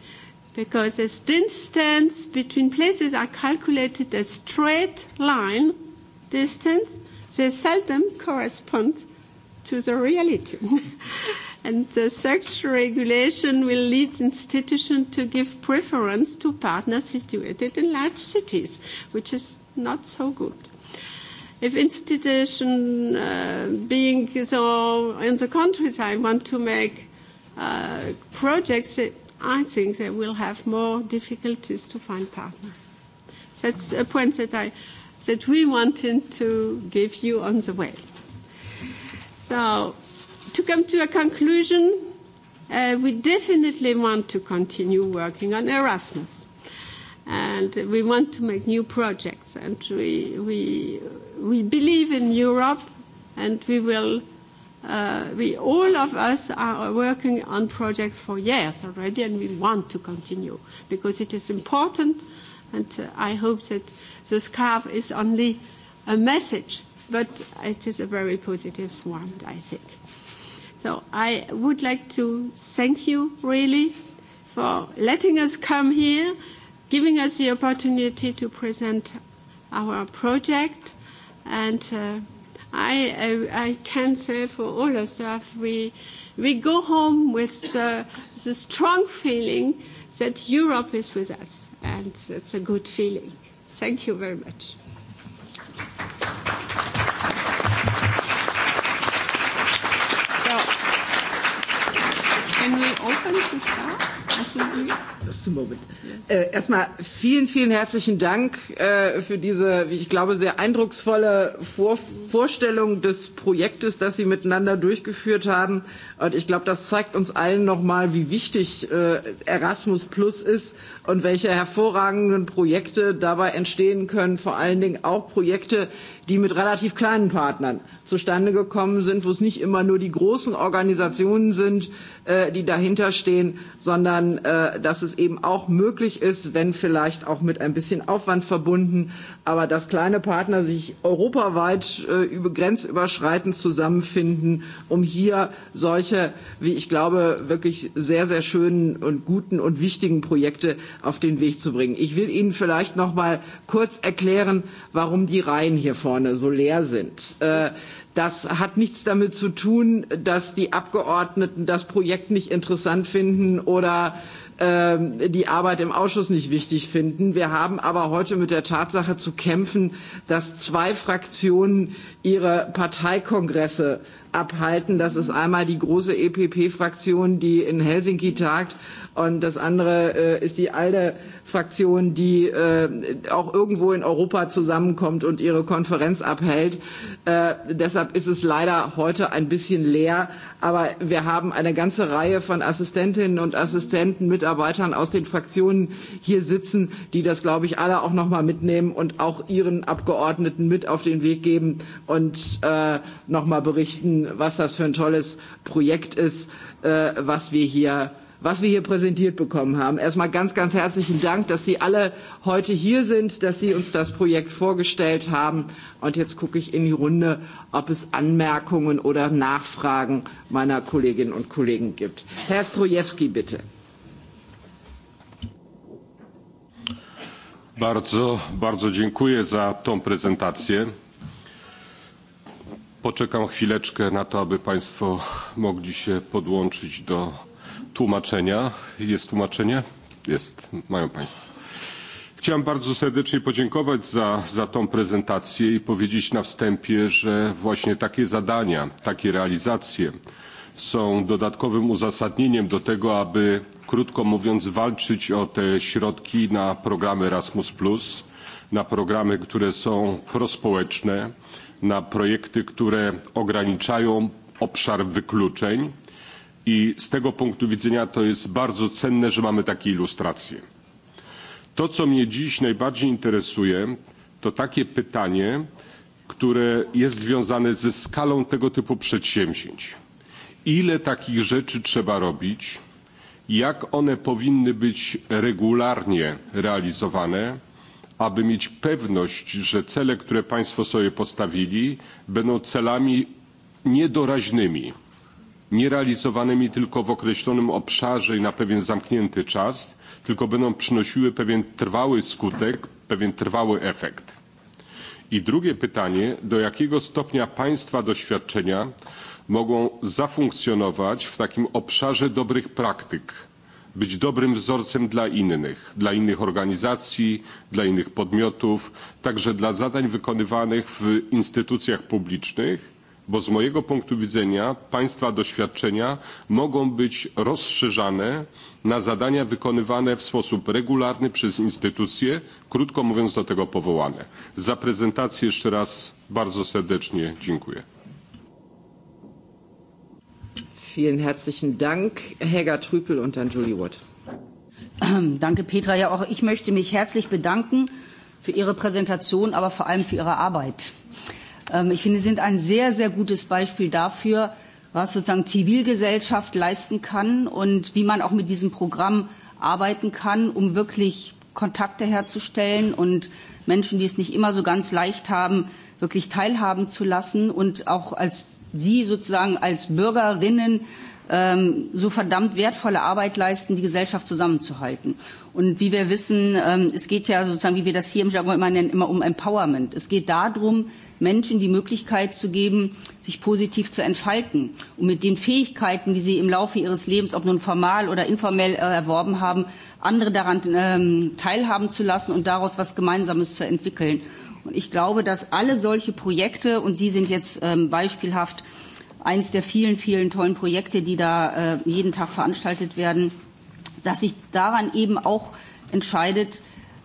because the distance between places are calculated as straight line distance. They seldom correspond to the reality. and the such regulation will lead institutions to give preference to partners situated in large cities, which is not so good. If institution uh, being so in the countryside want to make uh, projects, it, I think they will have more difficulties to find partner. That's a point that I that we wanted to give you on the way. So, to come to a conclusion, uh, we definitely want to continue working on Erasmus, and we want to make new projects, and we we we believe in Europe, and we will Uh, we all of us are working on project for years already, and we want to continue because it is important. And uh, I hope that the scarf is only a message, but it is a very positive one, I think. So I would like to thank you really for letting us come here, giving us the opportunity to present our project, and. Uh, I, I, I can say for all of us, we, we go home with uh, the strong feeling that Europe is with us, and it's a good feeling. Thank you very much. So, can we open to start? I think we just a moment. Äh, erstmal vielen, vielen herzlichen Dank äh, für diese, wie ich glaube, sehr eindrucksvolle Vor Vorstellung des Projektes, das Sie miteinander durchgeführt haben. Und ich glaube, das zeigt uns allen nochmal, wie wichtig äh, Erasmus Plus ist und welche hervorragenden Projekte dabei entstehen können. Vor allen Dingen auch Projekte, die mit relativ kleinen Partnern zustande gekommen sind, wo es nicht immer nur die großen Organisationen sind, äh, die dahinter stehen, sondern äh, dass es es eben auch möglich ist, wenn vielleicht auch mit ein bisschen Aufwand verbunden, aber dass kleine Partner sich europaweit äh, über grenzüberschreitend zusammenfinden, um hier solche, wie ich glaube, wirklich sehr, sehr schönen und guten und wichtigen Projekte auf den Weg zu bringen. Ich will Ihnen vielleicht noch mal kurz erklären, warum die Reihen hier vorne so leer sind. Äh, Das hat nichts damit zu tun, dass die Abgeordneten das Projekt nicht interessant finden oder Ähm, die Arbeit im Ausschuss nicht wichtig finden. Wir haben aber heute mit der Tatsache zu kämpfen, dass zwei Fraktionen ihre Parteikongresse abhalten. Das ist einmal die große EPP-Fraktion, die in Helsinki tagt, Und das andere äh, ist die ALDE-Fraktion, die äh, auch irgendwo in Europa zusammenkommt und ihre Konferenz abhält. Äh, deshalb ist es leider heute ein bisschen leer. Aber wir haben eine ganze Reihe von Assistentinnen und Assistenten, Mitarbeitern aus den Fraktionen hier sitzen, die das, glaube ich, alle auch nochmal mitnehmen und auch ihren Abgeordneten mit auf den Weg geben und äh, nochmal berichten, was das für ein tolles Projekt ist, äh, was wir hier was wir hier präsentiert bekommen haben. Erstmal ganz, ganz herzlichen Dank, dass Sie alle heute hier sind, dass Sie uns das Projekt vorgestellt haben. Und jetzt gucke ich in die Runde, ob es Anmerkungen oder Nachfragen meiner Kolleginnen und Kollegen gibt. Herr Strojewski, bitte. Bardzo, bardzo dziękuję za tą prezentację. Poczekam chwileczkę na to, aby Państwo mogli się podłączyć do tłumaczenia. Jest tłumaczenie? Jest. Mają Państwo. Chciałem bardzo serdecznie podziękować za, za tą prezentację i powiedzieć na wstępie, że właśnie takie zadania, takie realizacje są dodatkowym uzasadnieniem do tego, aby krótko mówiąc walczyć o te środki na programy Erasmus+, na programy, które są prospołeczne, na projekty, które ograniczają obszar wykluczeń i z tego punktu widzenia to jest bardzo cenne, że mamy takie ilustracje. To, co mnie dziś najbardziej interesuje, to takie pytanie, które jest związane ze skalą tego typu przedsięwzięć. Ile takich rzeczy trzeba robić? Jak one powinny być regularnie realizowane, aby mieć pewność, że cele, które Państwo sobie postawili, będą celami niedoraźnymi, realizowanymi nie tylko w określonym obszarze i na pewien zamknięty czas tylko będą przynosiły pewien trwały skutek pewien trwały efekt. i drugie pytanie do jakiego stopnia państwa doświadczenia mogą zafunkcjonować w takim obszarze dobrych praktyk być dobrym wzorcem dla innych dla innych organizacji dla innych podmiotów także dla zadań wykonywanych w instytucjach publicznych bo z mojego punktu widzenia państwa doświadczenia mogą być rozszerzane na zadania wykonywane w sposób regularny przez instytucje krótko mówiąc do tego powołane. Za prezentację jeszcze raz bardzo serdecznie dziękuję. Vielen herzlichen Dank, Helga Trüpel und dann Julie Watt. Danke, Petra. Ja, auch ich möchte mich herzlich bedanken für Ihre Präsentation, aber vor allem für Ihre Arbeit. Ähm, ich finde, sind ein sehr, sehr gutes Beispiel dafür, was sozusagen Zivilgesellschaft leisten kann und wie man auch mit diesem Programm arbeiten kann, um wirklich Kontakte herzustellen und Menschen, die es nicht immer so ganz leicht haben, wirklich teilhaben zu lassen und auch als sie sozusagen als Bürgerinnen ähm, so verdammt wertvolle Arbeit leisten, die Gesellschaft zusammenzuhalten. Und wie wir wissen, ähm, es geht ja sozusagen, wie wir das hier im Jargon immer nennen, immer um Empowerment. Es geht darum, Menschen die Möglichkeit zu geben, sich positiv zu entfalten und mit den Fähigkeiten, die sie im Laufe ihres Lebens, ob nun formal oder informell äh, erworben haben, andere daran ähm, teilhaben zu lassen und daraus was Gemeinsames zu entwickeln. Und ich glaube, dass alle solche Projekte, und Sie sind jetzt ähm, beispielhaft eines der vielen, vielen tollen Projekte, die da äh, jeden Tag veranstaltet werden, äh, dass sich daran eben auch entscheidet,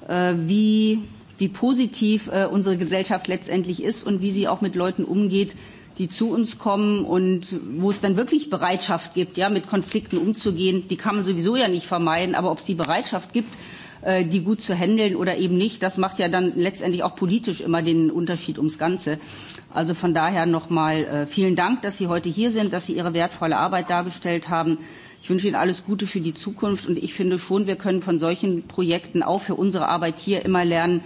äh, wie, wie positiv äh, unsere Gesellschaft letztendlich ist und wie sie auch mit Leuten umgeht, die zu uns kommen und wo es dann wirklich Bereitschaft gibt, ja, mit Konflikten umzugehen. Die kann man sowieso ja nicht vermeiden, aber ob es die Bereitschaft gibt, äh, die gut zu handeln oder eben nicht, das macht ja dann letztendlich auch politisch immer den Unterschied ums Ganze. Also von daher nochmal äh, vielen Dank, dass Sie heute hier sind, dass Sie Ihre wertvolle Arbeit dargestellt haben. Ich wünsche Ihnen alles Gute für die Zukunft und ich finde schon, wir können von solchen Projekten auch für unsere Arbeit hier immer lernen,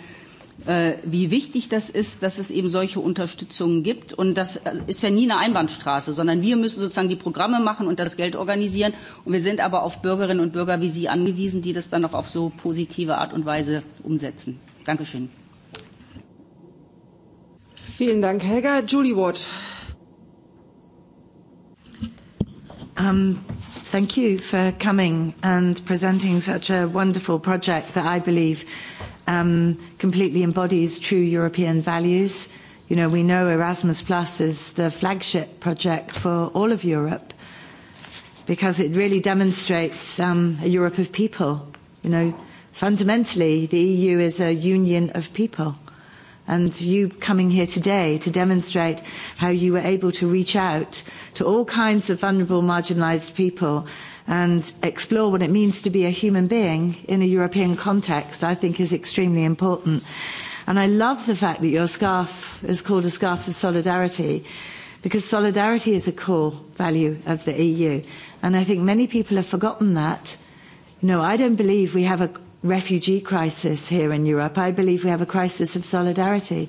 äh, wie wichtig das ist, dass es eben solche Unterstützungen gibt. Und das äh, ist ja nie eine Einbahnstraße, sondern wir müssen sozusagen die Programme machen und das Geld organisieren. Und wir sind aber auf Bürgerinnen und Bürger wie Sie angewiesen, die das dann auch auf so positive Art und Weise umsetzen. Dankeschön. Vielen Dank, Helga. Julie Ward. Um, Thank you for coming and presenting such a wonderful project that I believe um, completely embodies true European values. You know, we know Erasmus Plus is the flagship project for all of Europe because it really demonstrates um, a Europe of people. You know, fundamentally, the EU is a union of people and you coming here today to demonstrate how you were able to reach out to all kinds of vulnerable, marginalised people and explore what it means to be a human being in a European context, I think is extremely important. And I love the fact that your scarf is called a scarf of solidarity because solidarity is a core value of the EU. And I think many people have forgotten that. You know, I don't believe we have a refugee crisis here in Europe. I believe we have a crisis of solidarity.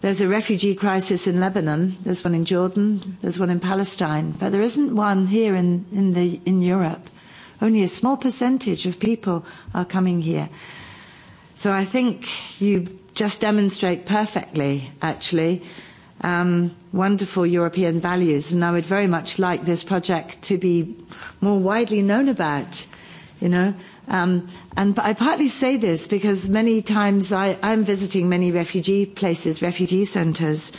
There's a refugee crisis in Lebanon, there's one in Jordan, there's one in Palestine, but there isn't one here in, in, the, in Europe. Only a small percentage of people are coming here. So I think you just demonstrate perfectly, actually, um, wonderful European values. And I would very much like this project to be more widely known about, you know, Um, and I partly say this because many times I, I'm visiting many refugee places, refugee centres,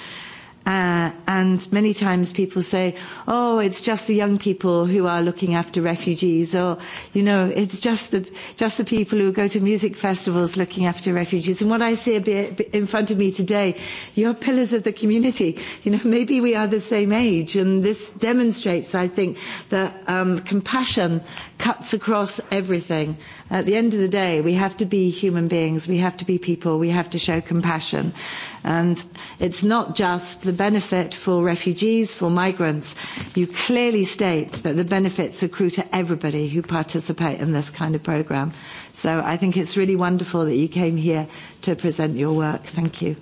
Uh, and many times people say, oh, it's just the young people who are looking after refugees, or, you know, it's just the, just the people who go to music festivals looking after refugees. And what I see a bit in front of me today, you're pillars of the community. You know, maybe we are the same age. And this demonstrates, I think, that um, compassion cuts across everything. At the end of the day, we have to be human beings. We have to be people. We have to show compassion. Uh, And it's not just the benefit for refugees, for migrants. You clearly state that the benefits accrue to everybody who participate in this kind of program. So I think it's really wonderful that you came here to present your work. Thank you.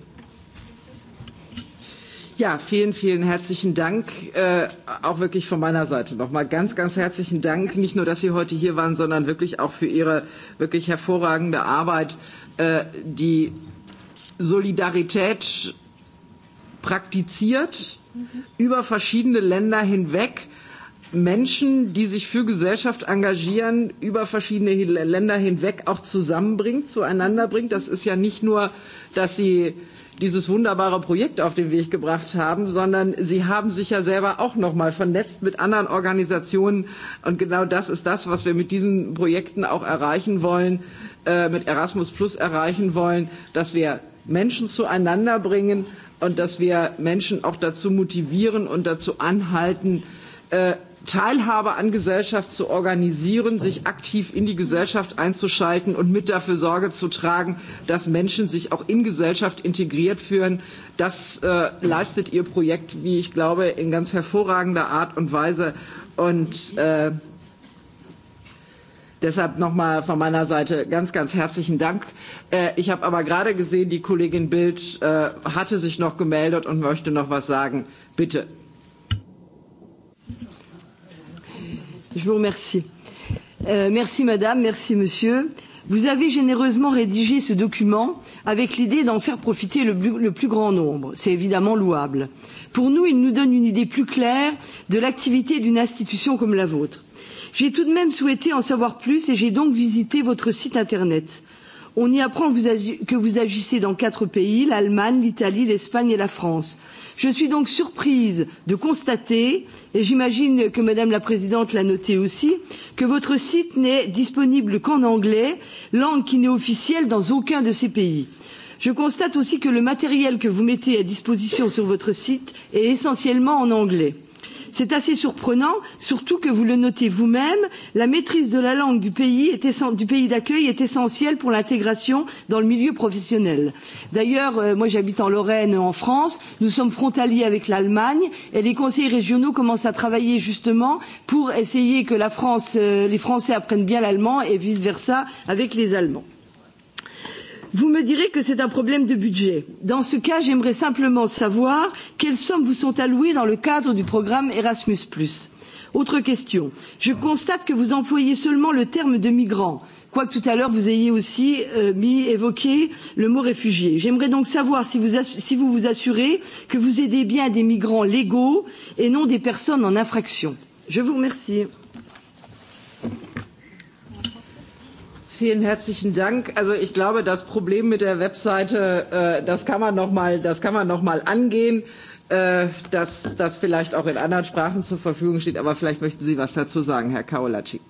Ja, vielen, vielen herzlichen Dank. Äh, auch wirklich von meiner Seite nochmal ganz, ganz herzlichen Dank. Nicht nur, dass Sie heute hier waren, sondern wirklich auch für Ihre wirklich hervorragende Arbeit, äh, die Solidarität praktiziert mhm. über verschiedene Länder hinweg. Menschen, die sich für Gesellschaft engagieren, über verschiedene Länder hinweg auch zusammenbringt, zueinander bringt. Das ist ja nicht nur, dass sie dieses wunderbare Projekt auf den Weg gebracht haben, sondern sie haben sich ja selber auch nochmal vernetzt mit anderen Organisationen. Und genau das ist das, was wir mit diesen Projekten auch erreichen wollen, äh, mit Erasmus Plus erreichen wollen, dass wir Menschen zueinander bringen und dass wir Menschen auch dazu motivieren und dazu anhalten, äh, Teilhabe an Gesellschaft zu organisieren, sich aktiv in die Gesellschaft einzuschalten und mit dafür Sorge zu tragen, dass Menschen sich auch in Gesellschaft integriert fühlen. Das äh, leistet Ihr Projekt, wie ich glaube, in ganz hervorragender Art und Weise. Und äh, Deshalb nochmal von meiner Seite ganz, ganz herzlichen Dank. Äh, ich habe aber gerade gesehen, die Kollegin Bild äh, hatte sich noch gemeldet und möchte noch was sagen. Bitte. Je vous remercie. Euh, merci Madame, merci Monsieur. Vous avez généreusement rédigé ce document avec l'idée d'en faire profiter le plus, le plus grand nombre. C'est évidemment louable. Pour nous, il nous donne une idée plus claire de l'activité d'une institution comme la vôtre. J'ai tout de même souhaité en savoir plus et j'ai donc visité votre site internet. On y apprend que vous agissez dans quatre pays, l'Allemagne, l'Italie, l'Espagne et la France. Je suis donc surprise de constater, et j'imagine que Madame la Présidente l'a noté aussi, que votre site n'est disponible qu'en anglais, langue qui n'est officielle dans aucun de ces pays. Je constate aussi que le matériel que vous mettez à disposition sur votre site est essentiellement en anglais. C'est assez surprenant, surtout que vous le notez vous-même, la maîtrise de la langue du pays, est du pays d'accueil est essentielle pour l'intégration dans le milieu professionnel. D'ailleurs, euh, moi j'habite en Lorraine, en France, nous sommes frontaliers avec l'Allemagne et les conseils régionaux commencent à travailler justement pour essayer que la France, euh, les Français apprennent bien l'allemand et vice-versa avec les Allemands. Vous me direz que c'est un problème de budget. Dans ce cas, j'aimerais simplement savoir quelles sommes vous sont allouées dans le cadre du programme Erasmus. Autre question. Je constate que vous employez seulement le terme de migrant, quoique tout à l'heure vous ayez aussi euh, mis, évoqué le mot réfugié. J'aimerais donc savoir si vous, si vous vous assurez que vous aidez bien des migrants légaux et non des personnes en infraction. Je vous remercie. Vielen herzlichen Dank. Also ich glaube, das Problem mit der Webseite, äh, das kann man noch mal, das kann man noch mal angehen, äh, dass das vielleicht auch in anderen Sprachen zur Verfügung steht. Aber vielleicht möchten Sie was dazu sagen, Herr Kaolaci.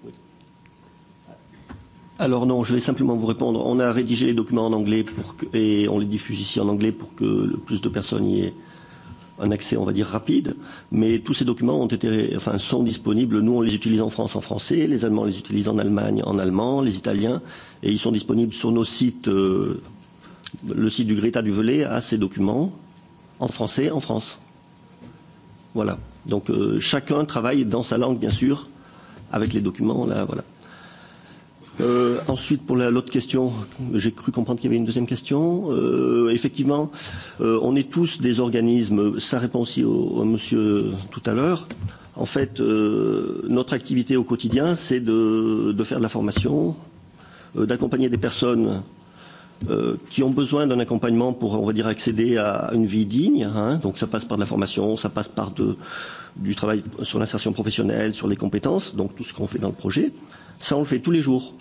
Alors non, je vais simplement vous répondre. On a rédigé les documents en anglais pour que, et on les diffuse ici en anglais pour que le plus de personnes y aient un accès, on va dire, rapide. Mais tous ces documents ont été, enfin, sont disponibles. Nous, on les utilise en France en français, les Allemands les utilisent en Allemagne en allemand, les Italiens, et ils sont disponibles sur nos sites. Euh, le site du Greta du Velay a ces documents en français en France. Voilà. Donc euh, chacun travaille dans sa langue, bien sûr, avec les documents. Là, voilà. Euh, ensuite, pour l'autre la, question, j'ai cru comprendre qu'il y avait une deuxième question. Euh, effectivement, euh, on est tous des organismes. Ça répond aussi au, à monsieur tout à l'heure. En fait, euh, notre activité au quotidien, c'est de, de faire de la formation, euh, d'accompagner des personnes euh, qui ont besoin d'un accompagnement pour, on va dire, accéder à une vie digne. Hein. Donc ça passe par de la formation, ça passe par de, du travail sur l'insertion professionnelle, sur les compétences, donc tout ce qu'on fait dans le projet. Ça, on le fait tous les jours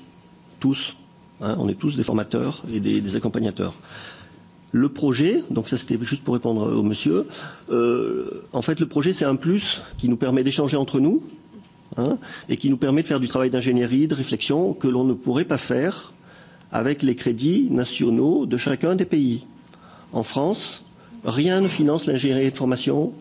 tous. Hein, on est tous des formateurs et des, des accompagnateurs. Le projet, donc ça c'était juste pour répondre au monsieur, euh, en fait le projet c'est un plus qui nous permet d'échanger entre nous hein, et qui nous permet de faire du travail d'ingénierie, de réflexion que l'on ne pourrait pas faire avec les crédits nationaux de chacun des pays. En France, rien ne finance l'ingénierie de formation,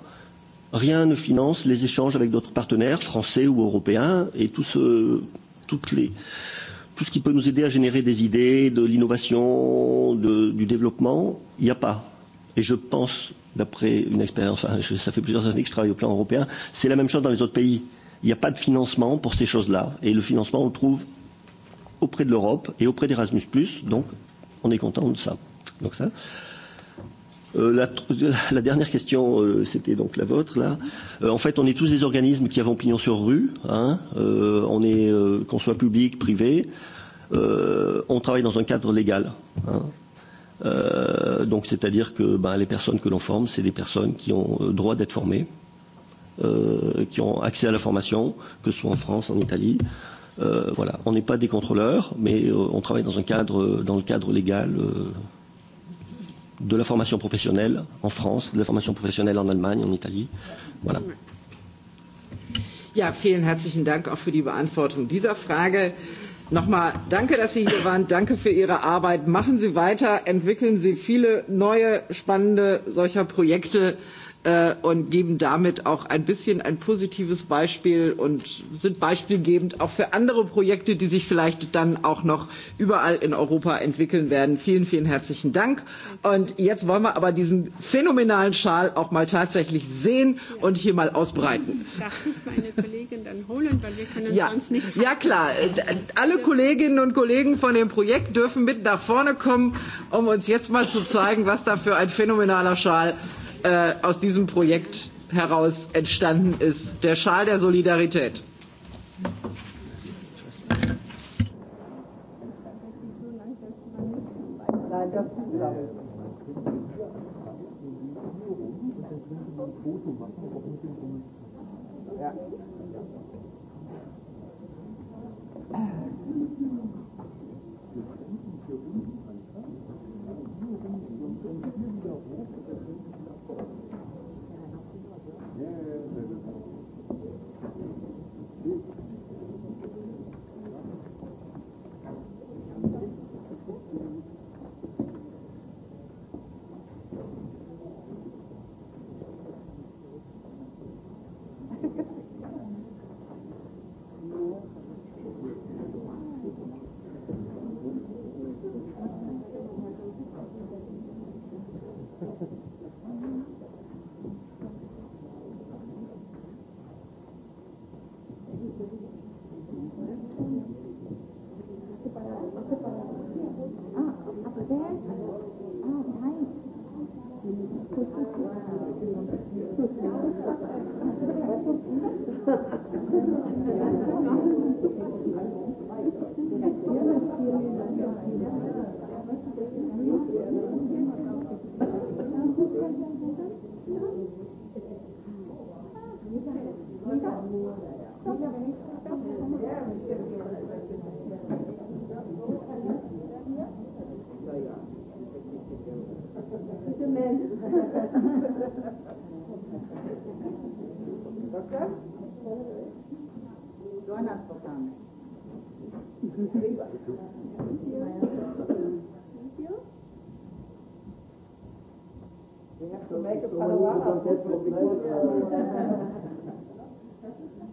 rien ne finance les échanges avec d'autres partenaires français ou européens et tout ce, toutes les, euh, tout ce qui peut nous aider à générer des idées, de l'innovation, de, du développement, il n'y a pas. Et je pense, d'après une expérience, enfin, je, ça fait plusieurs années que je travaille au plan européen, c'est la même chose dans les autres pays. Il n'y a pas de financement pour ces choses-là. Et le financement, on le trouve auprès de l'Europe et auprès d'Erasmus+, donc on est content de ça. Donc ça. Euh, Euh, la, la dernière question, euh, c'était donc la vôtre là. Euh, en fait, on est tous des organismes qui avons pignon sur rue. Hein, euh, on est, euh, qu'on soit public, privé, euh, on travaille dans un cadre légal. Hein. Euh, donc, c'est-à-dire que ben, les personnes que l'on forme, c'est des personnes qui ont euh, droit d'être formées, euh, qui ont accès à la formation, que ce soit en France, en Italie. Euh, voilà, on n'est pas des contrôleurs, mais euh, on travaille dans un cadre, dans le cadre légal. Euh, de la formation professionnelle en France, de la formation professionnelle en Allemagne, en Italie. Voilà. Ja, vielen herzlichen Dank auch für die Beantwortung dieser Frage. Nochmal danke, dass Sie hier waren. Danke für Ihre Arbeit. Machen Sie weiter, entwickeln Sie viele neue, spannende solcher Projekte äh, und geben damit auch ein bisschen ein positives Beispiel und sind beispielgebend auch für andere Projekte, die sich vielleicht dann auch noch überall in Europa entwickeln werden. Vielen, vielen herzlichen Dank. Und jetzt wollen wir aber diesen phänomenalen Schal auch mal tatsächlich sehen und hier mal ausbreiten. Darf ich meine Kollegin dann holen, weil wir können ja. sonst nicht. Ja, klar. Äh, alle Kolleginnen und Kollegen von dem Projekt dürfen mit nach vorne kommen, um uns jetzt mal zu zeigen, was da für ein phänomenaler Schal ist äh, aus diesem Projekt heraus entstanden ist. Der Schal der Solidarität. Ja.